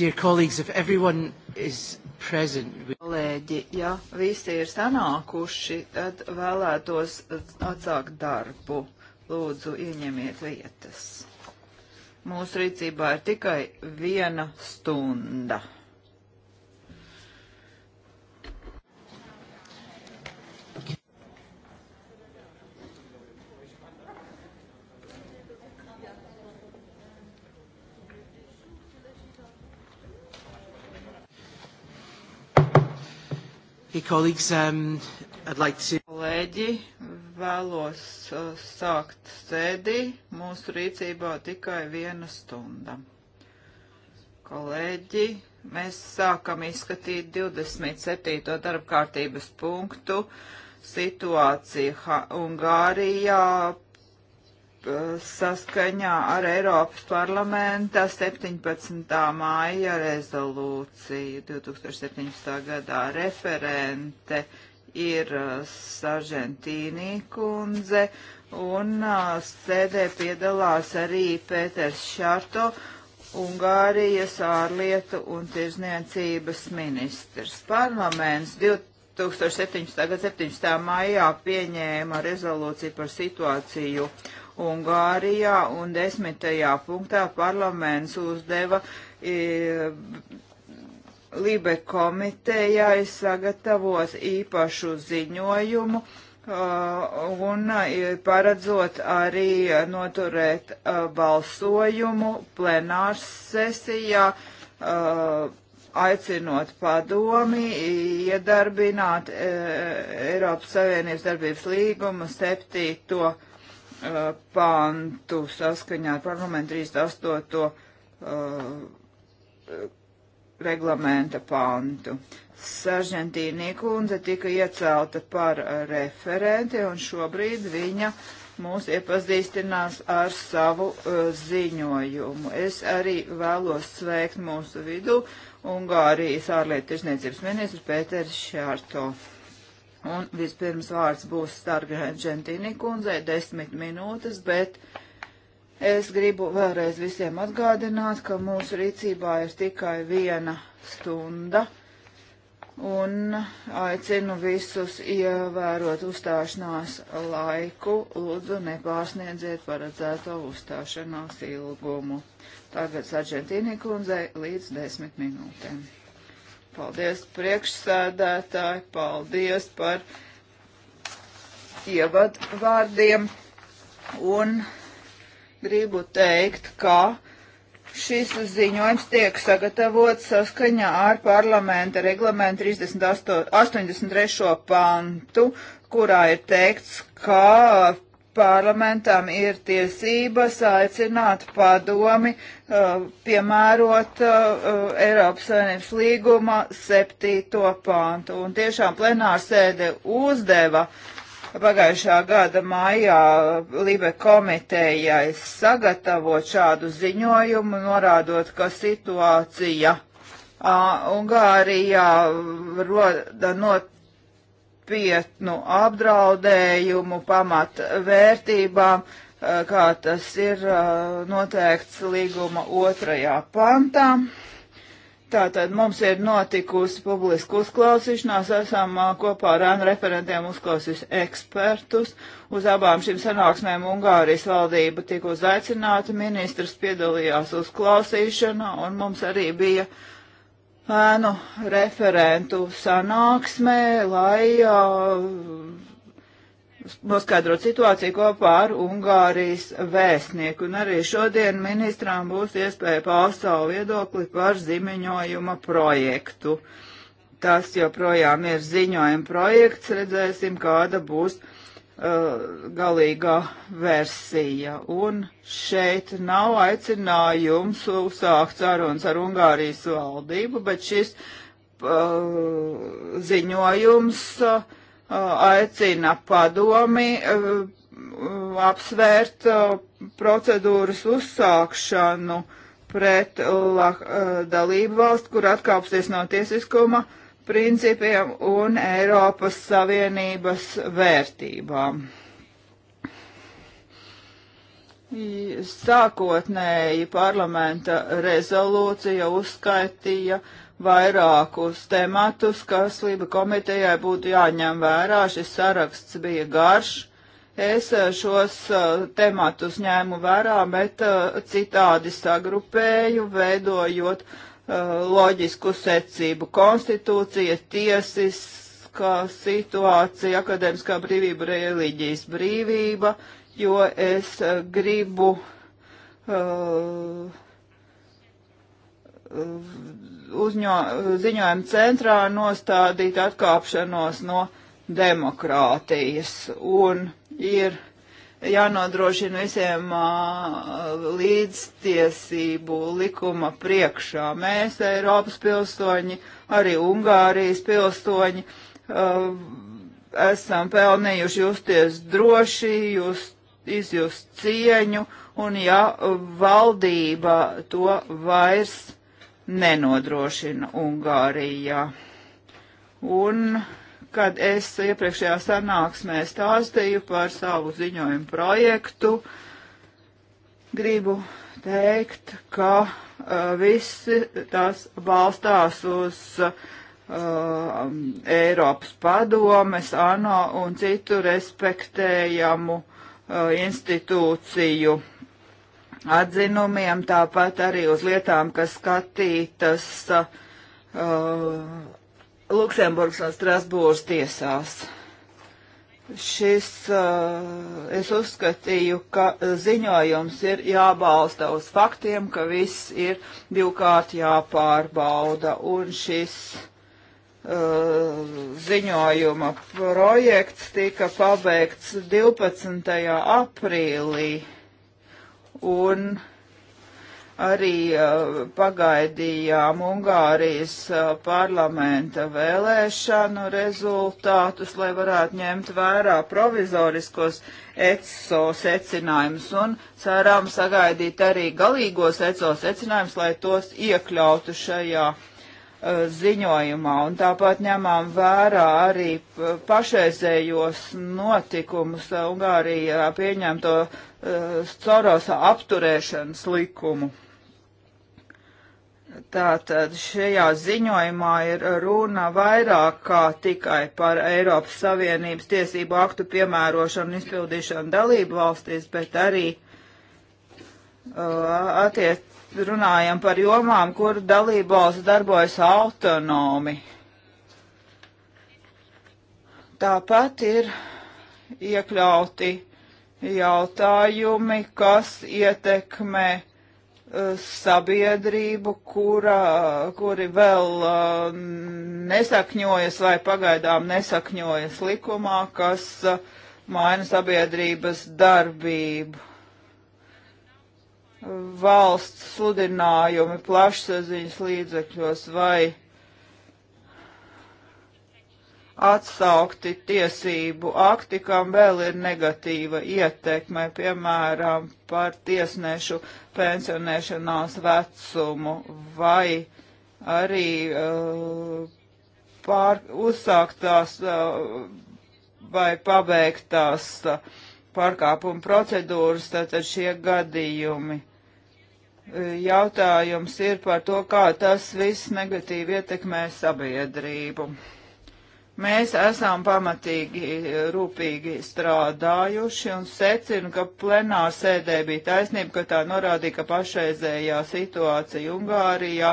Dear colleagues, if everyone is present. We... Kolēģi, ja visi ir sanākuši, tad vēlētos atsākt darbu. Lūdzu, ieņemiet vietas. Mūsu rīcībā ir tikai viena stunda. Colleagues, um, I'd like to... Kolēģi, vēlos uh, sākt sēdi. Mūsu rīcībā tikai viena stunda. Kolēģi, mēs sākam izskatīt 27. darba kārtības punktu situācija Hungārijā saskaņā ar Eiropas parlamenta 17. māja rezolūciju 2017. gadā referente ir Sargentīnī kundze un sēdē piedalās arī Pēters Šarto, Ungārijas ārlietu un tirzniecības ministrs. Parlaments 2017. gada 17. maijā pieņēma rezolūciju par situāciju uh, Ungārijā, un desmitajā punktā parlaments uzdeva i, e, Libe komitejai sagatavos īpašu ziņojumu uh, un e, paredzot arī noturēt uh, balsojumu plenārs sesijā, uh, aicinot padomi iedarbināt Eiropas Savienības darbības līguma septīto. To uh, pantu saskaņā ar parlamentu 38. Uh, reglamenta pantu. Saržantīnī kundze tika iecelta par referenti un šobrīd viņa mūs iepazīstinās ar savu uh, ziņojumu. Es arī vēlos sveikt mūsu vidu Ungārijas ārlietu tirsniecības ministru Pēteris Šārto. Uh, Un vispirms vārds būs Stargentīni kundzei desmit minūtes, bet es gribu vēlreiz visiem atgādināt, ka mūsu rīcībā ir tikai viena stunda. Un aicinu visus ievērot uzstāšanās laiku, lūdzu nepārsniedziet paredzēto uzstāšanās ilgumu. Tagad Sargentīni kundzei līdz desmit minūtēm. Paldies priekšsēdētāji, paldies par ievadu vārdiem un gribu teikt, ka šis ziņojums tiek sagatavots saskaņā ar parlamenta reglamentu 38, 83. pantu, kurā ir teikts, ka parlamentam ir tiesības aicināt padomi Uh, piemērot uh, uh, Eiropas Savienības līguma septīto pāntu. Un tiešām plenārsēde uzdeva pagājušā gada maijā Libe komitejai sagatavot šādu ziņojumu, norādot, ka situācija uh, Ungārijā roda nopietnu apdraudējumu pamat vērtībām Eh, kā tas ir eh, noteikts līguma otrajā pantā. Tātad mums ir notikusi publiska uzklausīšanās, esam eh, kopā ar ANU referentiem uzklausījuši ekspertus. Uz abām šīm sanāksmēm Ungārijas valdība tika uzaicināta, ministrs piedalījās uzklausīšanā un mums arī bija ēnu referentu sanāksmē, lai uh, noskaidrot situāciju kopā ar Ungārijas vēstnieku. Un arī šodien ministrām būs iespēja paust savu viedokli par ziņojuma projektu. Tas joprojām ir ziņojuma projekts, redzēsim, kāda būs uh, galīgā versija. Un šeit nav aicinājums uzsākt sarunas ar Ungārijas valdību, bet šis uh, ziņojums uh, aicina padomi eh, apsvērt eh, procedūras uzsākšanu pret eh, dalību valstu, kur atkāpsies no tiesiskuma principiem un Eiropas Savienības vērtībām. Sākotnēji parlamenta rezolūcija uzskaitīja uh, vairākus tematus, kas Lība komitejai būtu jāņem vērā. Šis saraksts bija garš. Es eh, šos uh, tematus ņēmu vērā, bet uh, citādi sagrupēju, veidojot uh, loģisku secību. Konstitūcija, tiesiskā situācija, akadēmiskā brīvība, reliģijas brīvība, jo es gribu uh, uzņo, ziņojuma centrā nostādīt atkāpšanos no demokrātijas un ir jānodrošina visiem līdztiesību likuma priekšā. Mēs, Eiropas pilsoņi, arī Ungārijas pilsoņi, esam pelnījuši justies droši, just, izjust cieņu, un ja valdība to vairs nenodrošina Ungārijā. Un, kad es iepriekšējā sanāksmē stāstīju par savu ziņojumu projektu, gribu teikt, ka uh, visi tas balstās uz uh, Eiropas padomes, ANO un citu respektējamu uh, institūciju atzinumiem, tāpat arī uz lietām, kas skatītas uh, Luksemburgas un Strasbūras tiesās. Šis, uh, es uzskatīju, ka ziņojums ir jābalsta uz faktiem, ka viss ir divkārt jāpārbauda, un šis uh, ziņojuma projekts tika pabeigts 12. aprīlī. Uh, un arī uh, pagaidījām Ungārijas uh, parlamenta vēlēšanu rezultātus, lai varētu ņemt vērā provizoriskos ECO secinājumus un cerām sagaidīt arī galīgos ECO secinājumus, lai tos iekļautu šajā uh, ziņojumā. Un tāpat ņemām vērā arī uh, pašreizējos notikumus uh, Ungārijā pieņemto Eh, Sorosa apturēšanas likumu. Tātad šajā ziņojumā ir runa vairāk kā tikai par Eiropas Savienības tiesību aktu piemērošanu un izpildīšanu dalību valstīs, bet arī uh, attiec, runājam par jomām, kur dalību valsts darbojas autonomi. Tāpat ir iekļauti jautājumi, kas ietekmē uh, sabiedrību, kura, kuri vēl uh, nesakņojas vai pagaidām nesakņojas likumā, kas uh, maina sabiedrības darbību. Valsts sludinājumi plašsaziņas līdzekļos vai atsaukti tiesību akti, kam vēl ir negatīva ietekme, piemēram, par tiesnešu pensionēšanās vecumu vai arī uh, pār, uzsāktās uh, vai pabeigtās uh, pārkāpuma procedūras, tātad šie gadījumi jautājums ir par to, kā tas viss negatīvi ietekmē sabiedrību. Mēs esam pamatīgi rūpīgi strādājuši un secinu, ka plenāra sēdē bija taisnība, ka tā norādīja, ka pašreizējā situācija Ungārijā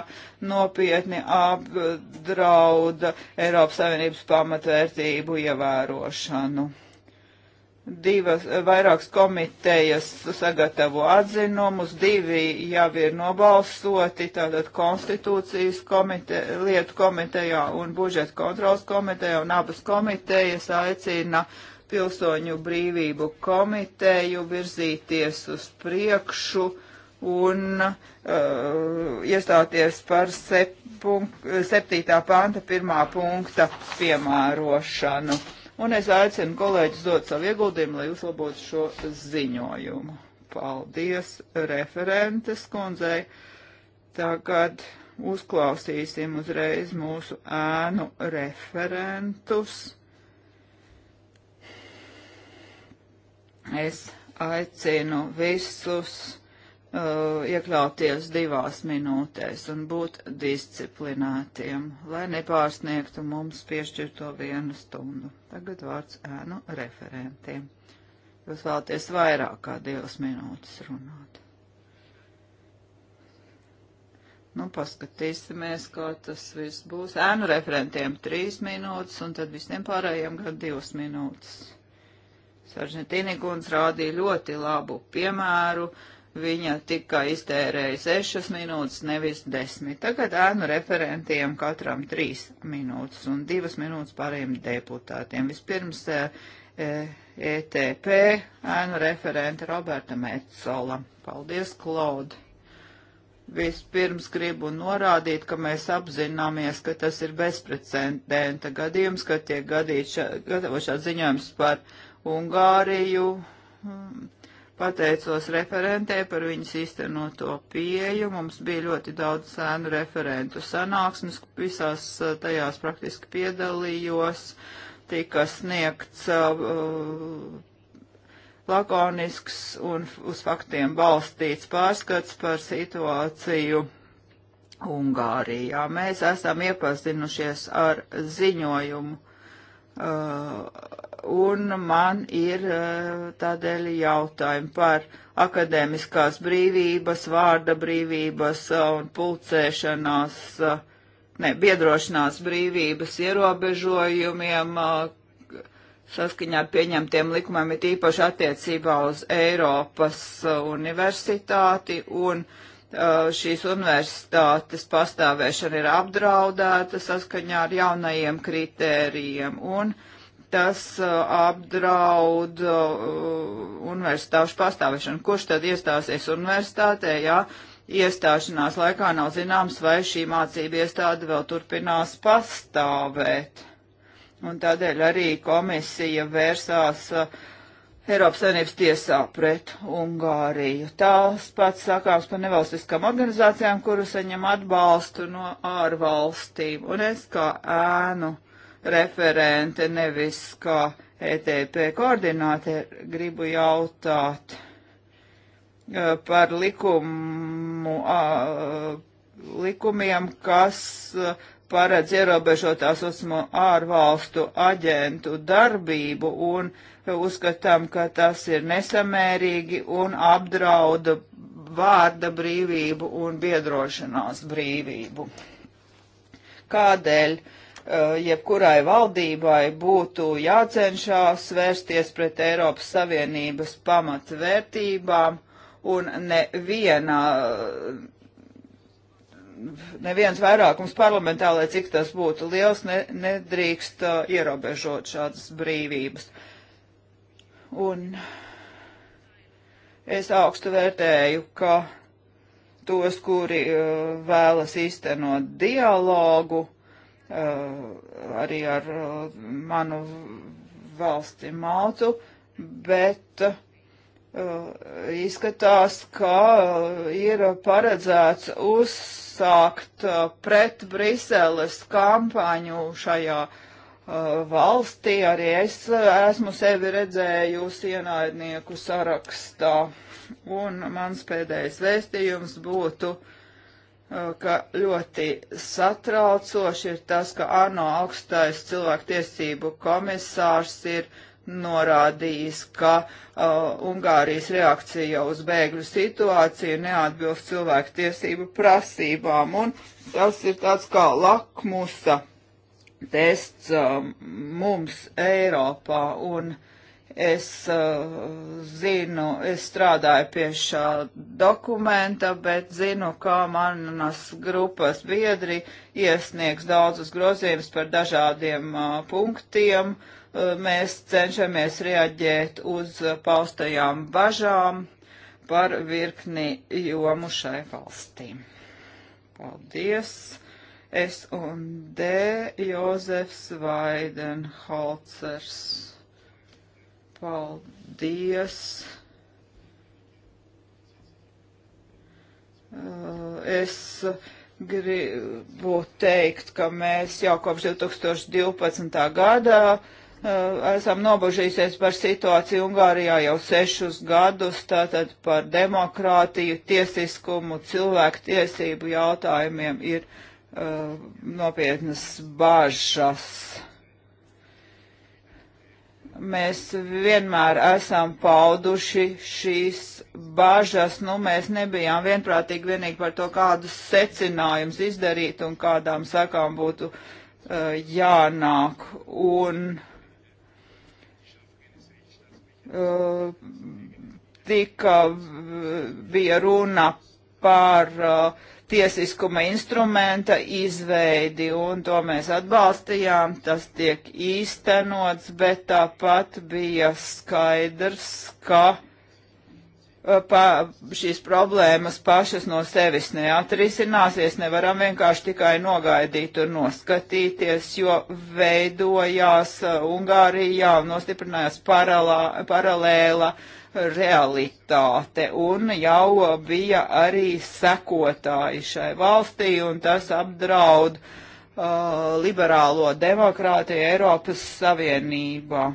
nopietni apdrauda Eiropas Savienības pamatvērtību ievērošanu divas, vairākas komitejas sagatavo atzinumus, divi jau ir nobalsoti, tātad konstitūcijas komite, lietu komitejā un budžeta kontrols komitejā, un abas komitejas aicina pilsoņu brīvību komiteju virzīties uz priekšu un uh, iestāties par sep, punk, septītā panta pirmā punkta piemērošanu un es aicinu kolēģis dot savu ieguldījumu, lai uzlabotu šo ziņojumu. Paldies referentes kundzei. Tagad uzklausīsim uzreiz mūsu ēnu referentus. Es aicinu visus Uh, iekļauties divās minūtēs un būt disciplinētiem, lai nepārsniegtu mums piešķirto vienu stundu. Tagad vārds ēnu referentiem. Jūs vēlaties vairāk kā divas minūtes runāt. Nu, paskatīsimies, kā tas viss būs. Ēnu referentiem trīs minūtes un tad visiem pārējiem gan divas minūtes. Saržņetīnī kundze rādīja ļoti labu piemēru. Uh, Viņa tikai iztērēja sešas minūtes, nevis desmit. Tagad ēnu referentiem katram trīs minūtes un divas minūtes pārējiem deputātiem. Vispirms eh, eh, e, ETP ēnu referente Roberta Metzola. Paldies, Klaudi! Vispirms gribu norādīt, ka mēs apzināmies, ka tas ir bezprecedenta gadījums, ka tiek gadīts gatavošā ziņojums par Ungāriju. Pateicos referentē par viņas īstenoto pieju. Mums bija ļoti daudz sēnu referentu sanāksmes, visās eh, tajās praktiski piedalījos. Tika sniegts uh, lakonisks un uz faktiem balstīts pārskats par situāciju Ungārijā. Mēs esam iepazinušies ar ziņojumu. Uh, un man ir eh, tādēļ jautājumi par akadēmiskās brīvības, vārda brīvības eh, un pulcēšanās, eh, ne, biedrošanās brīvības ierobežojumiem saskaņā ar pieņemtiem likumiem, ir īpaši attiecībā uz Eiropas universitāti un šīs universitātes pastāvēšana ir apdraudēta saskaņā ar jaunajiem kritērijiem. Un, uh, tas uh, apdraud uh, universitāšu pastāvēšanu. Kurš tad iestāsies universitātē, ja iestāšanās laikā nav zināms, vai šī mācība iestāde vēl turpinās pastāvēt? Un tādēļ arī komisija vērsās uh, Eiropas Savienības tiesā pret Ungāriju. Tās pats sakāms par nevalstiskām organizācijām, kuru saņem atbalstu no ārvalstīm. Un es kā ēnu referente, nevis kā ETP koordinātori, gribu jautāt eh, par likumu, eh, likumiem, kas eh, paredz ierobežotās uzmu ārvalstu aģentu darbību un uzskatām, ka tas ir nesamērīgi un apdrauda vārda brīvību un biedrošanās brīvību. Kādēļ Eh, jebkurai valdībai būtu jācenšās vērsties pret Eiropas Savienības pamatvērtībām un neviena neviens vairākums parlamentā, lai cik tas būtu liels, ne, nedrīkst uh, ierobežot šādas brīvības. Un es augstu vērtēju, ka tos, kuri uh, vēlas īstenot dialogu, Uh, arī ar uh, manu valsti Maltu, bet uh, izskatās, ka ir paredzēts uzsākt pret Briseles kampaņu šajā valstī. Arī es esmu sevi redzējusi ienaidnieku sarakstā. Un mans pēdējais vēstījums būtu uh, ka ļoti satraucoši ir tas, ka ANO augstais cilvēktiesību komisārs ir norādījis, ka uh, Ungārijas reakcija uz bēgļu situāciju neatbilst cilvēku tiesību prasībām, un tas ir tāds kā lakmusa tests uh, mums Eiropā, un uh, Es uh, zinu, es strādāju pie šā dokumenta, bet zinu, kā manas grupas biedri iesniegs daudzus grozījumus par dažādiem uh, punktiem. Uh, mēs cenšamies reaģēt uz paustajām bažām par virkni jomu šai valstī. Paldies! S un D Jozefs Vaidenholcers. Paldies. Uh, es gribu teikt, ka mēs jau kopš 2012. gada uh, esam nobažījušies par situāciju Ungārijā jau sešus gadus, tātad par demokrātiju, tiesiskumu, cilvēku tiesību jautājumiem ir uh, nopietnas bažas mēs vienmēr esam pauduši šīs bažas. Nu, mēs nebijām vienprātīgi vienīgi par to, kādus secinājumus izdarīt un kādām sakām būtu uh, jānāk. Un, uh, tika bija runa par uh, tiesiskuma instrumenta izveidi, un to mēs atbalstījām, tas tiek īstenots, bet tāpat bija skaidrs, ka e, pa, šīs problēmas pašas no sevis neatrisināsies, nevaram vienkārši tikai nogaidīt un noskatīties, jo veidojās e, Ungārijā un nostiprinājās paralā, paralēla realitāte. Un jau bija arī sekotāji šai valstī, un tas apdraud uh, liberālo demokrātiju Eiropas Savienībā.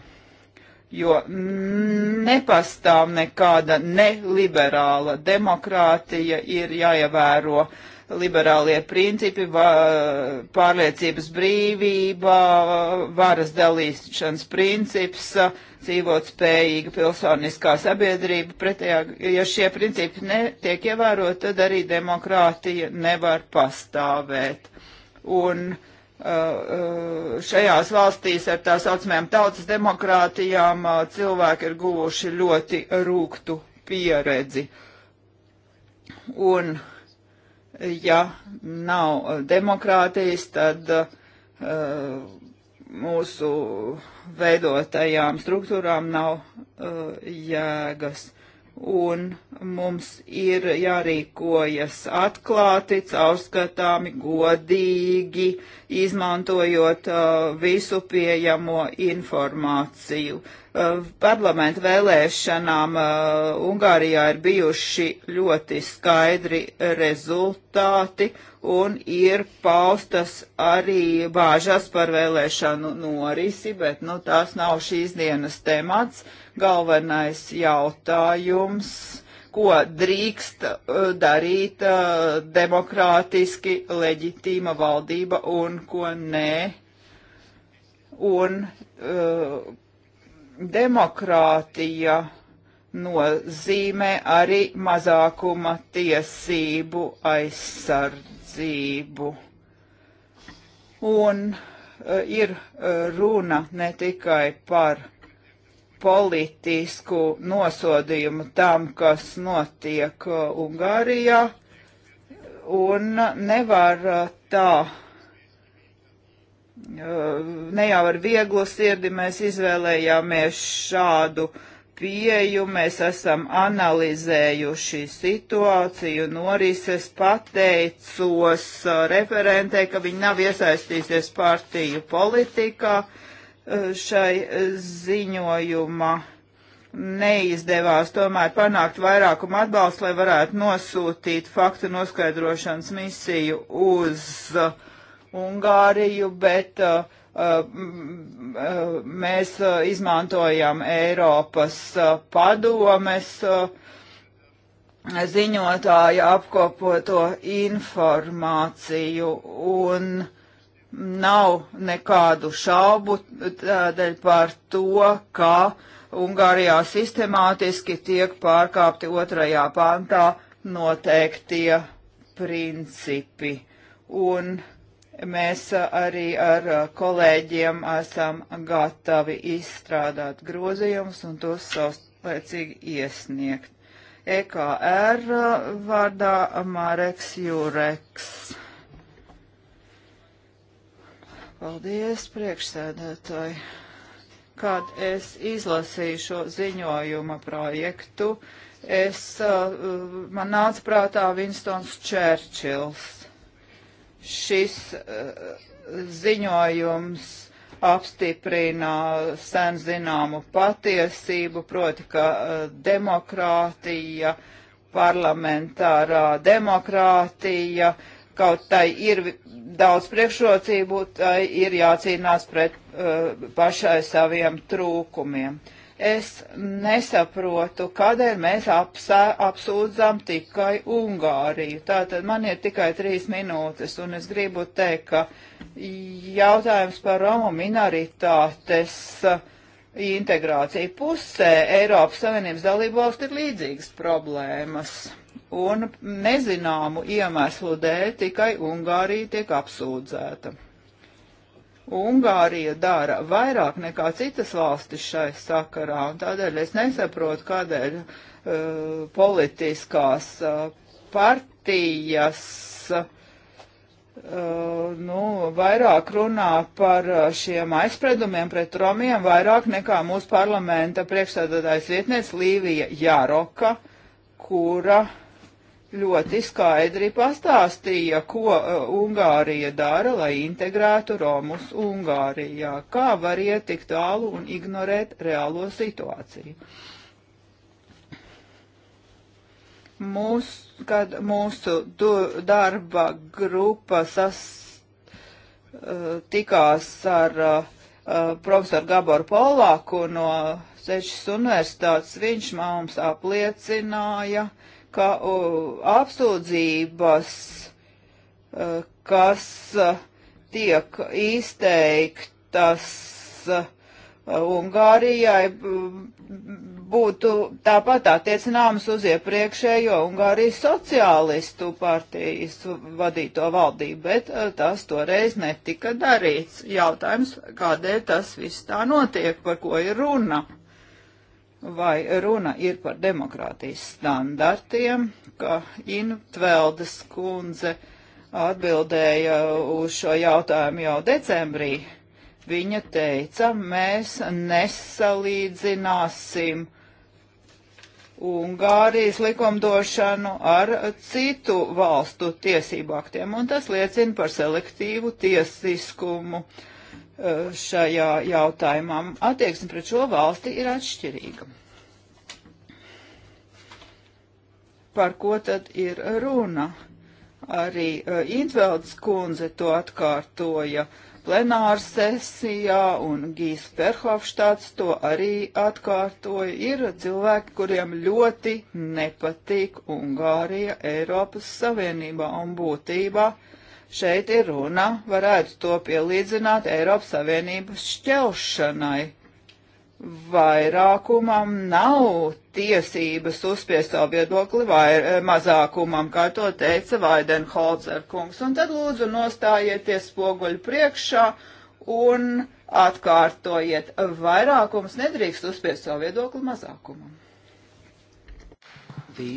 Jo nepastāv nekāda neliberāla demokrātija, ir jāievēro uh, liberālie principi, va, pārliecības brīvība, varas dalīšanas princips, dzīvot spējīga pilsoniskā sabiedrība. Pretējā, ja šie principi netiek ievērot, tad arī demokrātija nevar pastāvēt. Un uh, uh, šajās valstīs ar tā saucamajām tautas demokrātijām uh, cilvēki ir guvuši ļoti rūktu pieredzi. Un uh, ja nav uh, demokrātijas, tad uh, mūsu veidotajām struktūrām nav uh, jēgas. Un mums ir jārīkojas atklāti, caurskatāmi, godīgi, izmantojot uh, visu pieejamo informāciju. Uh, Eh, parlamenta vēlēšanām eh, Ungārijā ir bijuši ļoti skaidri rezultāti un ir paustas arī bāžas par vēlēšanu norisi, bet nu, tās nav šīs dienas temats. Galvenais jautājums ko drīkst eh, darīt demokrātiski leģitīma valdība un ko nē, un demokrātija nozīmē arī mazākuma tiesību aizsardzību. Un e, ir e, runa ne tikai par politisku nosodījumu tam, kas notiek e, Ungārijā, un nevar tā ne jau ar vieglu sirdi mēs izvēlējāmies šādu pieju, mēs esam analizējuši situāciju norises, pateicos uh, referentē, ka viņi nav iesaistīsies partiju politikā uh, šai uh, ziņojuma. Neizdevās tomēr panākt vairākumu atbalstu, lai varētu nosūtīt faktu noskaidrošanas misiju uz uh, Ungāriju, bet uh, uh mēs uh, izmantojam Eiropas uh, padomes ziņotāja apkopoto informāciju un nav nekādu šaubu tādēļ par to, ka Ungārijā sistemātiski tiek pārkāpti otrajā pantā noteiktie principi. Un uh, Mēs uh, arī ar uh, kolēģiem esam gatavi izstrādāt grozījumus un tos savlaicīgi iesniegt. EKR uh, vārdā Mareks Jureks. Paldies, priekšsēdētāji. Kad es izlasīju šo ziņojuma projektu, es, man nāca prātā Vinstons Čērčils šis uh, ziņojums apstiprina sen zināmu patiesību, proti, ka uh, demokrātija, parlamentārā demokrātija, kaut tai ir daudz priekšrocību, tai ir jācīnās pret uh, pašai saviem trūkumiem. Uh, Es nesaprotu, kādēļ mēs apsā, apsūdzam tikai Ungāriju. Tātad man ir tikai trīs minūtes, un es gribu teikt, ka jautājums par Romu minoritātes uh, integrāciju pusē Eiropas Savienības dalību valsts ir līdzīgas problēmas. Un nezināmu iemeslu dēļ tikai Ungārija tiek apsūdzēta. Ungārija dara vairāk nekā citas valstis šai sakarā, un tādēļ es nesaprotu, kādēļ uh, politiskās uh, partijas uh, nu, vairāk runā par uh, šiem aizspriedumiem pret romiem, vairāk nekā mūsu parlamenta priekšstādātājs vietnieks Līvija Jāroka, kura uh, ļoti skaidri pastāstīja, ko uh, Ungārija dara, lai integrētu Romus Ungārijā, kā var iet tik tālu un ignorēt reālo situāciju. Mūs, kad mūsu du, darba grupa sas, uh, tikās ar uh, uh profesoru Gaboru Polāku no Sešas universitātes, viņš mums apliecināja, uh, ka uh, apsūdzības, uh, kas uh, tiek izteiktas uh, Ungārijai, būtu tāpat attiecināmas uz iepriekšējo Ungārijas sociālistu partijas vadīto valdību, bet tas toreiz netika darīts. Jautājums, kādēļ tas viss tā notiek, par ko ir runa? vai runa ir par demokrātijas standartiem, ka Intveldes kundze atbildēja uz šo jautājumu jau decembrī. Viņa teica, mēs nesalīdzināsim Ungārijas likumdošanu ar citu valstu tiesību aktiem, un tas liecina par selektīvu tiesiskumu. Uh, šajā jautājumā. Attieksme pret šo valsti ir atšķirīga. Par ko tad ir runa? Arī uh, e, Intvelds kundze to atkārtoja plenāra sesijā, un Gīs Perhofštāts to arī atkārtoja. Ir cilvēki, kuriem ļoti nepatīk Ungārija Eiropas Savienībā un būtībā uh, Šeit ir runa, varētu to pielīdzināt Eiropas Savienības šķelšanai. Vairākumam nav tiesības uzspiest savu viedokli vai eh, mazākumam, kā to teica Vaidenholzer kungs. Un tad lūdzu nostājieties spoguļu priekšā un atkārtojiet. Vairākums nedrīkst uzspiest savu viedokli mazākumam. The,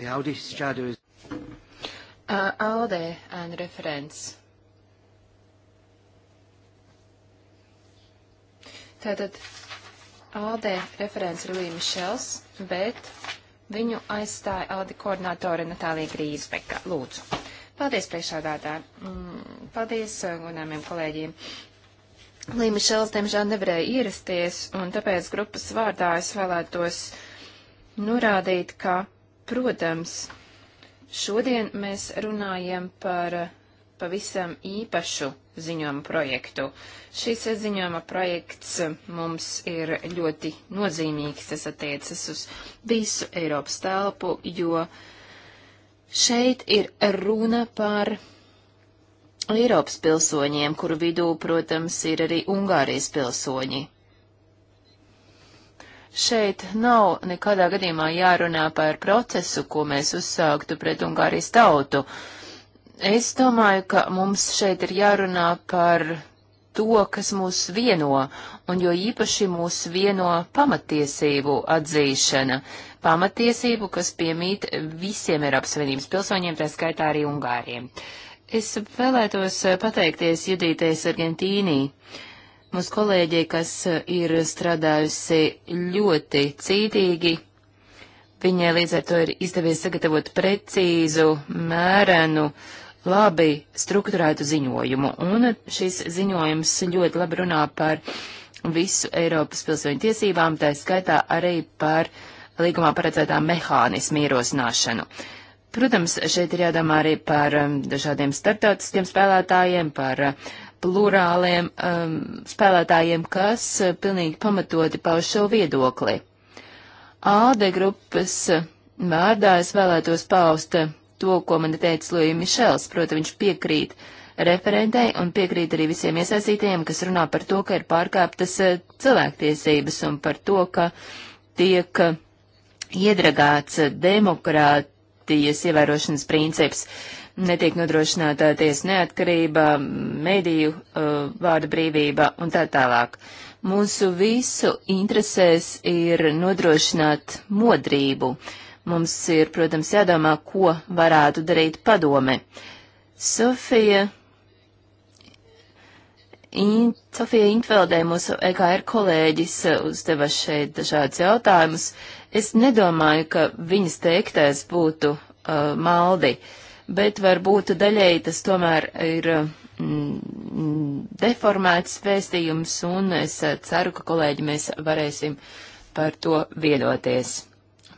the Aldē ēnu referents. Tātad Aldē referents ir Līja Mišels, bet viņu aizstāja Aldi koordinātore Natālija Grīsbeka. Lūdzu. Paldies priekšādātā. Mm, paldies uh, godāmiem kolēģiem. Līja Mišels, diemžēl, nevarēja ierasties, un tāpēc grupas vārdā es vēlētos norādīt, ka, protams, Šodien mēs runājam par pavisam īpašu ziņojuma projektu. Šis ziņojuma projekts mums ir ļoti nozīmīgs, tas attiecas uz visu Eiropas telpu, jo šeit ir runa par Eiropas pilsoņiem, kuru vidū, protams, ir arī Ungārijas pilsoņi. Šeit nav nekādā gadījumā jārunā par procesu, ko mēs uzsāktu pret Ungārijas tautu. Es domāju, ka mums šeit ir jārunā par to, kas mūs vieno, un jo īpaši mūs vieno pamatiesību atzīšana. Pamatiesību, kas piemīt visiem Eiropas Savienības pilsoņiem, tā skaitā arī Ungāriem. Es vēlētos pateikties Judītei Sargentīnī. Uh, Mūsu kolēģi, kas eh, ir strādājusi ļoti cītīgi, viņai līdz ar to ir izdevies sagatavot precīzu, mērenu, labi strukturētu ziņojumu. Un šis ziņojums ļoti labi runā par visu Eiropas pilsoņu tiesībām, tā skaitā arī par līgumā paredzētā mehānismu ierosināšanu. Protams, šeit ir jādomā arī par um, dažādiem starptautiskiem spēlētājiem, par uh, plurāliem um, spēlētājiem, kas uh, pilnīgi pamatoti pauž šo viedokli. Āde grupas vārdā es vēlētos paust uh, to, ko man teica Lūija Mišels, proti viņš piekrīt referentei un piekrīt arī visiem iesaistītajiem, kas runā par to, ka ir pārkāptas uh, cilvēktiesības un par to, ka tiek uh, iedragāts uh, demokrātijas ievērošanas princips. Uh, netiek nodrošināta tiesa neatkarība, mediju uh, vārda brīvība un tā tālāk. Mūsu visu interesēs ir nodrošināt modrību. Mums ir, protams, jādomā, ko varētu darīt padome. Sofija In, Sofija Intveldē, mūsu EKR kolēģis, uh, uzdeva šeit dažādus jautājumus. Es nedomāju, ka viņas teiktais būtu uh, maldi. Uh, bet varbūt daļēji tas tomēr ir mm, deformēts vēstījums, un es eh, ceru, ka kolēģi mēs varēsim par to viedoties.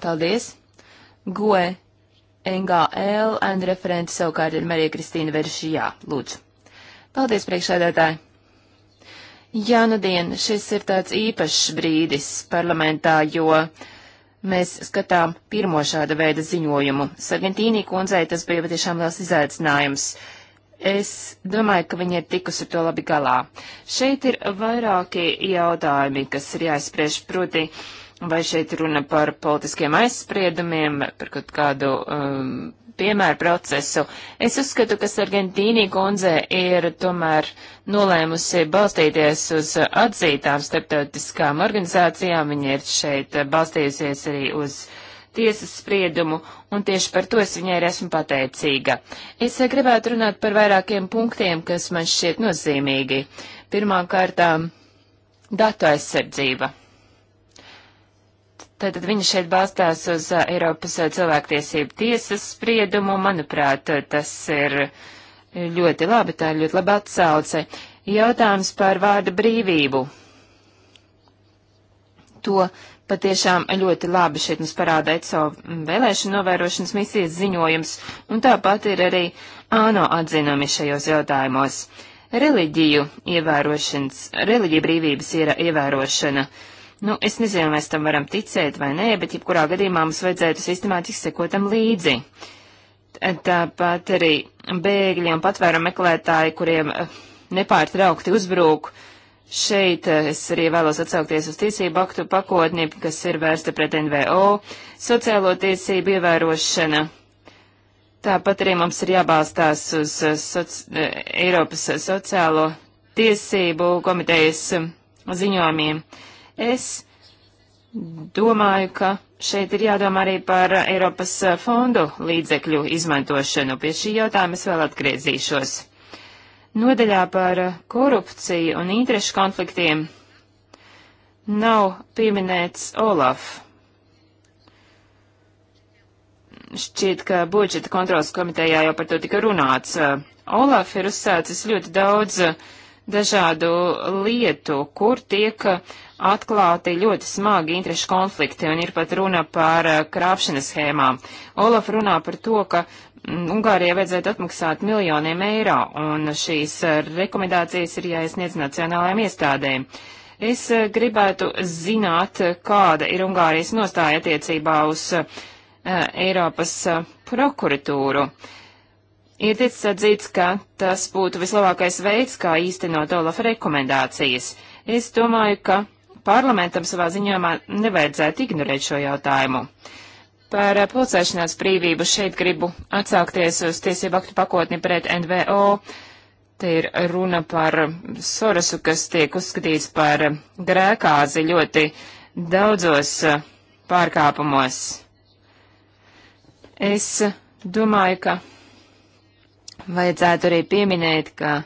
Paldies! Goe NGL un referenti savukārt ir Marija Kristīna Veržijā. Lūdzu. Paldies, priekšsēdētāji! Jā, nu dien, šis ir tāds īpašs brīdis parlamentā, jo uh, mēs skatām pirmo šāda veida ziņojumu. Sargentīnī kundzei tas bija patiešām liels izaicinājums. Es domāju, ka viņi ir tikusi to labi galā. Šeit ir vairāki jautājumi, kas ir jāizspriež proti, vai šeit runa par politiskiem aizspriedumiem, par kaut kādu um, piemēru procesu. Es uzskatu, ka Sargentīnī kundze ir tomēr nolēmusi balstīties uz atzītām starptautiskām organizācijām. Viņa ir šeit balstījusies arī uz tiesas spriedumu, un tieši par to es viņai arī esmu pateicīga. Es gribētu runāt par vairākiem punktiem, kas man šķiet nozīmīgi. Pirmām kārtām datu aizsardzība. Tātad viņa šeit balstās uz uh, Eiropas uh, cilvēktiesību tiesas spriedumu. Manuprāt, uh, tas ir ļoti labi, tā ir ļoti laba atsauce. Jautājums par vārda brīvību. To patiešām ļoti labi šeit mums parāda ECO vēlēšana novērošanas misijas ziņojums, un tāpat ir arī ANO atzinumi šajos jautājumos. Reliģiju ievērošanas, reliģija brīvības ir ievērošana. Uh, Nu, es nezinu, mēs tam varam ticēt vai nē, bet jebkurā gadījumā mums vajadzētu sistemātiski sekotam līdzi. Tāpat arī bēgļi un patvēru meklētāji, kuriem eh, nepārtraukti uzbrūk. Šeit eh, es arī vēlos atsaukties uz tiesību aktu pakotni, kas ir vērsta pret NVO, sociālo tiesību ievērošana. Tāpat arī mums ir jābalstās uz eh, soci Eiropas sociālo tiesību komitejas ziņojumiem. Uh, Es domāju, ka šeit ir jādomā arī par Eiropas fondu līdzekļu izmantošanu. Pie šī jautājuma es vēl atgriezīšos. Nodaļā par korupciju un interešu konfliktiem nav pieminēts Olaf. Šķiet, ka budžeta kontrolas komitejā jau par to tika runāts. Olaf ir uzsācis ļoti daudz dažādu lietu, kur tiek uh, atklāti ļoti smagi interešu konflikti un ir pat runa par eh, krāpšanas schēmām. Olaf runā par to, ka mm, Ungārijai vajadzētu atmaksāt miljoniem eiro, un šīs eh, rekomendācijas ir jāiesniedz nacionālajām iestādēm. Es eh, gribētu zināt, kāda ir Ungārijas nostāja attiecībā uz uh, Eiropas uh, prokuratūru. Ir ticis atzīts, ka tas būtu vislabākais veids, kā īstenot Olafa rekomendācijas. Es domāju, ka parlamentam savā ziņojumā nevajadzētu ignorēt šo jautājumu. Par pulcēšanās brīvību šeit gribu atsaukties uz tiesību aktu pakotni pret NVO. Te ir runa par Sorosu, kas tiek uzskatīts par grēkāzi ļoti daudzos eh, pārkāpumos. Es domāju, ka vajadzētu arī pieminēt, ka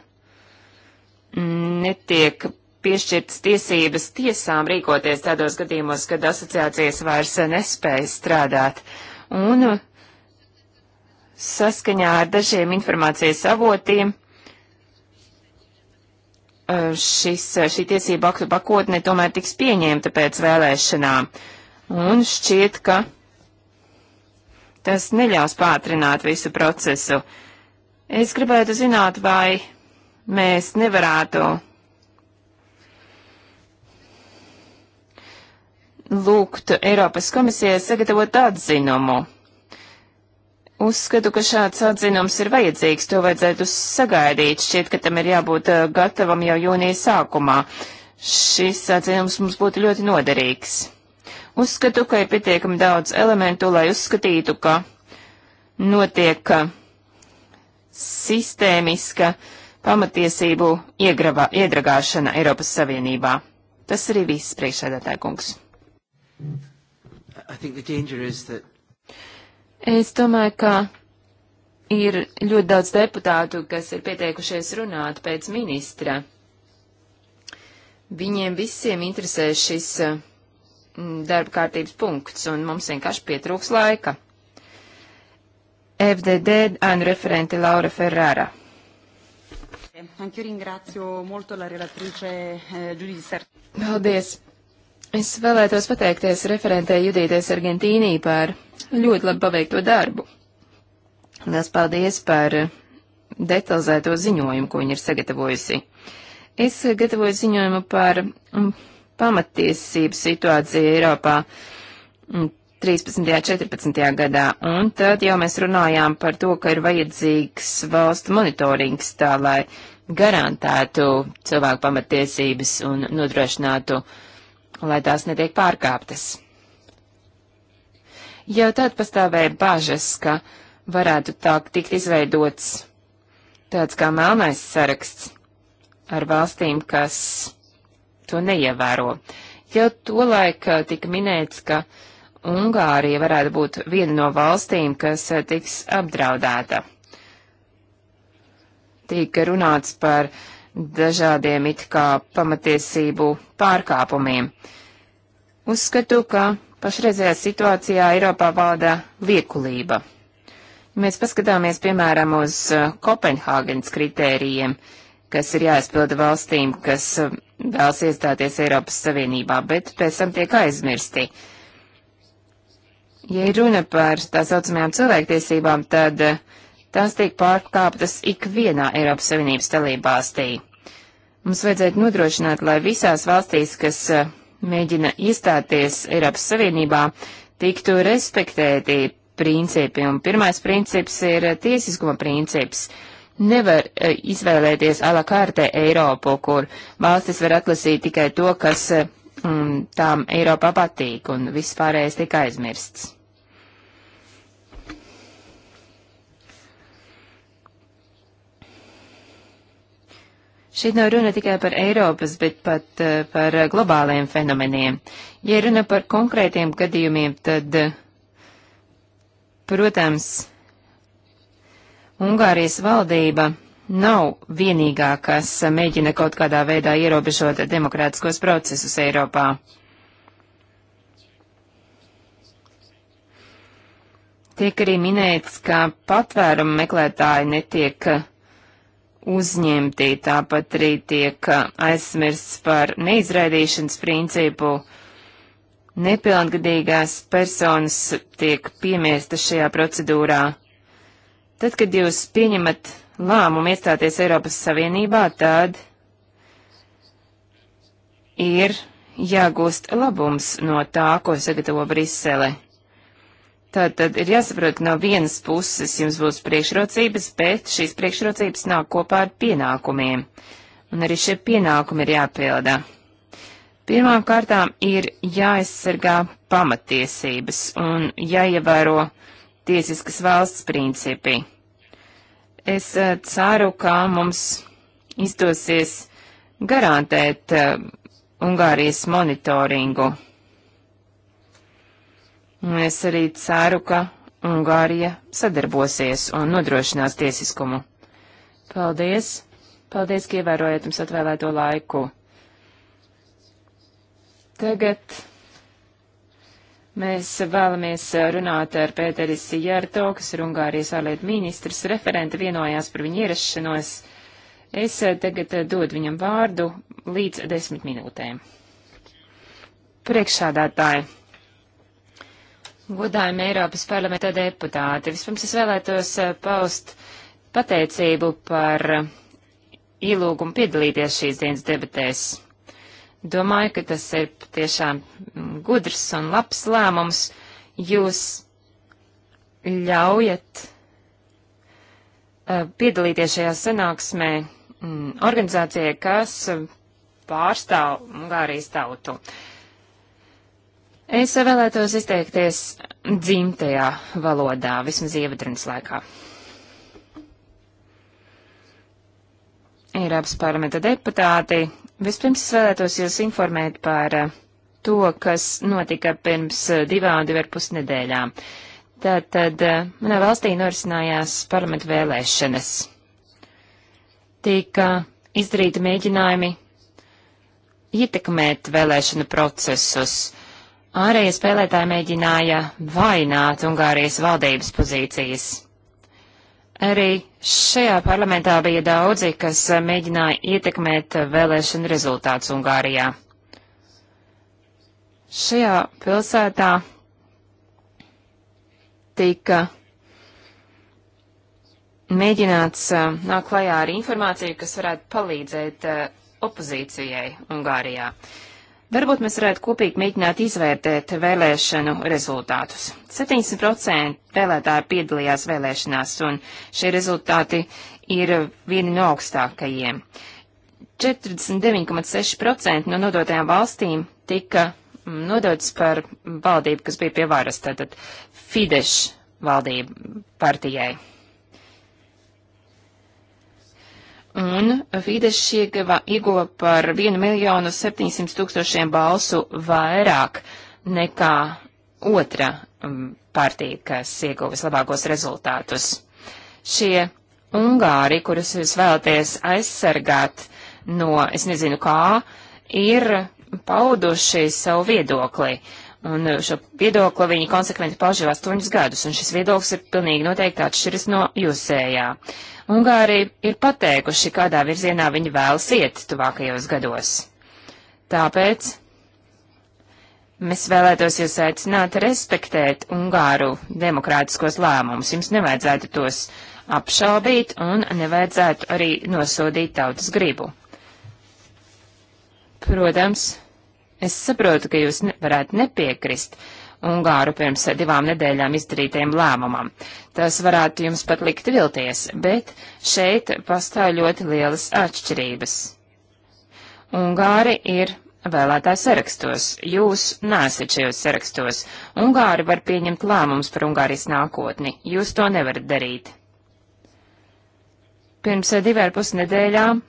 netiek piešķirtas tiesības tiesām rīkoties tādos gadījumos, kad asociācijas vairs nespēja strādāt. Un saskaņā ar dažiem informācijas avotiem šis, šī tiesība aktu pakotne tomēr tiks pieņemta pēc vēlēšanām. Un šķiet, ka tas neļaus pātrināt visu procesu. Es gribētu zināt, vai mēs nevarētu lūgt Eiropas komisijai sagatavot atzinumu. Uzskatu, ka šāds atzinums ir vajadzīgs, to vajadzētu sagaidīt, šķiet, ka tam ir jābūt eh, gatavam jau jūnija sākumā. Šis atzinums mums būtu ļoti noderīgs. Uzskatu, ka ir pietiekami daudz elementu, lai uzskatītu, ka notiek eh, sistēmiska pamatiesību iegrava, iedragāšana Eiropas Savienībā. Tas arī viss priekšsēdētāji kungs. That... Es domāju, ka ir ļoti daudz deputātu, kas ir pieteikušies runāt pēc ministra. Viņiem visiem interesē šis eh, darba kārtības punkts, un mums vienkārši pietrūks laika. FDD ānu referente Laura Ferrara. Anch'io ringrazio molto la relatrice eh, Giudice Sartori. Paldies. Es vēlētos pateikties referentē Judīties Argentīnī par ļoti labi paveikto darbu. Liels paldies par detalizēto ziņojumu, ko viņa ir sagatavojusi. Es gatavoju ziņojumu par mm, pamattiesību situāciju Eiropā 13. un 14. gadā, un tad jau mēs runājām par to, ka ir vajadzīgs valstu monitorings tā, lai garantētu cilvēku pamattiesības un nodrošinātu uh, un lai tās netiek pārkāptas. Jau tad pastāvēja bažas, ka varētu tā tikt izveidots tāds kā melnais saraksts ar valstīm, kas to neievēro. Jau tolaik uh, tika minēts, ka Ungārija varētu būt viena no valstīm, kas uh, tiks apdraudēta. Tika runāts par uh, dažādiem it kā pamatiesību pārkāpumiem. Uzskatu, ka pašreizējā situācijā Eiropā valda liekulība. Ja mēs paskatāmies, piemēram, uz eh, Kopenhāgenes kritērijiem, kas ir jāizpilda valstīm, kas eh, vēlas iestāties Eiropas Savienībā, bet pēc tam tiek aizmirsti. Ja ir runa par tā saucamajām cilvēktiesībām, tad uh, Tās tiek pārkāptas ikvienā Eiropas Savienības dalībvalstī. Mums vajadzētu nodrošināt, lai visās valstīs, kas e, mēģina iestāties Eiropas Savienībā, tiktu respektēti principi. Un pirmais princips ir e, tiesiskuma princips. Nevar e, izvēlēties ala kārtē Eiropu, kur valstis var atlasīt tikai to, kas mm, tām Eiropā patīk, un viss pārējais tika aizmirsts. Šeit nav runa tikai par Eiropas, bet pat uh, par globāliem fenomeniem. Ja runa par konkrētiem gadījumiem, tad, protams, Ungārijas valdība nav vienīgā, kas mēģina kaut kādā veidā ierobežot demokrātiskos procesus Eiropā. Tiek arī minēts, ka patvērumu meklētāji netiek uzņemti, tāpat arī tiek aizmirsts par neizraidīšanas principu. Nepilngadīgās personas tiek piemiestas šajā procedūrā. Tad, kad jūs pieņemat lēmumu iestāties Eiropas Savienībā, tad ir jāgūst labums no tā, ko sagatavo Brisele. Tātad ir jāsaprot, no vienas puses jums būs priekšrocības, bet šīs priekšrocības nāk kopā ar pienākumiem. Un arī šie pienākumi ir jāpildā. Pirmām kārtām ir jāaizsargā pamatiesības un jāievēro tiesiskas valsts principi. Es eh, ceru, ka mums izdosies garantēt uh, Ungārijas monitoringu Es arī ceru, ka Ungārija sadarbosies un nodrošinās tiesiskumu. Paldies! Paldies, ka ievērojat mums atvēlēto laiku. Tagad mēs vēlamies runāt ar Pēteris Jārto, kas ir Ungārijas ārlietu ministrs. Referenti vienojās par viņu ierašanos. Es tagad dodu viņam vārdu līdz desmit minūtēm. Priekšādātāji. Godājumi Eiropas parlamenta deputāti. Vispirms es vēlētos eh, paust pateicību par ielūgumu piedalīties šīs dienas debatēs. Domāju, ka tas ir tiešām mm, gudrs un labs lēmums. Jūs ļaujat eh, piedalīties šajā sanāksmē mm, organizācijai, kas eh, pārstāv Ungārijas tautu. Uh, Es vēlētos izteikties dzimtajā valodā, vismaz ievadrunas laikā. Eiropas parlamenta deputāti, vispirms es vēlētos jūs informēt par eh, to, kas notika pirms eh, divām, divarpus nedēļām. Tātad eh, manā valstī norisinājās parlamentu vēlēšanas. Tika izdarīti mēģinājumi ietekmēt vēlēšanu procesus. Ārējie spēlētāji mēģināja vainot Ungārijas valdības pozīcijas. Arī šajā parlamentā bija daudzi, kas mēģināja ietekmēt vēlēšanu rezultātus Ungārijā. Šajā pilsētā tika mēģināts nāk klajā ar informāciju, kas varētu palīdzēt opozīcijai Ungārijā. Uh, Varbūt mēs varētu kopīgi mēģināt izvērtēt vēlēšanu rezultātus. 70% vēlētāji piedalījās vēlēšanās, un šie rezultāti ir vieni no augstākajiem. 49,6% no nodotajām valstīm tika mm, nodots par valdību, kas bija pie varas, tātad Fidesz valdību partijai. un Fīdes iegava, ieguva par 1 miljonu 700 tūkstošiem balsu vairāk nekā otra mm, partija, kas ieguva vislabākos rezultātus. Šie Ungāri, kurus jūs vēlaties aizsargāt no, es nezinu kā, ir pauduši savu viedokli. Uh, Un eh, šo viedokli viņi konsekventi pauž jau astoņus gadus, un šis viedoklis ir pilnīgi noteikti atšķiris no jūsējā. Ungāri ir pateikuši, kādā virzienā viņi vēlas iet tuvākajos gados. Tāpēc mēs vēlētos jūs aicināt respektēt Ungāru demokrātiskos lēmumus. Jums nevajadzētu tos apšaubīt un nevajadzētu arī nosodīt tautas gribu. Protams, Es saprotu, ka jūs ne, varētu nepiekrist Ungāru pirms divām nedēļām izdarītajam lēmumam. Tas varētu jums pat likt vilties, bet šeit pastāv ļoti lielas atšķirības. Ungāri ir vēlētāju sarakstos, jūs nesat šajos sarakstos. Ungāri var pieņemt lēmumus par Ungārijas nākotni, jūs to nevarat darīt. Pirms divām pusnedēļām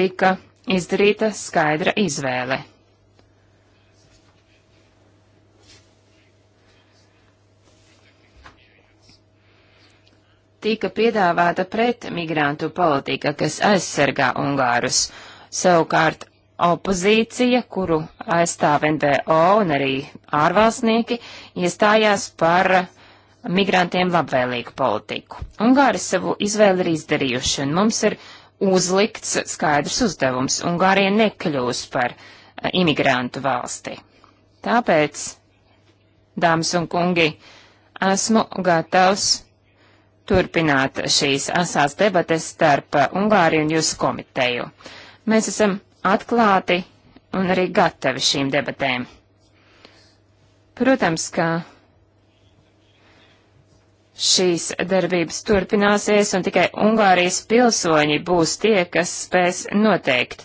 tika izdarīta skaidra izvēle. tika piedāvāta pret migrantu politika, kas aizsargā Ungārus. Savukārt opozīcija, kuru aizstāv NVO un arī ārvalstnieki, iestājās par migrantiem labvēlīgu politiku. Ungāri savu izvēli ir izdarījuši, un mums ir uzlikts skaidrs uzdevums. Ungārija nekļūs par eh, imigrantu valsti. Tāpēc, dāmas un kungi, esmu gatavs turpināt šīs asās debates starp uh, Ungāriju un jūsu komiteju. Mēs esam atklāti un arī gatavi šīm debatēm. Protams, ka šīs darbības turpināsies, un tikai Ungārijas pilsoņi būs tie, kas spēs noteikt,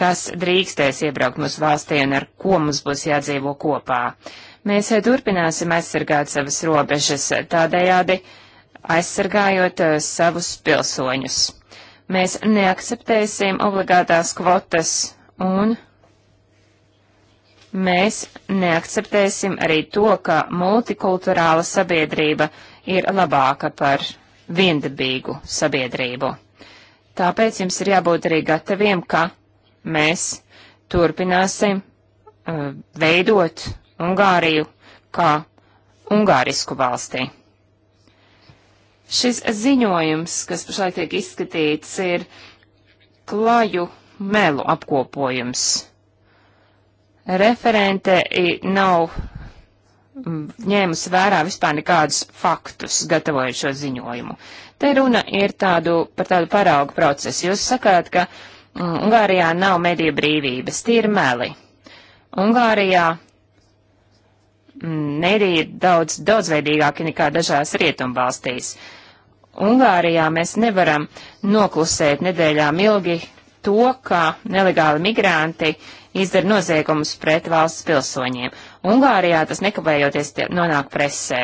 kas drīkstēs iebraukt mūsu valstī un ar ko mums būs jādzīvo kopā. Mēs eh, turpināsim aizsargāt savas robežas tādējādi, aizsargājot eh, savus pilsoņus. Mēs neakceptēsim obligātās kvotas un mēs neakceptēsim arī to, ka multikulturāla sabiedrība ir labāka par viendabīgu sabiedrību. Tāpēc jums ir jābūt arī gataviem, ka mēs turpināsim uh, veidot Ungāriju kā ungārisku valstī. Šis ziņojums, kas pašlaik tiek izskatīts, ir klaju melu apkopojums. Referente nav ņēmusi vērā vispār nekādus faktus, gatavojot šo ziņojumu. Te runa ir tādu, par tādu paraugu procesu. Jūs sakāt, ka mm, Ungārijā nav mediju brīvības, tie ir meli. Ungārijā mērī mm, ir daudz daudzveidīgāki nekā dažās rietumvalstīs. Ungārijā mēs nevaram noklusēt nedēļām ilgi to, ka nelegāli migranti izdara noziegumus pret valsts pilsoņiem. Ungārijā tas nekavējoties nonāk presē.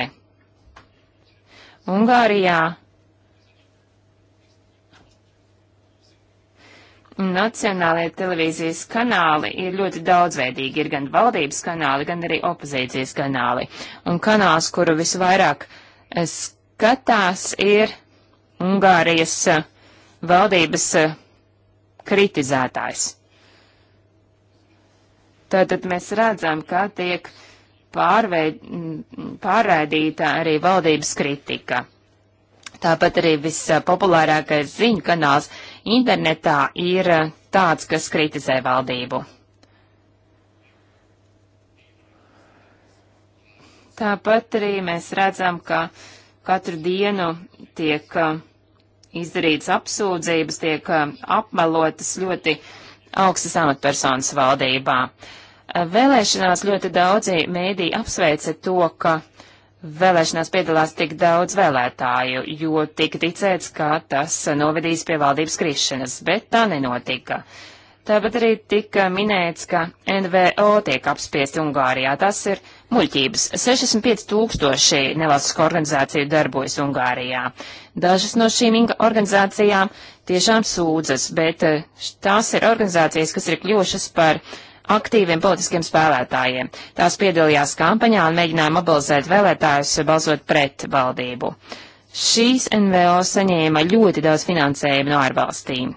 Ungārijā nacionālajie televīzijas kanāli ir ļoti daudzveidīgi. Ir gan valdības kanāli, gan arī opozīcijas kanāli. Un kanāls, kuru visvairāk eh, skatās, ir Ungārijas eh, valdības eh, kritizētājs. Tātad mēs redzam, kā tiek pārveid, pārraidīta arī valdības kritika. Tāpat arī vispopulārākais ziņu kanāls internetā ir eh, tāds, kas kritizē valdību. Tāpat arī mēs redzam, ka katru dienu tiek eh, izdarītas apsūdzības, tiek eh, apmelotas ļoti augstas amatpersonas valdībā. Vēlēšanās ļoti daudzi mēdī apsveica to, ka vēlēšanās piedalās tik daudz vēlētāju, jo tika ticēts, ka tas novedīs pie valdības krišanas, bet tā nenotika. Tāpat arī tika minēts, ka NVO tiek apspiesti Ungārijā. Tas ir muļķības. 65 tūkstoši nevalstisko organizāciju darbojas Ungārijā. Dažas no šīm organizācijām tiešām sūdzas, bet eh, tās ir organizācijas, kas ir kļuvušas par uh, aktīviem politiskiem spēlētājiem. Tās piedalījās kampaņā un mēģināja mobilizēt vēlētājus balsot pret valdību. Šīs NVO saņēma ļoti daudz finansējumu no ārvalstīm.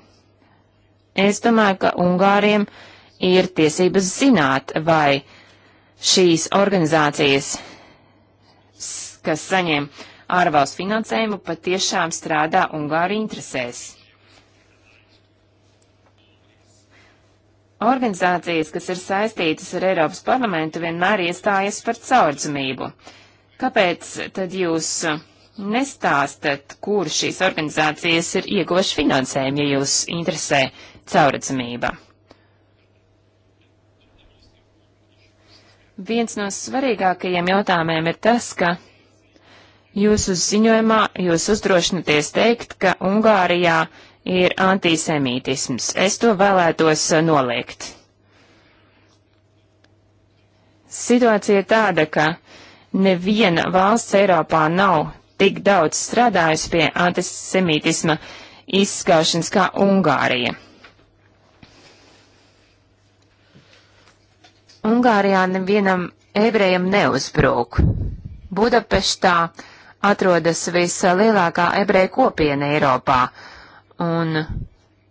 Es domāju, ka Ungāriem ir tiesības zināt, vai šīs organizācijas, kas saņem ārvalstu finansējumu, patiešām strādā Ungāru interesēs. Organizācijas, kas ir saistītas ar Eiropas parlamentu, vienmēr iestājas par caurdzamību. Kāpēc tad jūs nestāstat, kur šīs organizācijas ir ieguvuši finansējumu, ja jūs interesē caurdzamība? Viens no svarīgākajiem jautājumiem ir tas, ka jūsu ziņojumā jūs uzdrošināties teikt, ka Ungārijā ir antisemītisms. Es to vēlētos uh, noliegt. Situācija ir tāda, ka neviena valsts Eiropā nav tik daudz strādājusi pie antisemītisma izskaušanas kā Ungārija. Ungārijā nevienam ebrejam neuzbrūk. Budapeštā atrodas vislielākā ebreja kopiena Eiropā un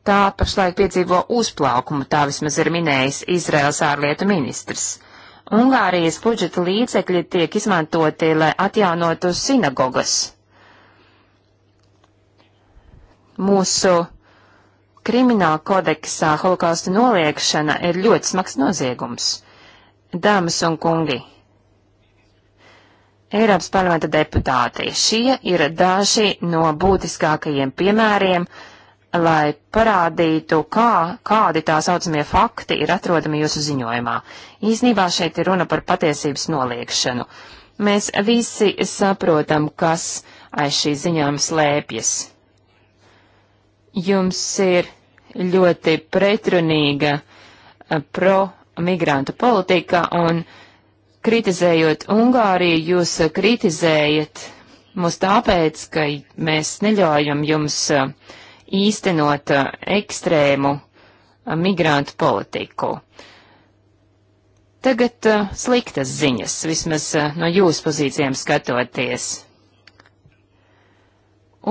tā pašlaik piedzīvo uzplaukumu, tā vismaz ir minējis Izraels ārlietu ministrs. Ungārijas budžeta līdzekļi tiek izmantoti, lai atjaunotu sinagogas. Mūsu krimināla kodeksā holokausta noliekšana ir ļoti smags noziegums. Dāmas un kungi, Eiropas parlamenta deputāti, šie ir daži no būtiskākajiem piemēriem, uh, lai parādītu, kā, kādi tā saucamie fakti ir atrodami jūsu ziņojumā. Īsnībā šeit ir runa par patiesības noliekšanu. Mēs visi saprotam, kas aiz šī ziņojuma slēpjas. Jums ir ļoti pretrunīga eh, pro-migrantu politika un kritizējot Ungāriju, jūs kritizējat mūs tāpēc, ka mēs neļaujam jums uh, īstenot uh, ekstrēmu uh, migrantu politiku. Tagad uh, sliktas ziņas, vismaz no jūsu pozīcijām skatoties.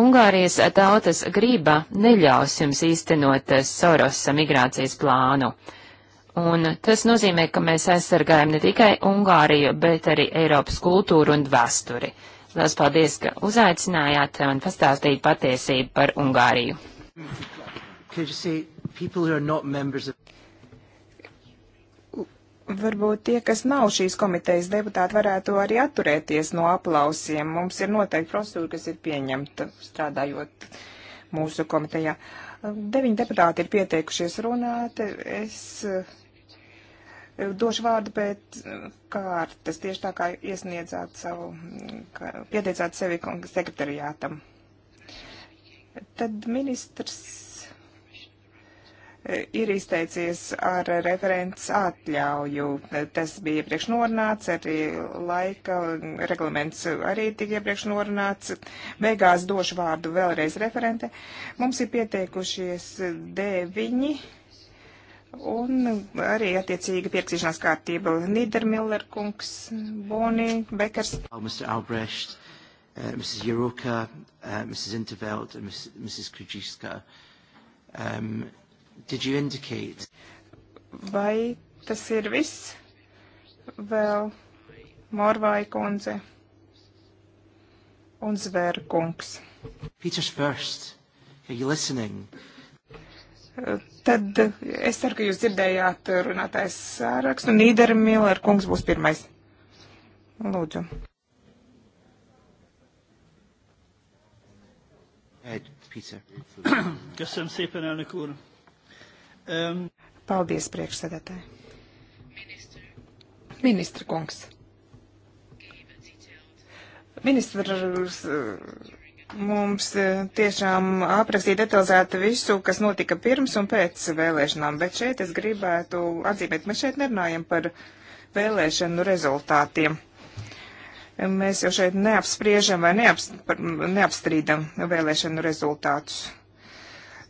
Ungārijas tautas grība neļaus jums īstenot Sorosa migrācijas plānu. Un tas nozīmē, ka mēs aizsargājam ne tikai Ungāriju, bet arī Eiropas kultūru un vēsturi. Lielas paldies, ka uzaicinājāt un pastāstīt patiesību par Ungāriju. Varbūt tie, kas nav šīs komitejas deputāti, varētu arī atturēties no aplausiem. Mums ir noteikti procedūra, kas ir pieņemta strādājot mūsu komitejā. Deviņi deputāti ir pieteikušies runāt. Es Eh, došu vārdu pēc eh, kārtas, tieši tā kā iesniedzāt savu, mm, pieteicāt sevi sekretariātam. Tad ministrs eh, ir izteicies ar referents atļauju. Tas bija iepriekš norunāts, arī laika mm, reglaments arī tika iepriekš norunāts. Beigās došu vārdu vēlreiz referente. Mums ir pieteikušies deviņi. 9 Un arī attiecīga pierakstīšanās kārtība Nīdermiller kungs, Boni, Bekers. Oh, Mr. Albrecht, uh, Mrs. Juroka, uh, Mrs. Intervelt and Mrs. Mrs. Krujiska. Um, did you indicate? Vai tas ir viss? Vēl Morvai kundze un Zvēra kungs. Peters first. Are you listening? Uh, Tad eh, es ceru, ka jūs dzirdējāt eh, runātājs sārakstu. Nīdera Miller kungs būs pirmais. Lūdzu. Köszönöm szépen, elnök úr. Um, Paldies, priekšsēdētāji. Ministra kungs. Ministrs eh, mums e, tiešām aprakstīja detalizēti visu, kas notika pirms un pēc vēlēšanām, bet šeit es gribētu atzīmēt, mēs šeit nerunājam par vēlēšanu rezultātiem. Mēs jau šeit neapspriežam vai neapstr neapstrīdam vēlēšanu rezultātus.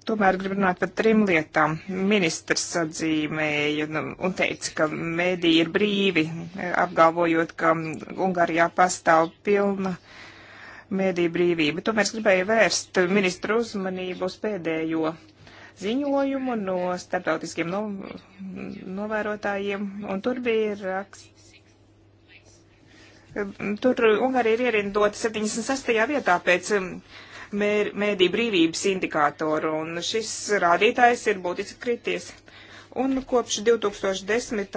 Tomēr gribu runāt par trim lietām. Ministrs atzīmēja nu, un teica, ka mēdī ir brīvi, e, apgalvojot, ka Ungārijā pastāv pilna mēdīju brīvību. Tomēr es gribēju vērst ministru uzmanību uz pēdējo ziņojumu no starptautiskiem no, novērotājiem, un tur bija raksts. Tur Ungārija ir ierindota 76. vietā pēc um, mēr, mēdī brīvības indikātoru, un šis rādītājs ir būtiski krities. Un kopš 2010.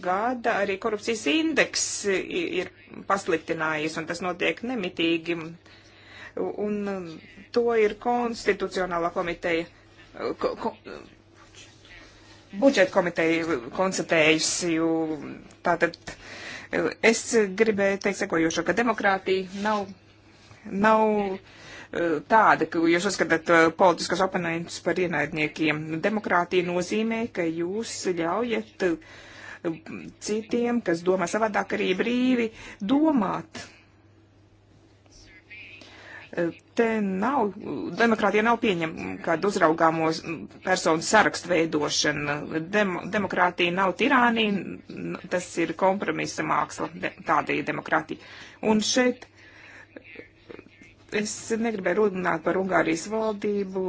gada arī korupcijas indeks ir pasliktinājies, un tas notiek nemitīgi. Un um, to ir konstitucionālā komiteja, ko, ko, budžeta komiteja konstatējusi. Tātad es gribēju teikt sekojošo, ka demokrātija nav, nav. Yeah tāda, ka jūs uzskatāt uh, politiskos oponentus par ienaidniekiem. Demokrātija nozīmē, ka jūs ļaujat uh, citiem, kas domā savādāk, arī brīvi domāt. Uh, te nav, demokrātija nav pieņem kādu uzraugāmo personu sarakstu veidošana. Dem, demokrātija nav tirānija, tas ir kompromisa māksla, de, tāda ir demokrātija. Un šeit Es negribēju runāt par Ungārijas valdību,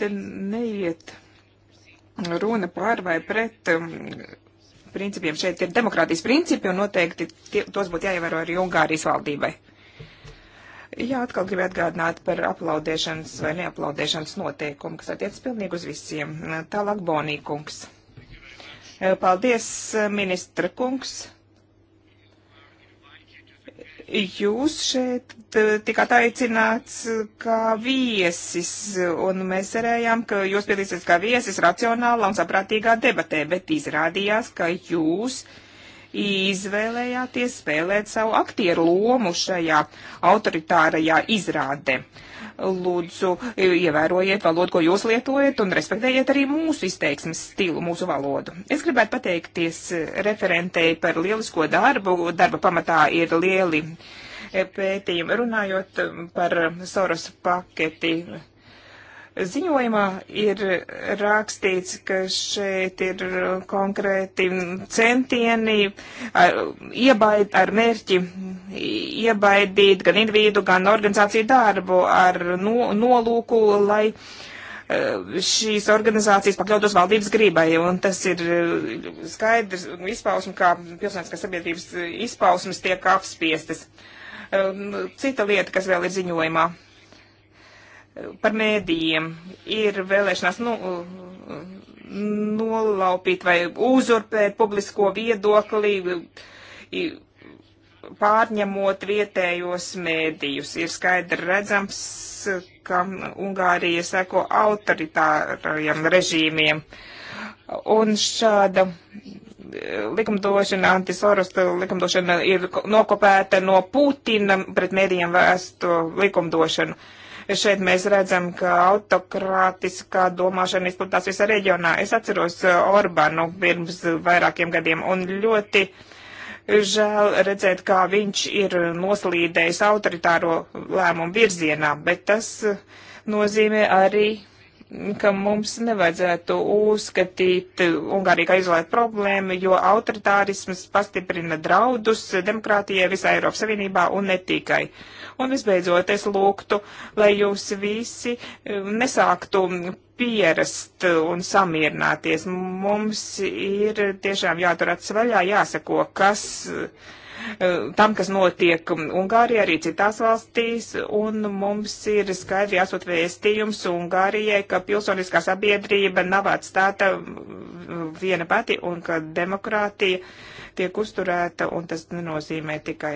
te neiet runa par vai pret um, principiem. Šeit ir demokrātijas principi un noteikti tie, tos būtu jāievēro arī Ungārijas valdībai. Jā, atkal gribu atgādināt par aplaudēšanas vai neaplaudēšanas noteikumu, kas attiec pilnīgi uz visiem. Tālāk Bonī kungs. Paldies, ministra kungs. Jūs šeit tikāt aicināts kā viesis, un mēs cerējām, ka jūs piedalīsiet kā viesis racionālā un saprātīgā debatē, bet izrādījās, ka jūs izvēlējāties spēlēt savu aktieru lomu šajā autoritārajā izrādē. Uh, lūdzu ievērojiet valodu, ko jūs lietojat, un respektējiet arī mūsu izteiksmes stilu, mūsu valodu. Es gribētu pateikties referentei par lielisko darbu. Darba pamatā ir lieli pētījumi runājot par Soros paketi Ziņojumā ir rakstīts, ka šeit ir konkrēti centieni ar, iebaid, ar mērķi iebaidīt gan individu, gan organizāciju darbu ar no, nolūku, lai e, šīs organizācijas pakļautos valdības gribai, un tas ir skaidrs izpausme, kā pilsētiskās sabiedrības izpausmes tiek apspiestas. Cita lieta, kas vēl ir ziņojumā par mēdījiem ir vēlēšanās nu, nolaupīt vai uzurpēt publisko viedokli, pārņemot vietējos mēdījus. Ir skaidri redzams, ka Ungārija seko autoritārajiem režīmiem. Un šāda eh, likumdošana, antisorosta likumdošana ir nokopēta no Putina pret mēdījiem vēstu likumdošanu. Uh, Šeit mēs redzam, ka autokrātiskā domāšana izplatās visā reģionā. Es atceros eh, Orbanu pirms vairākiem gadiem un ļoti žēl redzēt, kā viņš ir noslīdējis autoritāro lēmumu virzienā, bet tas eh, nozīmē arī, ka mums nevajadzētu uzskatīt Ungāriju kā izolētu problēmu, jo autoritārisms pastiprina draudus demokrātijai visā Eiropas Savienībā un ne tikai. Uh, Un visbeidzot, es lūgtu, lai jūs visi um, nesāktu pierast un samierināties. Mums ir tiešām jātur atsvaļā, jāsako, kas uh, tam, kas notiek Ungārijā, arī citās valstīs, un mums ir skaidri jāsūt vēstījums Ungārijai, ka pilsoniskā sabiedrība nav atstāta uh, viena pati un ka demokrātija tiek uzturēta, un tas nenozīmē tikai,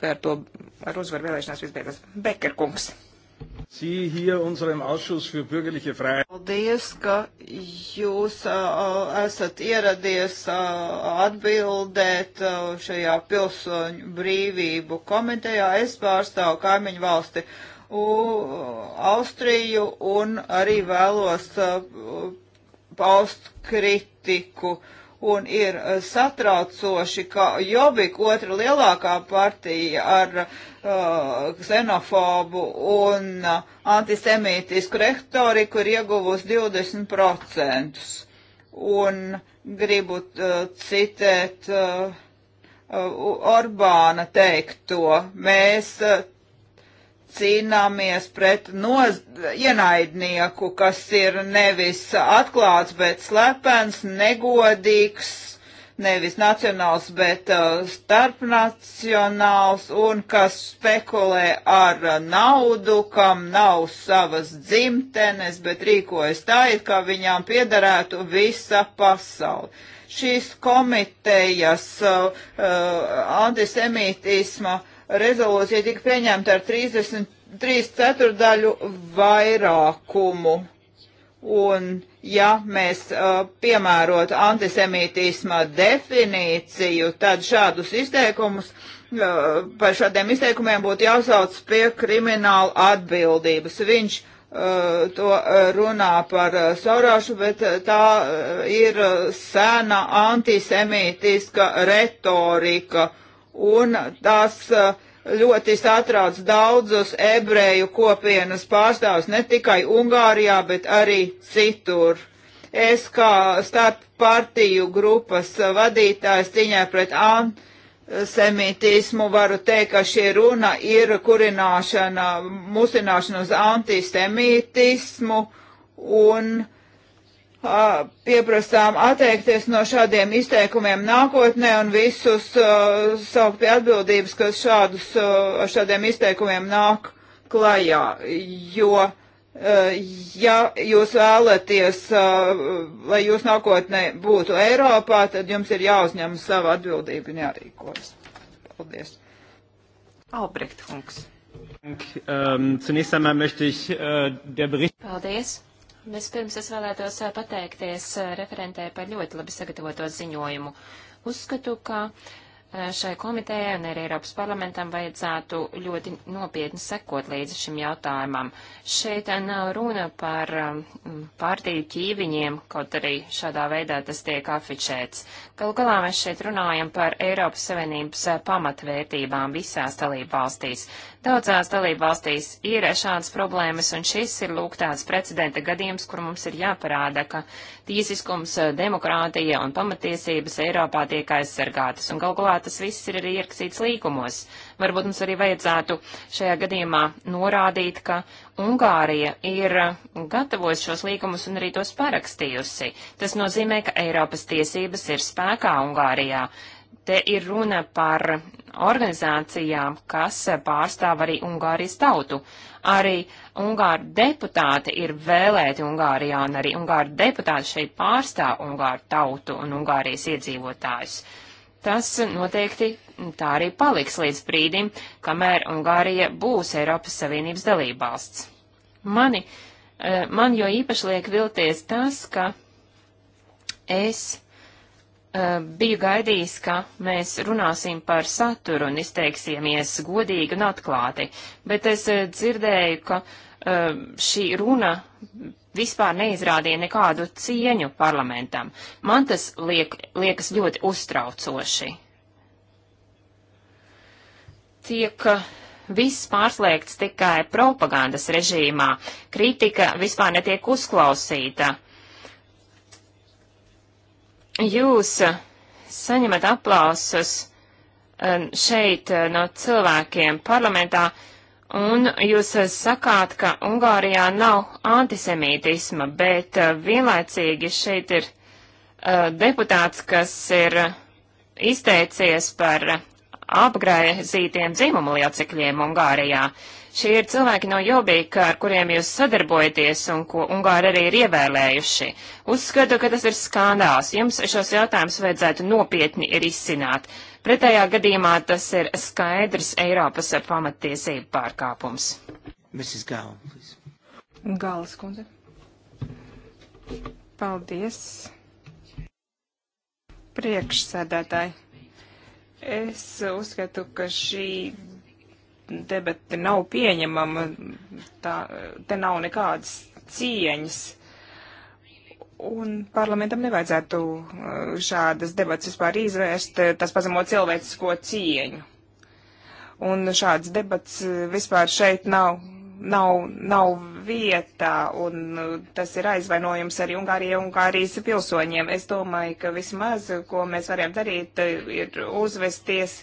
ka ar to ar uzvaru vēlēšanās viss beigas. Beker kungs. Sie hier unserem Ausschuss für bürgerliche Freiheit. Paldies, ka jūs uh, esat ieradies uh, atbildēt uh, šajā pilsoņu brīvību komitejā. Es pārstāvu kaimiņu valsti uh, Austriju un arī vēlos uh, paust kritiku. Uh, un ir e, satraucoši, ka Jobik, otra lielākā partija ar uh, ksenofobu un uh, antisemītisku rehtoriku, ir ieguvusi 20%. Un gribu uh, citēt uh, Orbāna teikto, mēs uh, cīnāmies pret noz, ienaidnieku, kas ir nevis atklāts, bet slepens, negodīgs, nevis nacionāls, bet uh, starpnacionāls un kas spekulē ar naudu, kam nav savas dzimtenes, bet rīkojas tā, it kā viņām piederētu visa pasaule. Šīs komitejas uh, uh, antisemītisma uh, rezolūcija tika pieņemta ar 33 ceturdaļu vairākumu. Un ja mēs uh, piemērot antisemītisma definīciju, tad šādus izteikumus uh, par šādiem izteikumiem būtu jāsauc pie krimināla atbildības. Viņš Uh, to uh, runā par uh, Sorošu, bet uh, tā uh, ir uh, sena antisemītiska retorika un tas uh, ļoti satrauc daudzus ebreju kopienas pārstāvus ne tikai Ungārijā, bet arī citur. Es kā starp partiju grupas vadītājs ciņā pret antisemītismu varu teikt, ka šī runa ir kurināšana, musināšana uz antisemītismu un uh, pieprasām atteikties no šādiem izteikumiem nākotnē un visus uh, saukt pie atbildības, kas šādus, uh, šādiem izteikumiem nāk klajā. Jo, uh, ja jūs vēlaties, uh, lai jūs nākotnē būtu Eiropā, tad jums ir jāuzņem savu atbildību un jārīkojas. Paldies. Albrecht Hunks. Um, ähm, zunächst einmal möchte ich äh, der Bericht. Paldies. Vispirms es vēlētos pateikties referentē par ļoti labi sagatavoto ziņojumu. Uzskatu, ka šai komitējai un arī Eiropas parlamentam vajadzētu ļoti nopietni sekot līdz šim jautājumam. Šeit nav runa par pārtīju ķīviņiem, kaut arī šādā veidā tas tiek afičēts. Galu galā mēs šeit runājam par Eiropas Savienības pamatvērtībām visās dalību valstīs. Daudzās dalībvalstīs ir šādas problēmas, un šis ir lūk tāds precedenta gadījums, kur mums ir jāparāda, ka tiesiskums, demokrātija un pamatiesības Eiropā tiek aizsargātas, un galgulā tas viss ir arī ierakstīts līkumos. Varbūt mums arī vajadzētu šajā gadījumā norādīt, ka Ungārija ir gatavojusi šos līgumus un arī tos parakstījusi. Tas nozīmē, ka Eiropas tiesības ir spēkā Ungārijā. Te ir runa par organizācijām, kas pārstāv arī Ungārijas tautu. Arī Ungāru deputāti ir vēlēti Ungārijā, un arī Ungāru deputāti šeit pārstāv Ungāru tautu un Ungārijas iedzīvotājus. Tas noteikti tā arī paliks līdz brīdim, kamēr Ungārija būs Eiropas Savienības dalībvalsts. Mani, eh, man jo īpaši liek vilties tas, ka es Eh, biju gaidījis, ka mēs runāsim par saturu un izteiksimies godīgi un atklāti, bet es eh, dzirdēju, ka eh, šī runa vispār neizrādīja nekādu cieņu parlamentam. Man tas liek, liekas ļoti uztraucoši. Tiek viss pārslēgts tikai propagandas režīmā, kritika vispār netiek uzklausīta jūs eh, saņemat aplausus eh, šeit eh, no cilvēkiem parlamentā, un jūs sakāt, ka Ungārijā nav antisemītisma, bet vienlaicīgi šeit ir deputāts, kas ir izteicies par apgraizītiem dzimumu liecekļiem Ungārijā. Šie ir cilvēki no Jobīka, ar kuriem jūs sadarbojaties un ko Ungāri arī ir ievēlējuši. Uzskatu, ka tas ir skandāls. Jums šos jautājumus vajadzētu nopietni ir izsināt. Pretējā gadījumā tas ir skaidrs Eiropas pamatiesību pārkāpums. Mrs. Gala, please. Galas kundze. Paldies. Priekšsēdētāji. Es uzskatu, ka šī debati nav pieņemama, tā, te nav nekādas cieņas. Un parlamentam nevajadzētu uh, šādas debats vispār izvērst, uh, tas pazemo cilvēcisko cieņu. Un šāds debats uh, vispār šeit nav, nav, nav vietā, un tas ir aizvainojums arī Ungārijai un Ungārijas pilsoņiem. Es domāju, ka vismaz, ko mēs varam darīt, ir uzvesties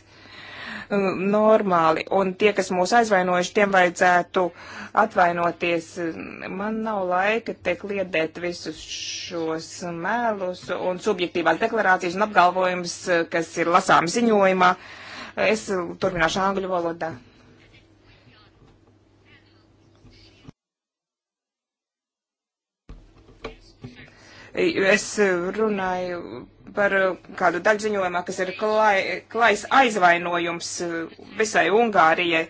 normāli. Un tie, kas mūs aizvainojuši, tiem vajadzētu atvainoties. Man nav laika te kliedēt visus šos mēlus un subjektīvās deklarācijas un apgalvojums, kas ir lasām ziņojumā. Es turpināšu angļu valodā. Es runāju par uh, kādu daļu ziņojumā, kas ir klai, klais aizvainojums uh, visai Ungārijai.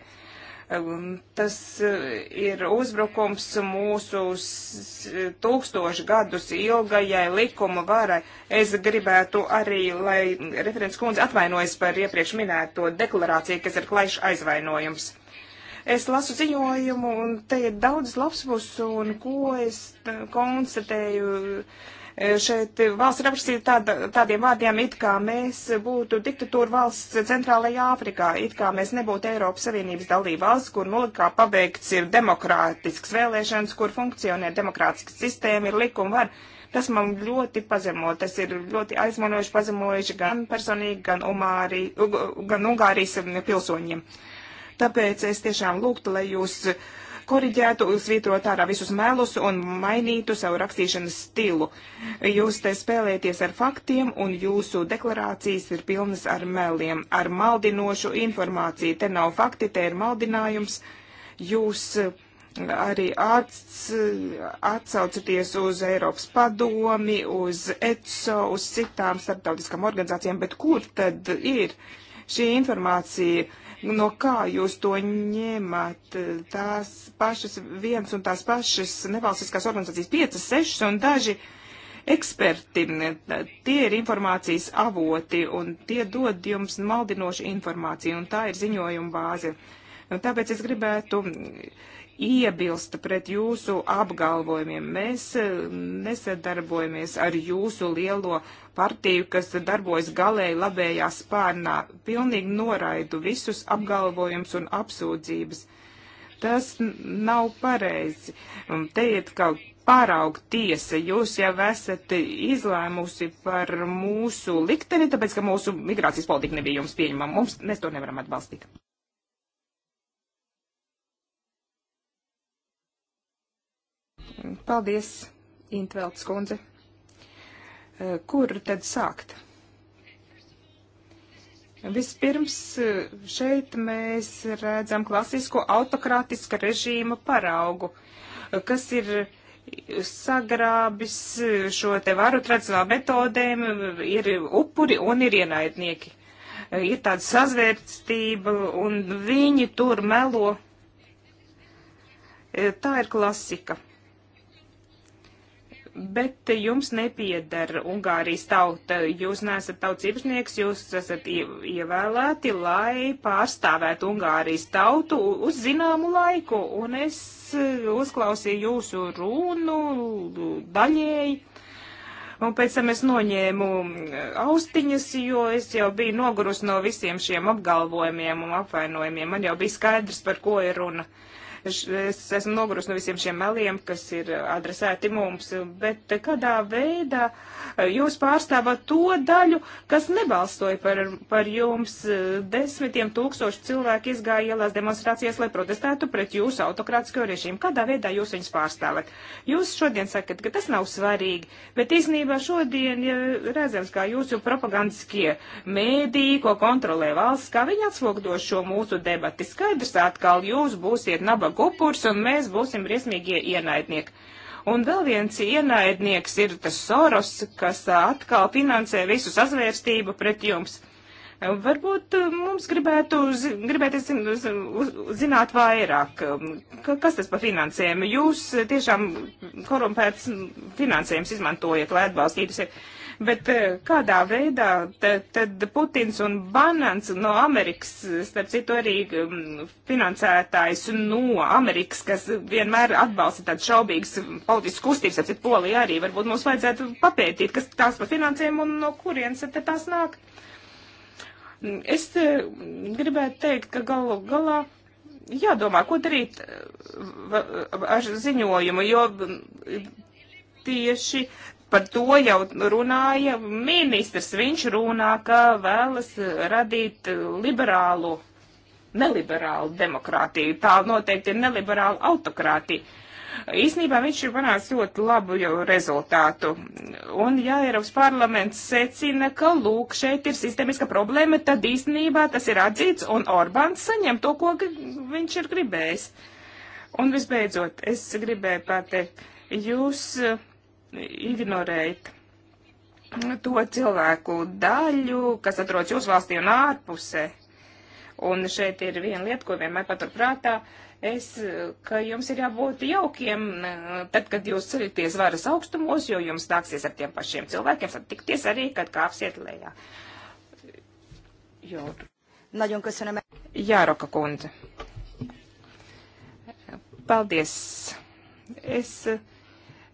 Um, tas uh, ir uzbrukums mūsu tūkstošu gadus ilgajai likuma varai. Es gribētu arī, lai referents kundze atvainojas par iepriekš minēto deklarāciju, kas ir klaišs aizvainojums es lasu ziņojumu, un te ir daudz labs puses, un ko es konstatēju. Uh, E, šeit valsts ir aprakstīta tāda, tādiem vārdiem, it kā mēs būtu diktatūra valsts centrālajā Āfrikā, it kā mēs nebūtu Eiropas Savienības dalība valsts, kur nulikā pabeigts ir demokrātisks vēlēšanas, kur funkcionē demokrātiska sistēma, ir likuma var. Tas man ļoti pazemo, tas ir ļoti aizmanojuši, pazemojuši gan personīgi, gan, umāri, gan Ungārijas pilsoņiem. Tāpēc es tiešām lūgtu, lai jūs uh, koriģētu, svītrot ārā visus melus un mainītu savu rakstīšanas stilu. Jūs te spēlēties ar faktiem, un jūsu deklarācijas ir pilnas ar meliem, ar maldinošu informāciju. Te nav fakti, te ir maldinājums. Jūs eh, arī ats, atsaucaties uz Eiropas padomi, uz ECO, uz citām starptautiskām organizācijām, bet kur tad ir šī informācija? no kā jūs to ņemat? Tās pašas viens un tās pašas nevalstiskās organizācijas, piecas, sešas un daži eksperti, tie ir informācijas avoti un tie dod jums maldinošu informāciju un tā ir ziņojuma bāze. Un nu, tāpēc es gribētu iebilst pret jūsu apgalvojumiem. Mēs nesadarbojamies ar jūsu lielo partiju, kas darbojas galēji labējā spārnā. Pilnīgi noraidu visus apgalvojums un apsūdzības. Tas nav pareizi. Te iet kaut pāraug tiesa. Jūs jau esat izlēmusi par mūsu likteni, tāpēc, ka mūsu migrācijas politika nebija jums pieņemama. Mums mēs to nevaram atbalstīt. Paldies, Intvelds kundze. Eh, kur tad sākt? Vispirms eh, šeit mēs redzam klasisko autokrātiska režīma paraugu, eh, kas ir sagrābis šo te varu tradicionālu metodēm, ir upuri un ir ienaidnieki. Ir tāda sazvērstība un viņi tur melo. Tā ir klasika bet jums nepieder Ungārijas tauta. Jūs neesat tauts īpašnieks, jūs esat ievēlēti, lai pārstāvētu Ungārijas tautu uz zināmu laiku. Un es eh, uzklausīju jūsu runu daļēji. Un pēc tam es noņēmu eh, austiņas, jo es jau biju nogurus no visiem šiem apgalvojumiem un apvainojumiem. Man jau bija skaidrs, par ko ir runa. Uh, Es esmu nogurusi no visiem šiem meliem, kas ir adresēti mums, bet eh, kādā veidā uh, Jūs pārstāvat to daļu, kas nebalstoja par, par jums. Desmitiem tūkstoši cilvēki izgāja ielās demonstrācijas, lai protestētu pret jūsu autokrātisko režīmu. Kādā veidā jūs viņus pārstāvat? Jūs šodien sakat, ka tas nav svarīgi, bet īstenībā šodien ja redzams, kā jūsu propagandiskie mēdī, ko kontrolē valsts, kā viņi atsvogdo šo mūsu debati. Skaidrs atkal, jūs būsiet nabaga upurs un mēs būsim briesmīgie ienaidnieki. Un vēl viens ienaidnieks ir tas Soros, kas atkal finansē visu sazvērstību pret jums. Varbūt mums gribētu, gribētu zināt vairāk, kas tas par finansējumu. Jūs tiešām korumpēts finansējums izmantojat, lai atbalstītu sevi. Bet eh, kādā veidā tad, tad Putins un Banans no Amerikas, starp citu arī mm, finansētājs no Amerikas, kas vienmēr atbalsta tādas šaubīgas politiskas kustības, starp citu Polija arī, varbūt mums vajadzētu papētīt, kas tās par finansēm un no kurienes tad tās nāk. Es eh, gribētu teikt, ka galu galā jādomā, ko darīt eh, ar ziņojumu, jo mm, tieši Par to jau runāja ministrs. Viņš runā, ka vēlas radīt liberālu, neliberālu demokrātiju. Tā noteikti ir neliberāla autokrātija. Īsnībā viņš ir panācis ļoti labu rezultātu. Un ja Eiropas parlaments secina, ka lūk, šeit ir sistēmiska problēma, tad īsnībā tas ir atzīts un Orbāns saņem to, ko viņš ir gribējis. Un visbeidzot, es gribēju pateikt, jūs uh, ignorēt to cilvēku daļu, kas atrodas jūsu valstī un ārpusē. Un šeit ir viena lieta, ko vienmēr paturprātā. Es, ka jums ir jābūt jaukiem, e, tad, kad jūs ceļaties varas augstumos, jo jums nāksies ar tiem pašiem cilvēkiem, tad tikties arī, kad kāpsiet lejā. Jo. Nagyon köszönöm. Jā, Roka kundze. Paldies. Es. Uh,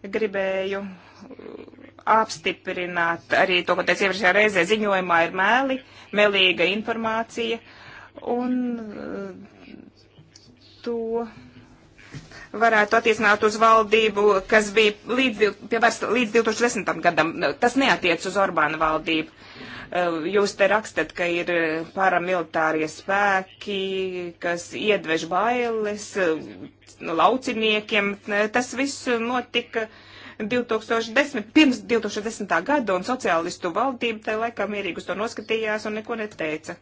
gribēju uh, apstiprināt arī to, ko teicu iepriekšējā reizē, ziņojumā ir meli, melīga informācija un uh, to varētu attiecināt uz valdību, kas bija līdz, pie varas līdz 2010. gadam. Tas neatiec uz Orbāna valdību. Uh, Eh, jūs te rakstat, ka ir eh, paramilitārie spēki, kas iedvež bailes eh, nu, lauciniekiem. Tas viss notika 2010, pirms 2010. gada, un sociālistu valdība tajā laikā mierīgi uz to noskatījās un neko neteica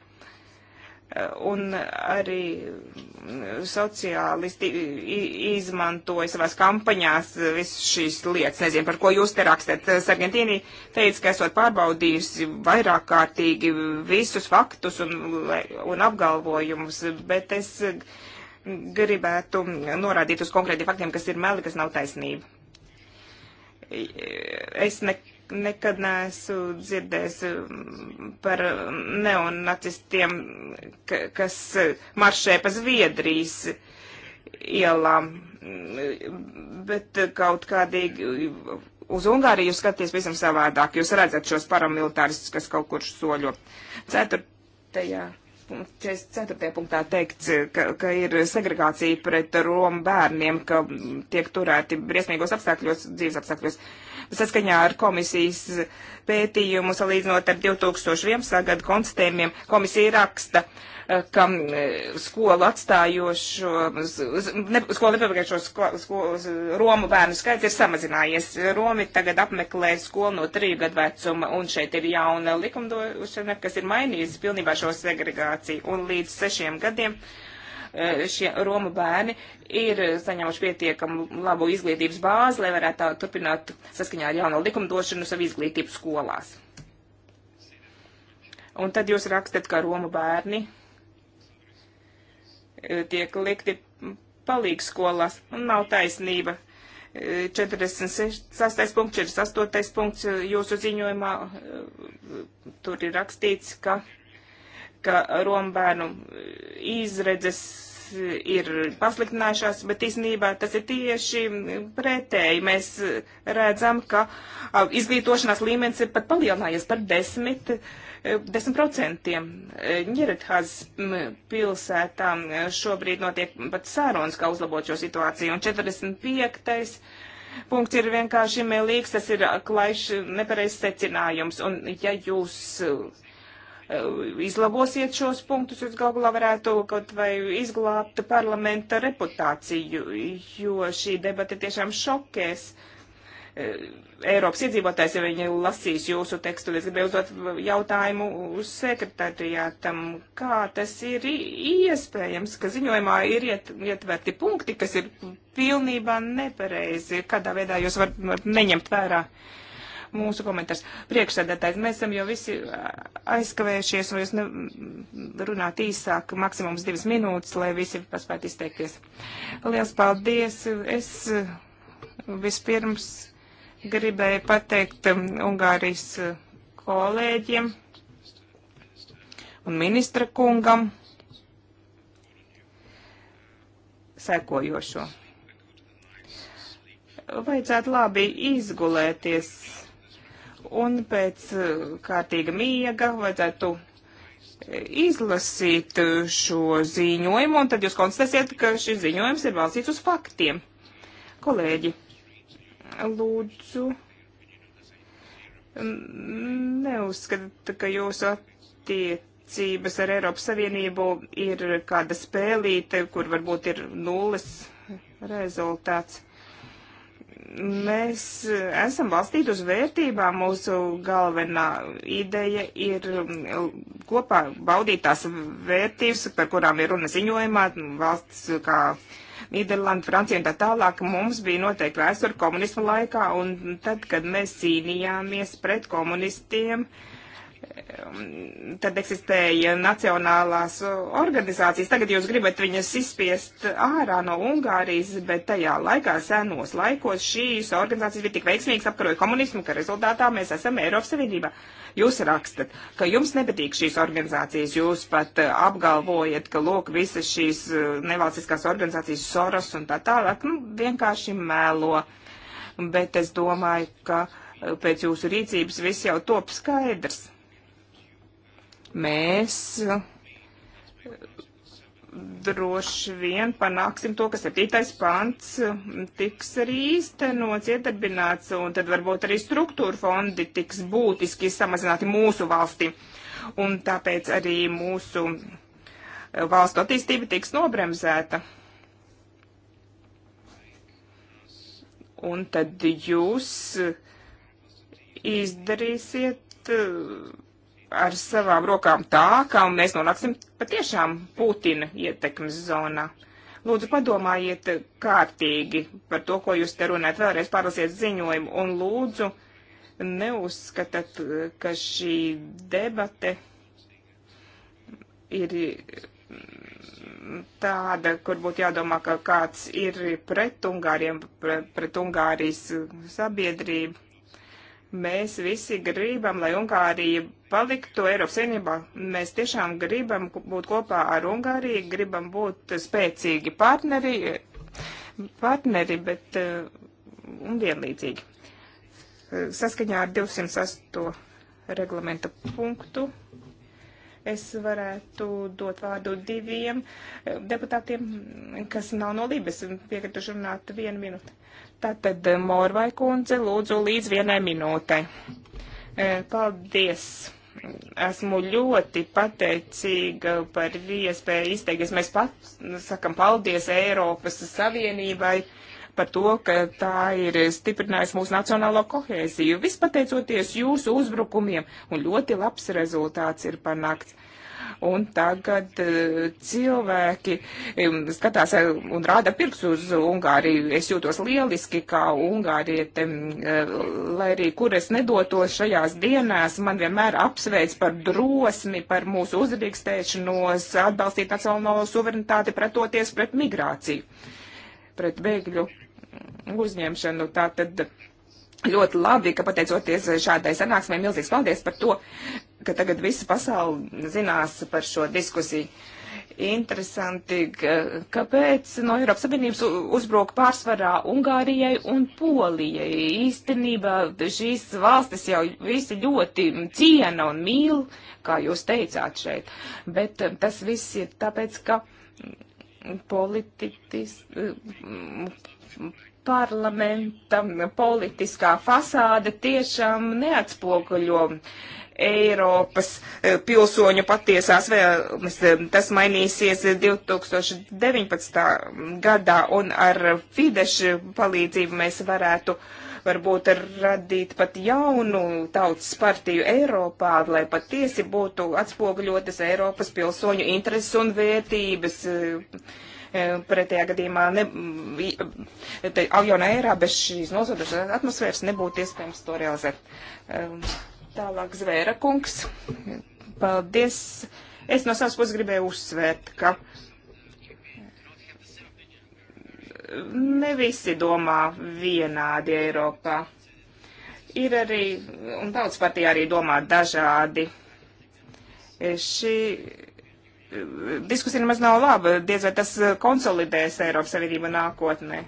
un arī sociālisti izmantoja savās kampaņās visas šīs lietas. Nezinu, par ko jūs te rakstat. Sargentīni teica, ka esot pārbaudījusi vairāk kārtīgi visus faktus un, un apgalvojumus, bet es gribētu norādīt uz konkrētiem faktiem, kas ir meli, kas nav taisnība. Es nekad nekad neesmu dzirdējis mm, par neonacistiem, kas maršē pa Zviedrijas ielām, mm, bet kaut kādīgi uz Ungāriju jūs skaties visam savādāk. Jūs redzat šos paramilitāristus, kas kaut kur soļo. Ceturtajā. 44. punktā teikts, ka, ka ir segregācija pret Romu bērniem, ka tiek turēti briesmīgos apstākļos, dzīves apstākļos. Uh, Saskaņā ar komisijas pētījumu, salīdzinot ar 2011. gadu konstatējumiem, komisija raksta, eh, ka eh, skolu atstājošo, ne, skolu nepabeigošo Romu bērnu skaits ir samazinājies. Romi tagad apmeklē skolu no triju gadu vecuma, un šeit ir jauna likumdošana, kas ir mainījusi pilnībā šo segregāciju, un līdz sešiem gadiem. Uh, šie Roma bērni ir saņēmuši pietiekamu labu izglītības bāzi, lai varētu turpināt saskaņā ar jauno likumdošanu savu izglītību skolās. Un tad jūs rakstat, ka Roma bērni tiek likti palīgs skolās. Nav taisnība. 46. 48. punkts jūsu ziņojumā. Tur ir rakstīts, ka ka rombērnu izredzes ir pasliktinājušās, bet īstenībā tas ir tieši pretēji. Mēs redzam, ka izglītošanās līmenis ir pat palielinājies par 10%. 10%. Ņeredhaz pilsētā e, šobrīd notiek pat sārunas, kā uzlabot šo situāciju, un 45. Punkts ir vienkārši mēlīgs, tas ir klaišs nepareizs secinājums, un ja jūs Uh, izlabosiet šos punktus, jūs galu galā varētu kaut vai izglābt parlamenta reputāciju, jo šī debata tiešām šokēs. Uh, Eiropas iedzīvotājs, ja viņi lasīs jūsu tekstu, es gribēju uzdot jautājumu uz sekretariātam, kā tas ir iespējams, ka ziņojumā ir iet, ietverti punkti, kas ir pilnībā nepareizi, kādā veidā jūs varat var neņemt vērā. Uh, mūsu komentārs. Priekšsēdētājs, mēs esam jau visi aizkavējušies, un es ne, runāt īsāk, maksimums divas minūtes, lai visi paspētu izteikties. Liels paldies! Es vispirms gribēju pateikt Ungārijas kolēģiem un ministra kungam sekojošo. Vajadzētu labi izgulēties, un pēc e, kārtīga miega vajadzētu e, izlasīt e, šo ziņojumu, un tad jūs konstatēsiet, ka šis ziņojums ir balstīts uz faktiem. Kolēģi, lūdzu, neuzskatāt, ka jūsu attiecības ar Eiropas Savienību ir kāda spēlīte, kur varbūt ir nulles rezultāts mēs eh, esam balstīti uz vērtībām. Mūsu galvenā ideja ir um, kopā baudīt tās vērtības, par kurām ir runa ziņojumā, nu, valsts kā Nīderlanda, Francija un tā tālāk. Mums bija noteikti vēsture komunismu laikā, un tad, kad mēs cīnījāmies pret komunistiem, uh, Um, tad eksistēja nacionālās organizācijas. Tagad jūs gribat viņas izspiest ārā no Ungārijas, bet tajā laikā senos laikos šīs organizācijas bija tik veiksmīgas apkarot komunismu, ka rezultātā mēs esam Eiropas Savienībā. Jūs rakstat, ka jums nepatīk šīs organizācijas, jūs pat uh, apgalvojat, ka lūk visas šīs uh, nevalstiskās organizācijas Soros un tā tālāk, nu, vienkārši mēlo. Bet es domāju, ka uh, pēc jūsu rīcības viss jau top skaidrs mēs droši vien panāksim to, ka septītais pants tiks arī īstenots, iedarbināts, un tad varbūt arī struktūra fondi tiks būtiski samazināti mūsu valstī. Un tāpēc arī mūsu eh, valstu attīstība tiks nobremzēta. Un tad jūs eh, izdarīsiet eh, ar savām rokām tā, ka mēs nonāksim patiešām Putina ietekmes zonā. Lūdzu, padomājiet kārtīgi par to, ko jūs te runājat. Vēlreiz pārlasiet ziņojumu un lūdzu neuzskatāt, ka šī debate ir tāda, kur būtu jādomā, ka kāds ir pret Ungāriem, pret Ungārijas sabiedrību Mēs visi gribam, lai Ungārija paliktu Eiropas Savienībā. Mēs tiešām gribam būt kopā ar Ungāriju, gribam būt spēcīgi partneri, partneri bet eh, un vienlīdzīgi. Eh, saskaņā ar 208 reglamenta punktu es varētu dot vārdu diviem eh, deputātiem, kas nav no Lībijas, piekrituši runāt vienu minūti. Tātad eh, Morvai kundze lūdzu līdz vienai minūtei. Eh, paldies! Esmu ļoti pateicīga par iespēju izteikties. Mēs pat sakam paldies Eiropas Savienībai par to, ka tā ir stiprinājusi mūsu nacionālo kohēziju. Vispateicoties jūsu uzbrukumiem, un ļoti labs rezultāts ir panākts un tagad eh, cilvēki skatās eh, un rāda pirks uz Ungāriju. Es jūtos lieliski kā Ungāriete, eh, lai arī kur es nedotos šajās dienās, man vienmēr apsveic par drosmi, par mūsu uzrīkstēšanos, atbalstīt nacionālo suverenitāti, pretoties pret migrāciju, pret bēgļu uzņemšanu. Tātad ļoti labi, ka pateicoties šādai sanāksmē, milzīgs paldies par to ka tagad visa pasaule zinās par šo diskusiju. Interesanti, kāpēc no Eiropas Savienības uzbruk pārsvarā Ungārijai un Polijai. Īstenībā šīs valstis jau visi ļoti ciena un mīl, kā jūs teicāt šeit. Bet eh, tas viss ir tāpēc, ka polititis, eh, parlamenta politiskā fasāde tiešām neatspoguļo Eiropas eh, pilsoņu patiesās vēlmes. Eh, tas mainīsies 2019. Eh, gadā, un ar Fidešu palīdzību mēs varētu varbūt radīt pat jaunu tautas partiju Eiropā, lai patiesi būtu atspoguļotas Eiropas pilsoņu intereses un vērtības. Pretējā gadījumā ne, mm, te, jaunā ērā bez šīs nozodošas atmosfēras nebūtu iespējams to realizēt. Tālāk Zvēra kungs. Paldies. Es no savas puses gribēju uzsvērt, ka ne visi domā vienādi Eiropā. Ir arī, un daudz partijā arī domā dažādi. Šī diskusija nemaz nav laba, diez vai tas konsolidēs Eiropas Savienību nākotnē.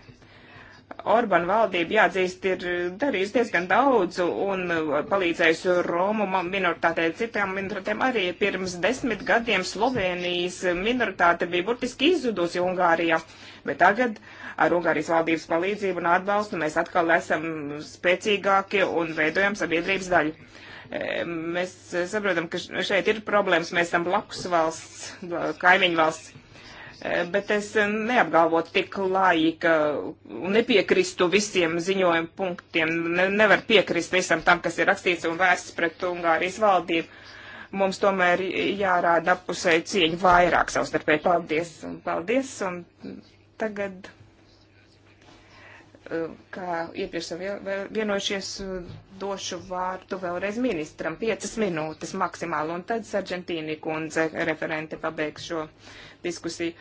Orbán valdība, jāatzīst, ir darījusi diezgan daudz un uh, palīdzējusi Romu minoritātei, citām minoritātēm arī pirms desmit gadiem Slovenijas minoritāte bija burtiski izzudusi Ungārijā. Bet tagad ar Ungārijas valdības palīdzību un atbalstu mēs atkal esam spēcīgākie un veidojam sabiedrības daļu. E, mēs saprotam, ka šeit ir problēmas, mēs esam blakus valsts, kaimiņu valsts Eh, bet es neapgalvotu tik lāji, ka nepiekristu visiem ziņojumu punktiem, ne, nevar piekrist visam tam, kas ir rakstīts un vērsts pret Ungārijas valdību. Mums tomēr jārāda apusē cieņa vairāk savstarpēji. Paldies un paldies. Un tagad, eh, kā iepriekš vienojušies, došu vārdu vēlreiz ministram. Piecas minūtes maksimāli. Un tad Sargentīni kundze referente pabeigšo. šo diskusiju.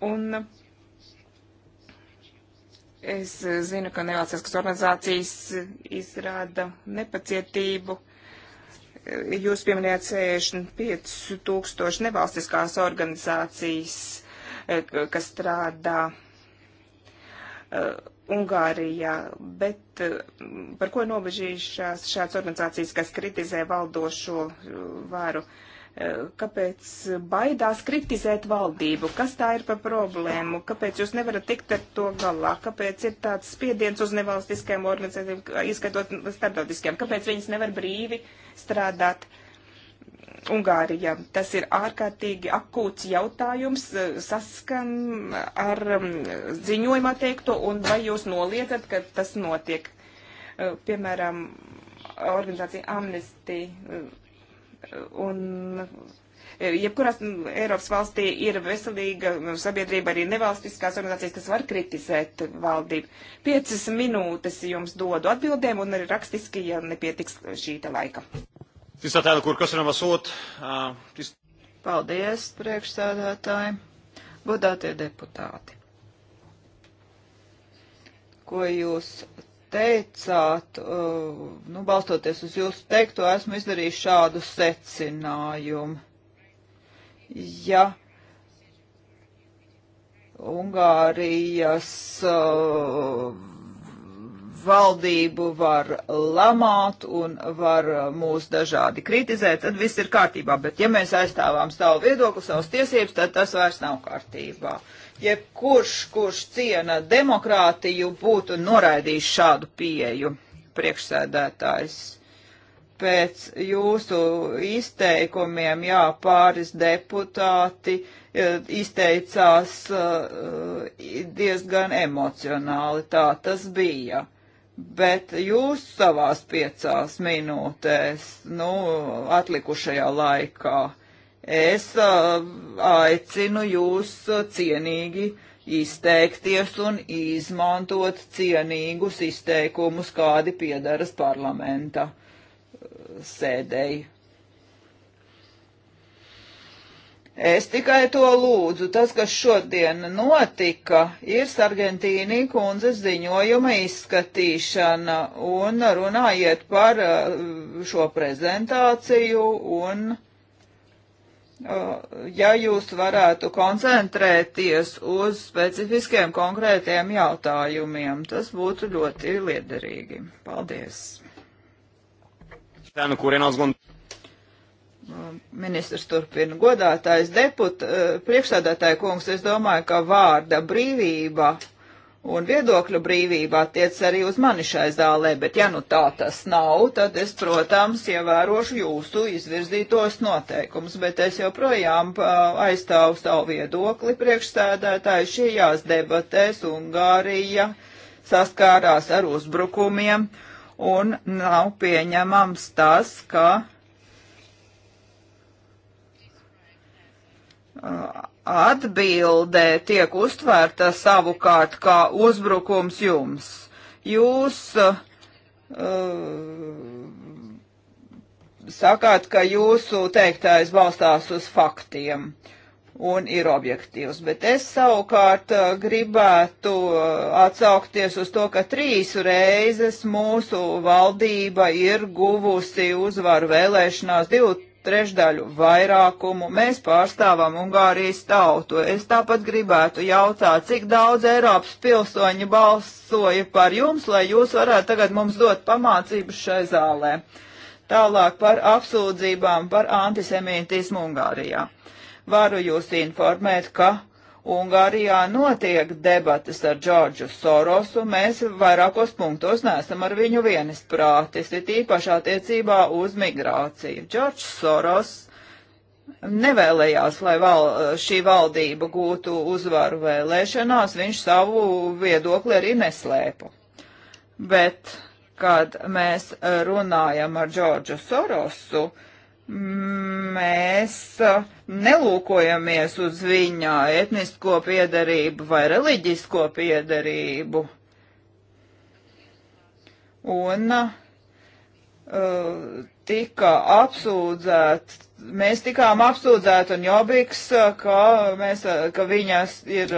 Un es zinu, ka nevalstiskas organizācijas izrāda nepacietību. Jūs pieminējāt 65 tūkstoši nevalstiskās organizācijas, e, kas strādā e, Ungārijā, bet e, par ko nobežījušās šāds organizācijas, kas kritizē valdošo varu? Uh, Eh, kāpēc baidās kritizēt valdību, kas tā ir par problēmu, kāpēc jūs nevarat tikt ar to galā, kāpēc ir tāds spiediens uz nevalstiskajām organizācijām, izskaitot starptautiskajām, kāpēc viņas nevar brīvi strādāt. Ungārija. Tas ir ārkārtīgi akūts jautājums, eh, saskan ar mm, ziņojumā teikto, un vai jūs noliedzat, ka tas notiek? Eh, piemēram, organizācija Amnesty Un e, jebkurās Eiropas valstī ir veselīga sabiedrība, arī nevalstiskās organizācijas, kas var kritizēt valdību. Piecas minūtes jums dodu atbildēm un arī rakstiski, ja nepietiks šīta laika. Paldies, priekšsēdētāji, godātie deputāti. Ko jūs teicāt, uh, nu, balstoties uz jūsu teikto, esmu izdarījis šādu secinājumu. Ja Ungārijas uh, valdību var lamāt un var mūs dažādi kritizēt, tad viss ir kārtībā. Bet ja mēs aizstāvām savu viedokli, savas tiesības, tad tas vairs nav kārtībā jebkurš, kurš ciena demokrātiju, būtu noraidījis šādu pieju priekšsēdētājs. Pēc jūsu izteikumiem, jā, pāris deputāti e, izteicās e, diezgan emocionāli, tā tas bija. Bet jūs savās piecās minūtēs, nu, atlikušajā laikā Es aicinu jūs cienīgi izteikties un izmantot cienīgus izteikumus, kādi piedaras parlamenta sēdēji. Es tikai to lūdzu. Tas, kas šodien notika, ir Sargentīnī kundzes ziņojuma izskatīšana un runājiet par šo prezentāciju un ja jūs varētu koncentrēties uz specifiskiem konkrētiem jautājumiem, tas būtu ļoti liederīgi. Paldies. Ministrs turpina godātājs deput, priekšsēdētāja kungs, es domāju, ka vārda brīvība Un viedokļu brīvība attiec arī uz mani šai zālē, bet ja nu tā tas nav, tad es, protams, ievērošu jūsu izvirzītos noteikumus, bet es joprojām aizstāvu savu viedokli priekšsēdētāju šajās debatēs Ungārija saskārās ar uzbrukumiem un nav pieņemams tas, ka uh, atbildē tiek uztvērta savukārt kā uzbrukums jums. Jūs uh, sakāt, ka jūsu teiktais balstās uz faktiem un ir objektīvs, bet es savukārt uh, gribētu uh, atsaukties uz to, ka trīs reizes mūsu valdība ir guvusi uzvaru vēlēšanās 20 trešdaļu vairākumu. Mēs pārstāvam Ungārijas tautu. Es tāpat gribētu jautāt, cik daudz Eiropas pilsoņi balsoja par jums, lai jūs varētu tagad mums dot pamācības šai zālē. Tālāk par apsūdzībām par antisemītismu Ungārijā. Varu jūs informēt, ka Ungārijā notiek debatas ar Džordžu Sorosu, mēs vairākos punktos neesam ar viņu vienisprātis, ir tīpaši attiecībā uz migrāciju. Džordžs Soros nevēlējās, lai val, šī valdība gūtu uzvaru vēlēšanās, viņš savu viedokli arī neslēpa. Bet, kad mēs runājam ar Džordžu Sorosu, uh, mēs uh, nelūkojamies uz viņa etnisko piedarību vai reliģisko piedarību. Un uh, tika apsūdzēts, mēs tikām apsūdzēti un jobiks, uh, ka, mēs, ka viņas ir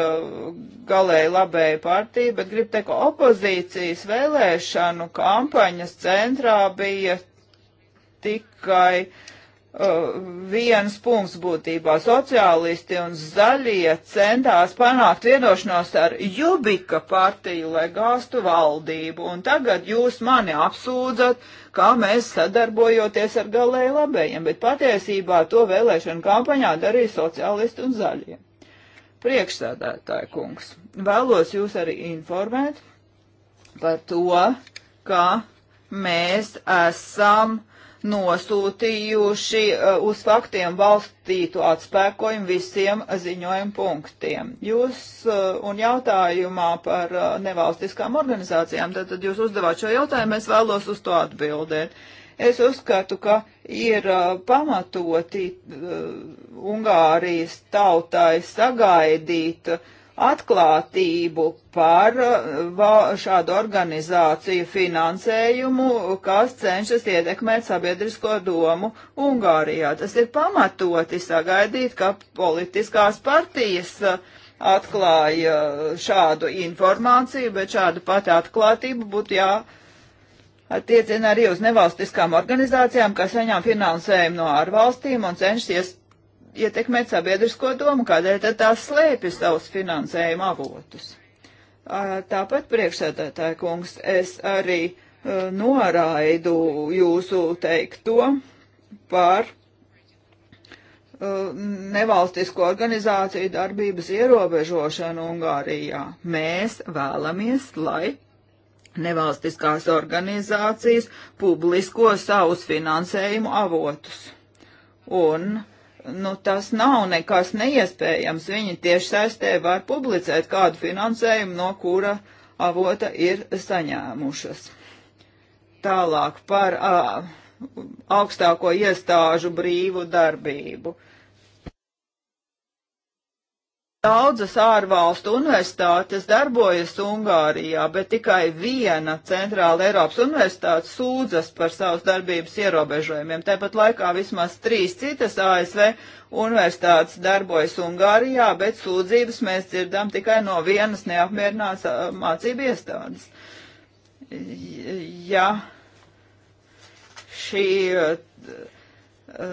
galēji labēja partija, bet grib teikt, ka opozīcijas vēlēšanu kampaņas centrā bija tikai uh, Uh, viens punkts būtībā. Sociālisti un zaļie centās panākt vienošanos ar Jubika partiju, lai gāstu valdību, un tagad jūs mani apsūdzat, kā mēs sadarbojoties ar galēji labējiem, bet patiesībā to vēlēšanu kampaņā darīja sociālisti un zaļie. Priekšsēdētāji kungs, vēlos jūs arī informēt par to, ka mēs esam uh, nosūtījuši eh, uz faktiem balstītu atspēkojumu visiem ziņojumu punktiem. Jūs eh, un jautājumā par eh, nevalstiskām organizācijām, tad, tad jūs uzdevāt šo jautājumu, es vēlos uz to atbildēt. Es uzskatu, ka ir pamatoti Ungārijas tautai sagaidīt uh, atklātību par uh, šādu organizāciju finansējumu, kas cenšas ietekmēt sabiedrisko domu Ungārijā. Tas ir pamatoti sagaidīt, ka politiskās partijas uh, atklāja šādu informāciju, bet šādu pati atklātību būtu jā attiecina arī uz nevalstiskām organizācijām, kas saņem finansējumu no ārvalstīm un cenšas ietekmēt sabiedrisko domu, kādēļ tad tās slēpj savus finansējuma avotus. Tāpat priekšsēdētāja kungs, es arī uh, noraidu jūsu teikto par uh, nevalstisko organizāciju darbības ierobežošanu Ungārijā. Mēs vēlamies, lai nevalstiskās organizācijas publisko savus finansējumu avotus. Un uh, Nu, tas nav nekas neiespējams. Viņi tieši saistē var publicēt kādu finansējumu, no kura avota ir saņēmušas. Tālāk par a, augstāko iestāžu brīvu darbību. Uh, Daudzas ārvalstu universitātes darbojas Ungārijā, bet tikai viena centrāla Eiropas universitāte sūdzas par savus darbības ierobežojumiem. Tāpat laikā vismaz trīs citas ASV universitātes darbojas Ungārijā, bet sūdzības mēs dzirdam tikai no vienas neapmierinātas mācību iestādes. Ja šī uh,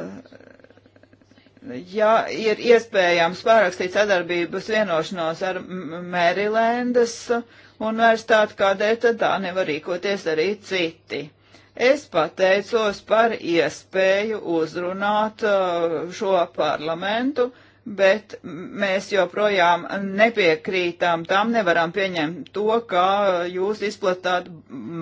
Ja ir iespējams pārakstīt sadarbības vienošanos ar Mērilendas universitāti, kādēļ tad tā nevar rīkoties arī citi? Es pateicos par iespēju uzrunāt uh, šo parlamentu, bet mēs joprojām nepiekrītām tam, nevaram pieņemt to, ka jūs izplatāt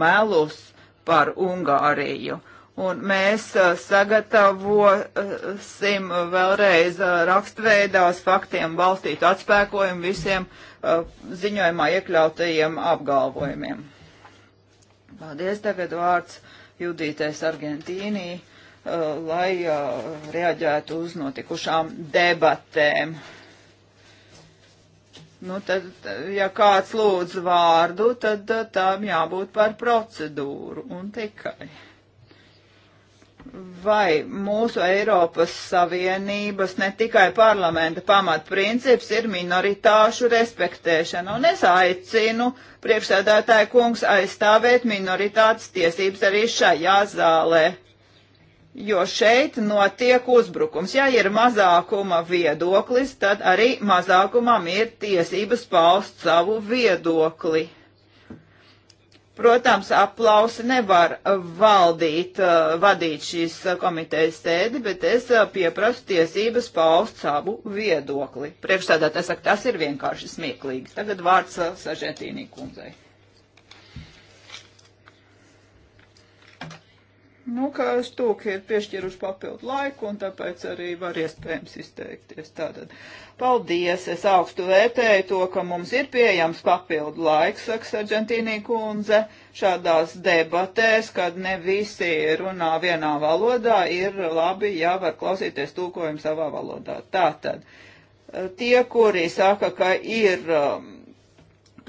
melus par Ungāriju un mēs uh, sagatavosim uh, vēlreiz uh, rakstveidās faktiem balstītu atspēkojumu visiem ziņojumā iekļautajiem apgalvojumiem. Paldies, tagad vārds Judītais Argentīnī, lai reaģētu uz notikušām debatēm. Nu, tad, ja kāds lūdz vārdu, tad tam jābūt par procedūru un tikai vai mūsu Eiropas Savienības ne tikai parlamenta pamatprincips ir minoritāšu respektēšana. Un es aicinu priekšsēdētāju kungs aizstāvēt minoritātes tiesības arī šajā zālē. Jo šeit notiek uzbrukums. Ja ir mazākuma viedoklis, tad arī mazākumam ir tiesības paust savu viedokli. Protams, aplausi nevar valdīt, eh, vadīt šīs eh, komitejas sēdi, bet es eh, pieprasu tiesības paust savu viedokli. Priekšstādā tas saka, tas ir vienkārši smieklīgi. Tagad vārds Sažetīnī kundzei. Nu, ka stūki ir piešķiruši papildu laiku, un tāpēc arī var iespējams izteikties. Tātad, paldies, es augstu vērtēju to, ka mums ir pieejams papildu laiks, saka Sargentīnī kundze, šādās debatēs, kad ne visi runā vienā valodā, ir labi, ja var klausīties tūkojumu savā valodā. Tātad, tie, kuri saka, ka ir. Um,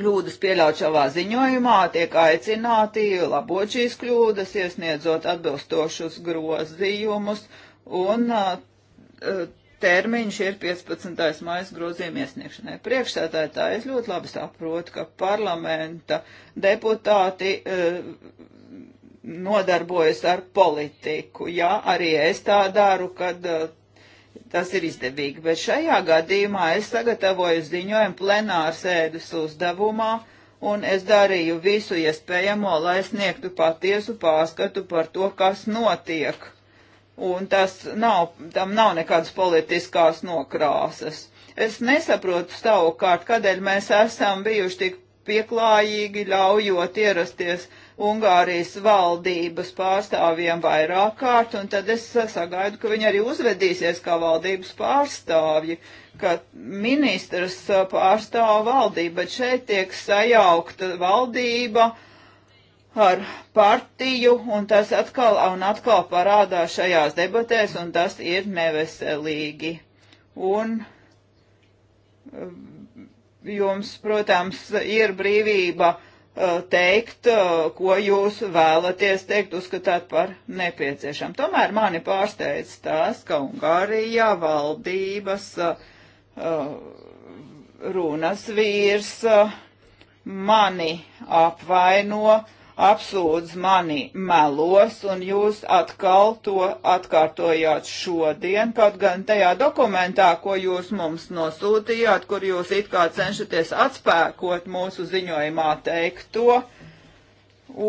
kļūdas pieļaut šavā ziņojumā, tiek aicināti labot šīs kļūdas, iesniedzot atbilstošus grozījumus, un uh, termiņš ir 15. maijas grozījuma iesniegšanai. Priekšsētētā es ļoti labi saprotu, ka parlamenta deputāti uh, nodarbojas ar politiku. Jā, arī es tā daru, kad uh, tas ir izdevīgi. Bet šajā gadījumā es sagatavoju ziņojumu plenārsēdes uzdevumā, un es darīju visu iespējamo, lai sniegtu patiesu pārskatu par to, kas notiek. Un tas nav, tam nav nekādas politiskās nokrāsas. Es nesaprotu savukārt, kādēļ mēs esam bijuši tik pieklājīgi ļaujot ierasties uh, Ungārijas valdības pārstāvjiem vairāk kārt, un tad es sagaidu, ka viņi arī uzvedīsies kā valdības pārstāvji, ka ministrs pārstāv valdību, bet šeit tiek sajaukta valdība ar partiju, un tas atkal un atkal parādās šajās debatēs, un tas ir neveselīgi. Un um, jums, protams, ir brīvība teikt, ko jūs vēlaties teikt, uzskatāt par nepieciešam. Tomēr mani pārsteidz tas, ka Ungārijā valdības runas vīrs mani apvaino, apsūdz mani melos, un jūs atkal to atkārtojāt šodien, kaut gan tajā dokumentā, ko jūs mums nosūtījāt, kur jūs it kā cenšaties atspēkot mūsu ziņojumā teikto,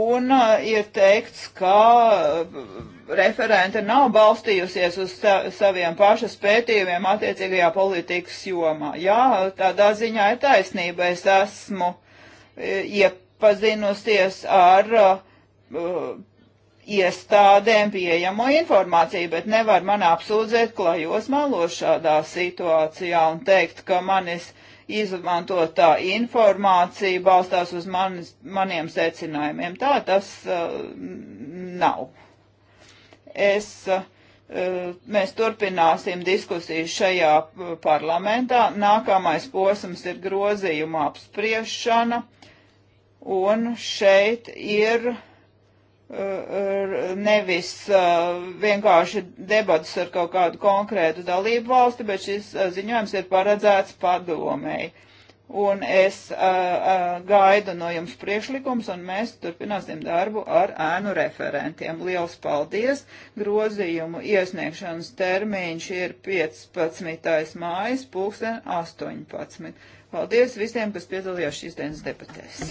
un uh, ir teikts, ka uh, referente nav balstījusies uz sa saviem pašas pētījumiem attiecīgajā politikas jomā. Jā, tādā ziņā ir taisnība, es esmu. Uh, Iep iepazinusies ar uh, uh, iestādēm pieejamo informāciju, bet nevar man apsūdzēt, klajos malos šādā situācijā un teikt, ka manis izmantotā informācija balstās uz manis, maniem secinājumiem. Tā tas uh, nav. Es, uh, mēs turpināsim diskusiju šajā uh, parlamentā. Nākamais posms ir grozījuma apspriešana. Un šeit ir uh, uh, nevis uh, vienkārši debats ar kaut kādu konkrētu dalību valsti, bet šis ziņojums ir paredzēts padomēji. Un es gaidu no jums priekšlikums, un mēs turpināsim darbu ar ēnu referentiem. Liels paldies! Grozījumu iesniegšanas termiņš ir 15. mājas, pulksten 18. Paldies visiem, kas piedalījās šīs dienas debatēs!